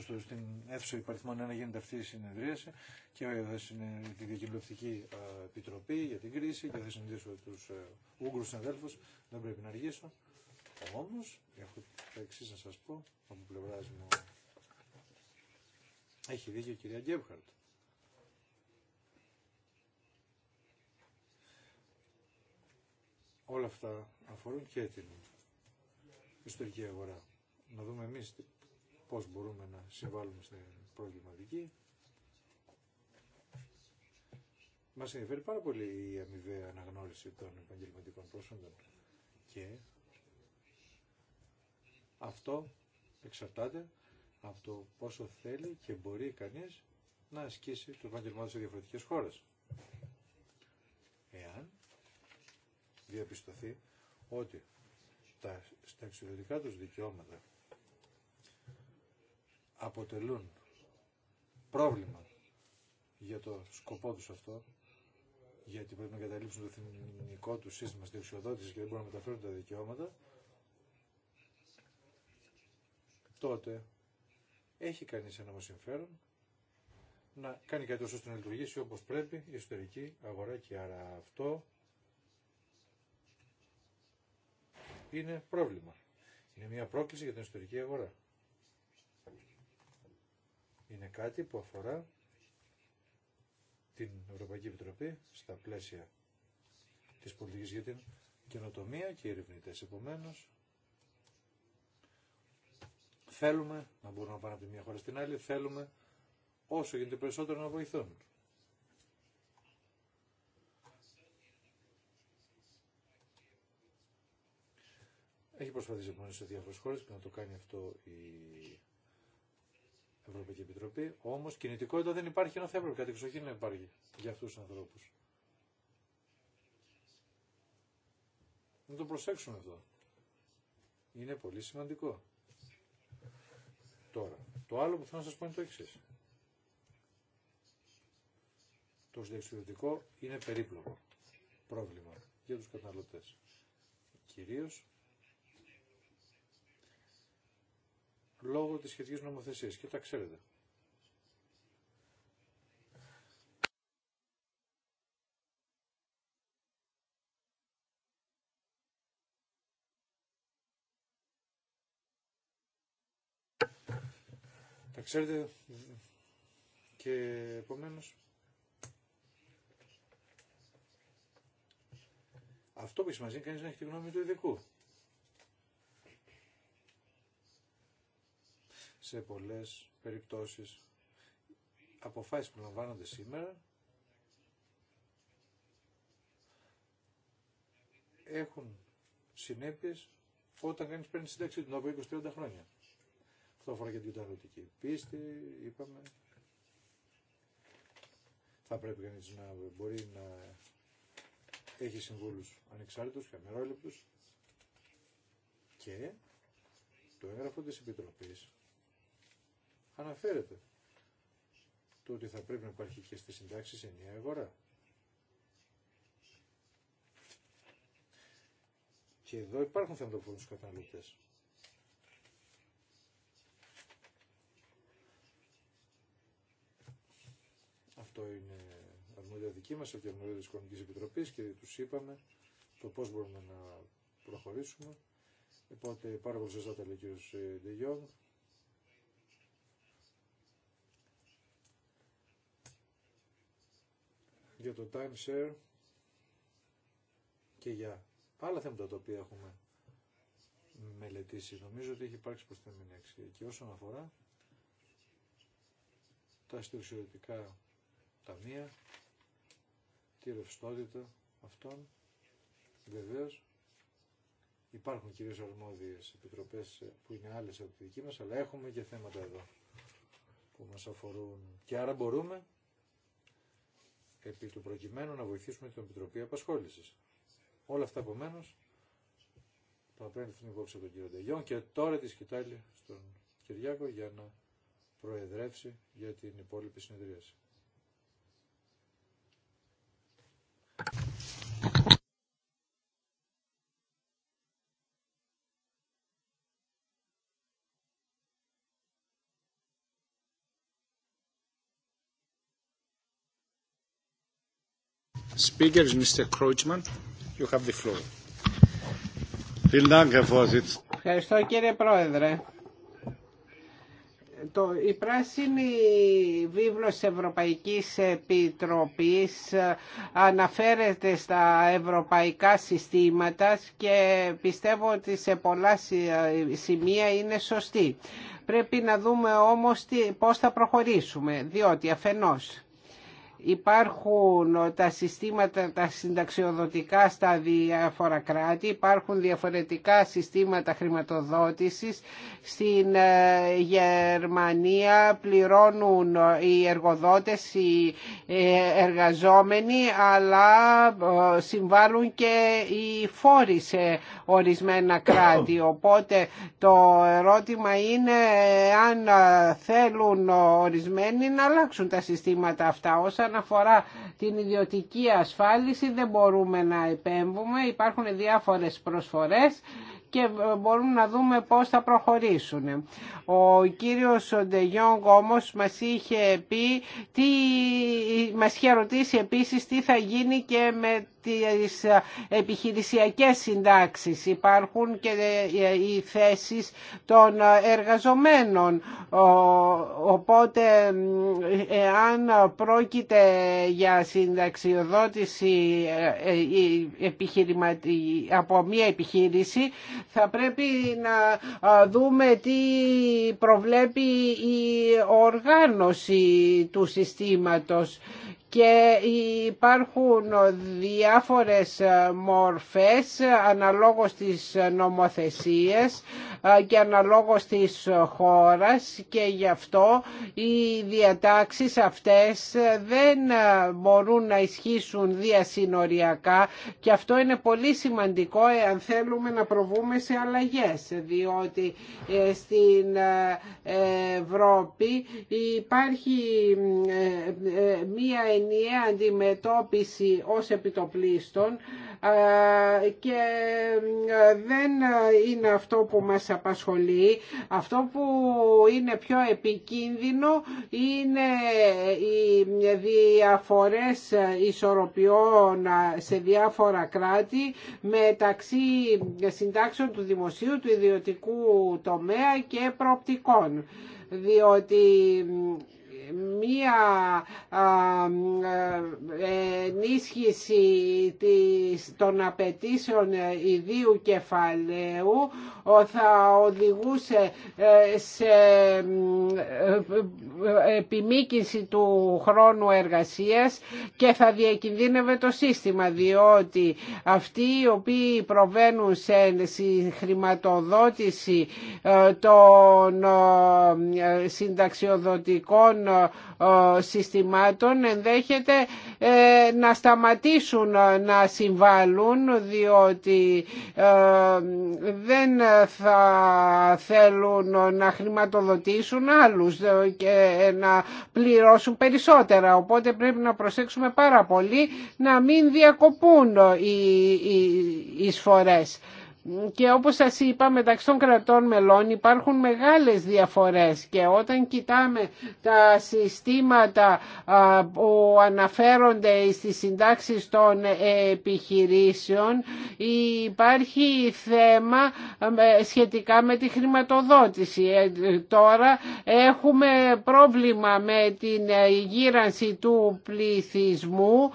Speaker 1: στο, στην αίθουσα υπαριθμών 1 γίνεται αυτή η συνεδρίαση και ε, θα είναι τη Διακυβευτική ε, Επιτροπή για την κρίση και θα συνεδρίσω του Ούγγρου συναδέλφου. Δεν πρέπει να αργήσω. Όμω, έχω τα εξή να σα πω από πλευρά μου έχει δίκιο η κυρία Γκέμπχαρτ. Όλα αυτά αφορούν και την ιστορική αγορά. Να δούμε εμείς πώς μπορούμε να συμβάλλουμε στην προβληματική. Μας ενδιαφέρει πάρα πολύ η αμοιβαία αναγνώριση των επαγγελματικών πρόσφατων και αυτό εξαρτάται από το πόσο θέλει και μπορεί κανείς να ασκήσει το επάγγελμά του σε διαφορετικές χώρες. Εάν διαπιστωθεί ότι τα, στα εξωτερικά τους δικαιώματα αποτελούν πρόβλημα για το σκοπό τους αυτό, γιατί πρέπει να καταλήξουν το εθνικό του σύστημα στη εξοδότηση και δεν μπορούν να μεταφέρουν τα δικαιώματα, τότε έχει κάνει ένα συμφέρον να κάνει κάτι ώστε να λειτουργήσει όπως πρέπει η εσωτερική αγορά και άρα αυτό είναι πρόβλημα. Είναι μια πρόκληση για την εσωτερική αγορά. Είναι κάτι που αφορά την Ευρωπαϊκή Επιτροπή στα πλαίσια της πολιτικής για την καινοτομία και οι ερευνητές. Επομένως, Θέλουμε να μπορούν να πάνε από τη μία χώρα στην άλλη, θέλουμε όσο γίνεται περισσότερο να βοηθούν. Έχει προσπαθήσει μόνο σε διάφορε χώρε και να το κάνει αυτό η Ευρωπαϊκή Επιτροπή. Όμω κινητικότητα δεν υπάρχει ενώ θα έπρεπε. Κάτι εξοχή να υπάρχει για αυτού του ανθρώπου. Να το προσέξουμε αυτό. Είναι πολύ σημαντικό. Τώρα, το άλλο που θέλω να σας πω είναι το εξή. Το συνταξιδοτικό είναι περίπλοκο πρόβλημα για τους καταναλωτές. Κυρίως λόγω της σχετικής νομοθεσίας και τα ξέρετε. Τα ξέρετε και επομένω. αυτό που σημαίνει κανείς να έχει τη γνώμη του ειδικού. Σε πολλές περιπτώσεις αποφάσεις που λαμβάνονται σήμερα έχουν συνέπειες όταν κανείς παίρνει σύνταξη του από 20-30 χρόνια. Αυτό αφορά και την καταναλωτική πίστη, είπαμε. Θα πρέπει κανεί να μπορεί να έχει συμβουλού ανεξάρτητους και αμερόληπτους και το έγγραφο της Επιτροπής αναφέρεται το ότι θα πρέπει να υπάρχει και στις σε ενιαία αγορά. Και εδώ υπάρχουν θέματα αυτό είναι αρμόδια δική μας, όχι αρμόδια της Οικονομικής Επιτροπής και τους είπαμε το πώς μπορούμε να προχωρήσουμε. Οπότε πάρα πολύ σωστά τα λέει ο κ. Ντεγιόν. Για το time share και για άλλα θέματα τα οποία έχουμε μελετήσει. Νομίζω ότι έχει υπάρξει προσθέμενη αξία. Και όσον αφορά τα στοιχειωτικά ταμεία, τη ρευστότητα αυτών. Βεβαίω υπάρχουν κυρίως αρμόδιες επιτροπές που είναι άλλες από τη δική μας, αλλά έχουμε και θέματα εδώ που μας αφορούν. Και άρα μπορούμε επί του προκειμένου να βοηθήσουμε την Επιτροπή Απασχόλησης. Όλα αυτά επομένω θα πρέπει να υπόψη από τον κύριο Ντεγιόν και τώρα τη σκητάλη στον Κυριάκο για να προεδρεύσει για την υπόλοιπη συνεδρίαση. speaker Mr. You have the
Speaker 2: floor. Ευχαριστώ κύριε Πρόεδρε. Το, η πράσινη βίβλος Ευρωπαϊκής Επιτροπής ε, αναφέρεται στα ευρωπαϊκά συστήματα και πιστεύω ότι σε πολλά ε, σημεία είναι σωστή. Πρέπει να δούμε όμως τι, πώς θα προχωρήσουμε, διότι αφενός Υπάρχουν τα συστήματα τα συνταξιοδοτικά στα διάφορα κράτη, υπάρχουν διαφορετικά συστήματα χρηματοδότησης. Στην ε, Γερμανία πληρώνουν οι εργοδότες, οι ε, εργαζόμενοι, αλλά ε, συμβάλλουν και οι φόροι σε ορισμένα κράτη. Οπότε το ερώτημα είναι αν θέλουν ορισμένοι να αλλάξουν τα συστήματα αυτά όσον αφορά την ιδιωτική ασφάλιση δεν μπορούμε να επέμβουμε. Υπάρχουν διάφορες προσφορές και ε, μπορούμε να δούμε πώς θα προχωρήσουν. Ο κύριος Ντεγιόγκ όμως μας είχε πει, τι, μας είχε ρωτήσει επίσης τι θα γίνει και με τις ε, επιχειρησιακές συντάξεις. Υπάρχουν και ε, οι θέσεις των ε, εργαζομένων. Οπότε, αν πρόκειται για συνταξιοδότηση από μία επιχείρηση, θα πρέπει να δούμε τι προβλέπει η οργάνωση του συστήματος και υπάρχουν διάφορες μορφές αναλόγως της νομοθεσίας και αναλόγως της χώρας και γι' αυτό οι διατάξεις αυτές δεν μπορούν να ισχύσουν διασυνοριακά και αυτό είναι πολύ σημαντικό εάν θέλουμε να προβούμε σε αλλαγές διότι ε, στην ε, Ευρώπη υπάρχει ε, μία ενιαία αντιμετώπιση ως επιτοπλίστων και δεν είναι αυτό που μας απασχολεί. Αυτό που είναι πιο επικίνδυνο είναι οι διαφορές ισορροπιών σε διάφορα κράτη μεταξύ συντάξεων του δημοσίου, του ιδιωτικού τομέα και προοπτικών διότι μία ε, ενίσχυση των απαιτήσεων ιδίου κεφαλαίου θα οδηγούσε ε, σε ε, επιμήκυνση του χρόνου εργασίας και θα διακινδύνευε το σύστημα διότι αυτοί οι οποίοι προβαίνουν σε χρηματοδότηση των συνταξιοδοτικών ε, συστημάτων ενδέχεται ε, να σταματήσουν να συμβάλλουν διότι ε, δεν θα θέλουν να χρηματοδοτήσουν άλλους και να πληρώσουν περισσότερα. Οπότε πρέπει να προσέξουμε πάρα πολύ να μην διακοπούν οι εισφορές. Και όπως σας είπα μεταξύ των κρατών μελών υπάρχουν μεγάλες διαφορές και όταν κοιτάμε τα συστήματα που αναφέρονται στις συντάξεις των επιχειρήσεων υπάρχει θέμα σχετικά με τη χρηματοδότηση. Ε, τώρα έχουμε πρόβλημα με την γύρανση του πληθυσμού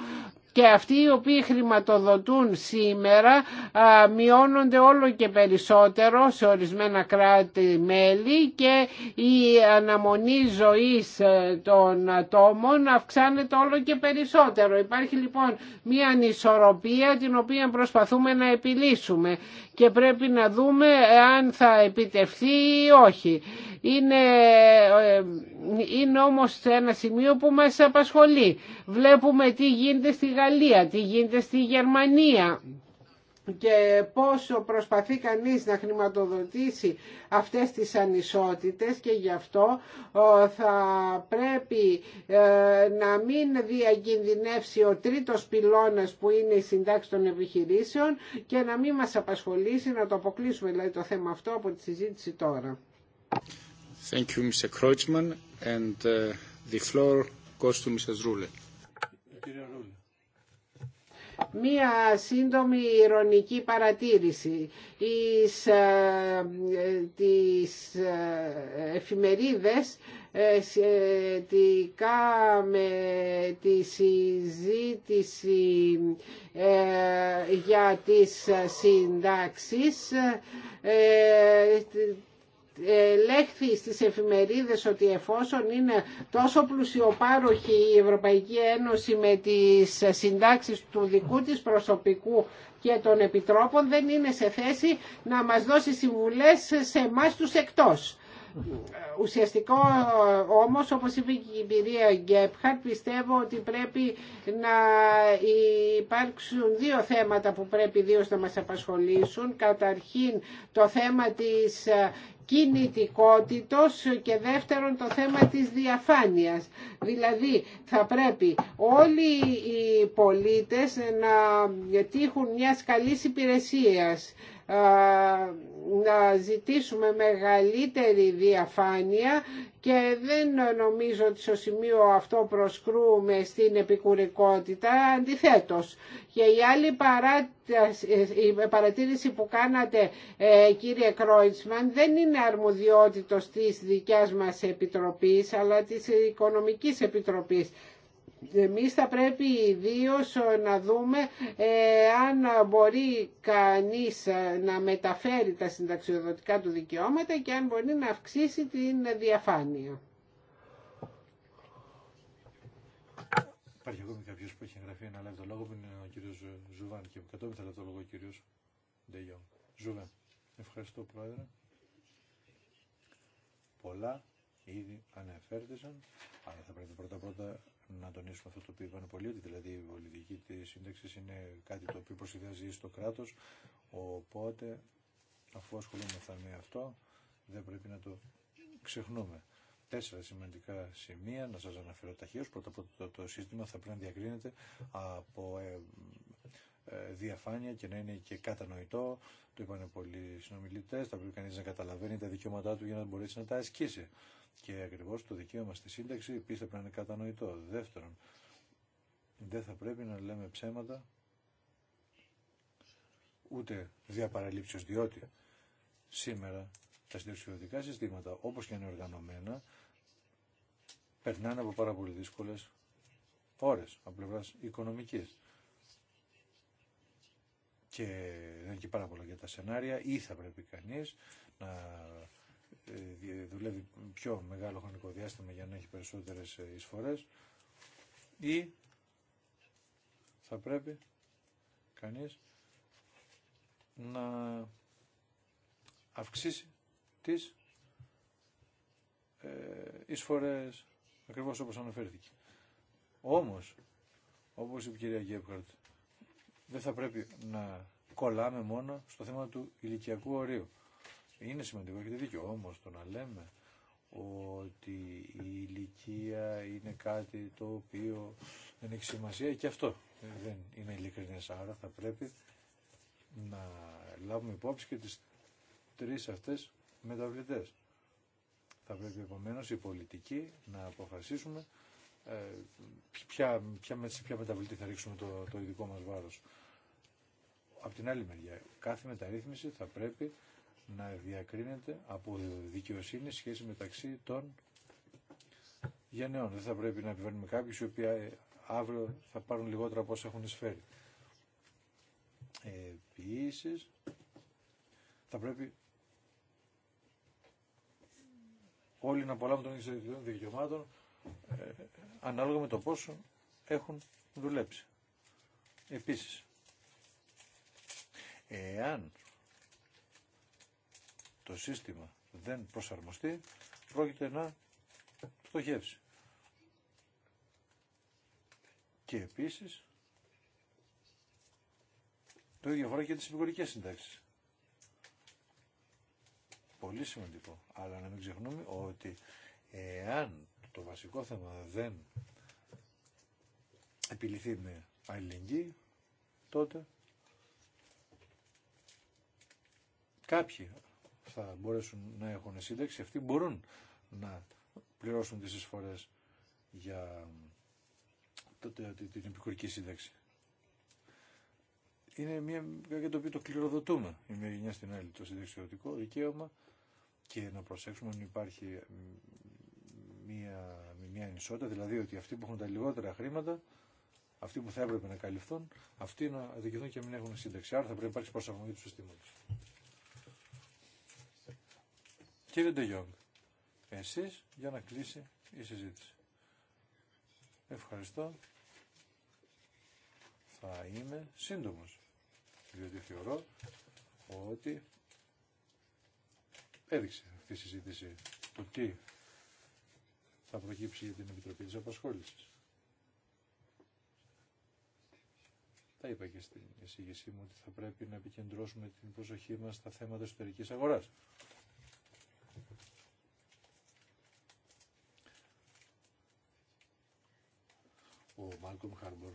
Speaker 2: και αυτοί οι οποίοι χρηματοδοτούν σήμερα μειώνονται όλο και περισσότερο σε ορισμένα κράτη-μέλη και η αναμονή ζωής ε, των ατόμων αυξάνεται όλο και περισσότερο. Υπάρχει λοιπόν μια ανισορροπία την οποία προσπαθούμε να επιλύσουμε και πρέπει να δούμε αν θα επιτευχθεί ή όχι είναι, ε, ε, είναι όμως ένα σημείο που μας απασχολεί. Βλέπουμε τι γίνεται στη Γαλλία, τι γίνεται στη Γερμανία και πόσο προσπαθεί κανείς να χρηματοδοτήσει αυτές τις ανισότητες και γι' αυτό θα πρέπει ε, να μην διακινδυνεύσει ο τρίτος πυλώνας που είναι η συντάξη των επιχειρήσεων και να μην μας απασχολήσει να το αποκλείσουμε δηλαδή το θέμα αυτό από τη συζήτηση τώρα.
Speaker 1: Thank you, Mr. Kreutzmann. And uh, the floor goes to Mrs. Rule.
Speaker 2: Μία σύντομη ηρωνική παρατήρηση. Εις, ε, τις ε, εφημερίδες ε, σχετικά με τη συζήτηση ε, για τις ε, συντάξεις ε, λέχθη στις εφημερίδες ότι εφόσον είναι τόσο πλουσιοπάροχη η Ευρωπαϊκή Ένωση με τις συντάξεις του δικού της προσωπικού και των επιτρόπων δεν είναι σε θέση να μας δώσει συμβουλές σε εμά τους εκτός. Ουσιαστικό όμως, όπως είπε και η κυρία Γκέπχαρτ, πιστεύω ότι πρέπει να υπάρξουν δύο θέματα που πρέπει δύο να μας απασχολήσουν. Καταρχήν το θέμα της κινητικότητος και δεύτερον το θέμα της διαφάνειας. Δηλαδή θα πρέπει όλοι οι πολίτες να τύχουν μιας καλής υπηρεσίας θα ζητήσουμε μεγαλύτερη διαφάνεια και δεν νομίζω ότι στο σημείο αυτό προσκρούμε στην επικουρικότητα, αντιθέτως. Και η άλλη παρατήρηση που κάνατε ε, κύριε Κρόιτσμαν δεν είναι αρμοδιότητος της δικιάς μας Επιτροπής αλλά της Οικονομικής Επιτροπής. Εμεί θα πρέπει ιδίω ε, να δούμε ε, αν μπορεί κανείς ε, να μεταφέρει τα συνταξιοδοτικά του δικαιώματα και αν μπορεί να αυξήσει την διαφάνεια.
Speaker 1: Υπάρχει ακόμη κάποιο που έχει εγγραφεί να λάβει το λόγο, που είναι ο κύριος Ζουβάν και κατόπιν θα λάβει το λόγο ο κύριο Ντεγιόν. Ζουβάν, ευχαριστώ πρόεδρε. Πολλά ήδη αναφέρθησαν, αλλά θα πρέπει πρώτα πρώτα να τονίσουμε αυτό το οποίο είπαν πολλοί ότι δηλαδή η πολιτική τη σύνταξη είναι κάτι το οποίο προσυδειάζει στο κράτο. Οπότε, αφού ασχολούμαστε με αυτό, δεν πρέπει να το ξεχνούμε. Τέσσερα σημαντικά σημεία, να σα αναφέρω ταχύως. Πρώτα απ' το, το σύστημα θα πρέπει να διακρίνεται από ε, ε, διαφάνεια και να είναι και κατανοητό. Το είπαν πολλοί συνομιλητέ. θα πρέπει κανεί να καταλαβαίνει τα δικαιώματά του για να μπορέσει να τα ασκήσει. Και ακριβώ το δικαίωμα στη σύνταξη επίση πρέπει να είναι κατανοητό. Δεύτερον, δεν θα πρέπει να λέμε ψέματα ούτε διαπαραλήψεις, διότι σήμερα τα συντηρησιωτικά συστήματα όπως και είναι οργανωμένα περνάνε από πάρα πολύ δύσκολες ώρες από πλευρά οικονομικής και δεν είναι και πάρα πολλά για τα σενάρια ή θα πρέπει κανείς να ε, δουλεύει πιο μεγάλο χρονικό διάστημα για να έχει περισσότερες ε, εισφορές ή θα πρέπει κανείς να αυξήσει τις ε, εισφορές ακριβώς όπως αναφέρθηκε. Όμως, όπως είπε η κυρία Γκέπχαρτ, δεν θα πρέπει να κολλάμε μόνο στο θέμα του ηλικιακού ορίου. Είναι σημαντικό, έχετε δίκιο. Όμως το να λέμε ότι η ηλικία είναι κάτι το οποίο δεν έχει σημασία και αυτό δεν είναι ειλικρινές. Άρα θα πρέπει να λάβουμε υπόψη και τις τρεις αυτές μεταβλητές. Θα πρέπει επομένως οι πολιτικοί να αποφασίσουμε ε, ποια, μεταβλητή θα ρίξουμε το, το ειδικό μας βάρος. Απ' την άλλη μεριά, κάθε μεταρρύθμιση θα πρέπει να διακρίνεται από δικαιοσύνη σχέση μεταξύ των γενναιών. Δεν θα πρέπει να επιβαίνουμε κάποιου οι οποίοι ε, αύριο θα πάρουν λιγότερα από όσα έχουν εισφέρει. Επίση, θα πρέπει όλοι να απολαύουν των ίδιων δικαιωμάτων ε, ανάλογα με το πόσο έχουν δουλέψει. Επίσης, εάν το σύστημα δεν προσαρμοστεί, πρόκειται να φτωχεύσει. Και επίσης, το ίδιο αφορά και τις επικουρικές συντάξεις. Πολύ σημαντικό. Αλλά να μην ξεχνούμε ότι εάν το βασικό θέμα δεν επιληθεί με αλληλεγγύη, τότε κάποιοι θα μπορέσουν να έχουν σύνταξη, αυτοί μπορούν να πληρώσουν τις εισφορές για την επικουρική σύνταξη. Είναι μια για το οποίο το κληροδοτούμε η μια γενιά στην άλλη το συνταξιωτικό δικαίωμα και να προσέξουμε αν υπάρχει μια, μια ανισότητα, δηλαδή ότι αυτοί που έχουν τα λιγότερα χρήματα, αυτοί που θα έπρεπε να καλυφθούν, αυτοί να δικαιωθούν και μην έχουν σύνταξη. Άρα θα πρέπει να υπάρξει προσαρμογή του συστήματος. Κύριε Ντεγιόγκ, εσείς για να κλείσει η συζήτηση. Ευχαριστώ. Θα είμαι σύντομος, διότι θεωρώ ότι έδειξε αυτή η συζήτηση το τι θα προκύψει για την Επιτροπή της Απασχόλησης. Τα είπα και στην εισήγησή μου ότι θα πρέπει να επικεντρώσουμε την προσοχή μας στα θέματα εσωτερικής αγοράς. Μάλκομ Χάρμπορ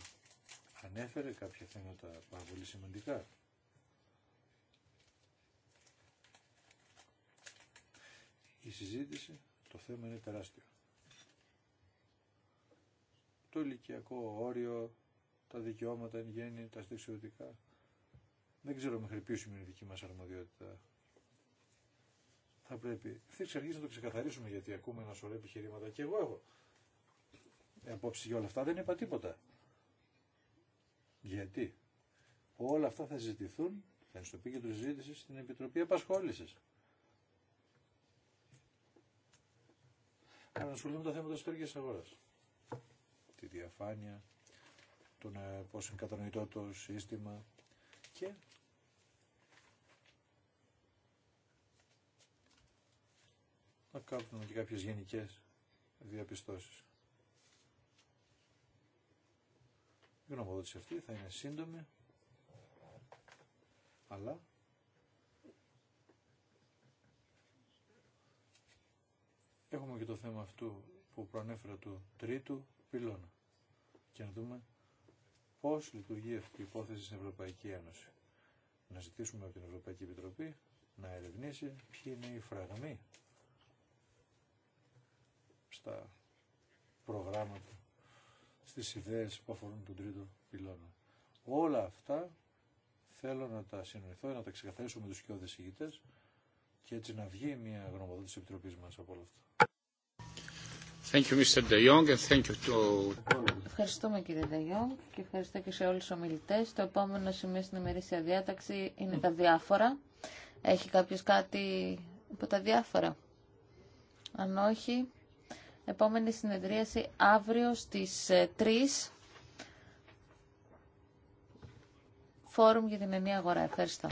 Speaker 1: ανέφερε κάποια θέματα πάρα πολύ σημαντικά. Η συζήτηση, το θέμα είναι τεράστιο. Το ηλικιακό όριο, τα δικαιώματα εν γέννη, τα στεξιωτικά. Δεν ξέρω μέχρι ποιο σημαίνει η δική μας αρμοδιότητα. Θα πρέπει θα αρχής να το ξεκαθαρίσουμε γιατί ακούμε ένα σωρό επιχειρήματα και εγώ έχω απόψη για όλα αυτά δεν είπα τίποτα. Γιατί όλα αυτά θα ζητηθούν θα είναι στο επίκεντρο συζήτηση στην Επιτροπή Επασχόλησης. Αλλά ασχοληθούμε με το θέμα της αγοράς. Τη διαφάνεια, να, πώς είναι κατανοητό το σύστημα και να κάνουμε και κάποιες γενικές διαπιστώσεις. Η γνωμοδότηση αυτή θα είναι σύντομη, αλλά έχουμε και το θέμα αυτού που προανέφερα του τρίτου πυλώνα και να δούμε πώς λειτουργεί αυτή η υπόθεση στην Ευρωπαϊκή Ένωση. Να ζητήσουμε από την Ευρωπαϊκή Επιτροπή να ερευνήσει ποιοι είναι οι φραγμοί στα προγράμματα στις ιδέες που αφορούν τον τρίτο πυλώνα. Όλα αυτά θέλω να τα συνοηθώ, να τα ξεκαθαρίσω με τους κοιόδες ηγητές και έτσι να βγει μια γνωμοδότηση της Επιτροπής μας από όλα αυτά.
Speaker 2: Thank you, Mr. De Jong, and thank you to...
Speaker 3: Ευχαριστούμε κύριε Δεγιόγκ και ευχαριστώ και σε όλους τους ομιλητές. Το επόμενο σημείο στην ημερήσια διάταξη είναι τα διάφορα. Έχει κάποιος κάτι από τα διάφορα. Αν όχι, Επόμενη συνεδρίαση αύριο στις 3. Ε, Φόρουμ για την ενή αγορά. Ευχαριστώ.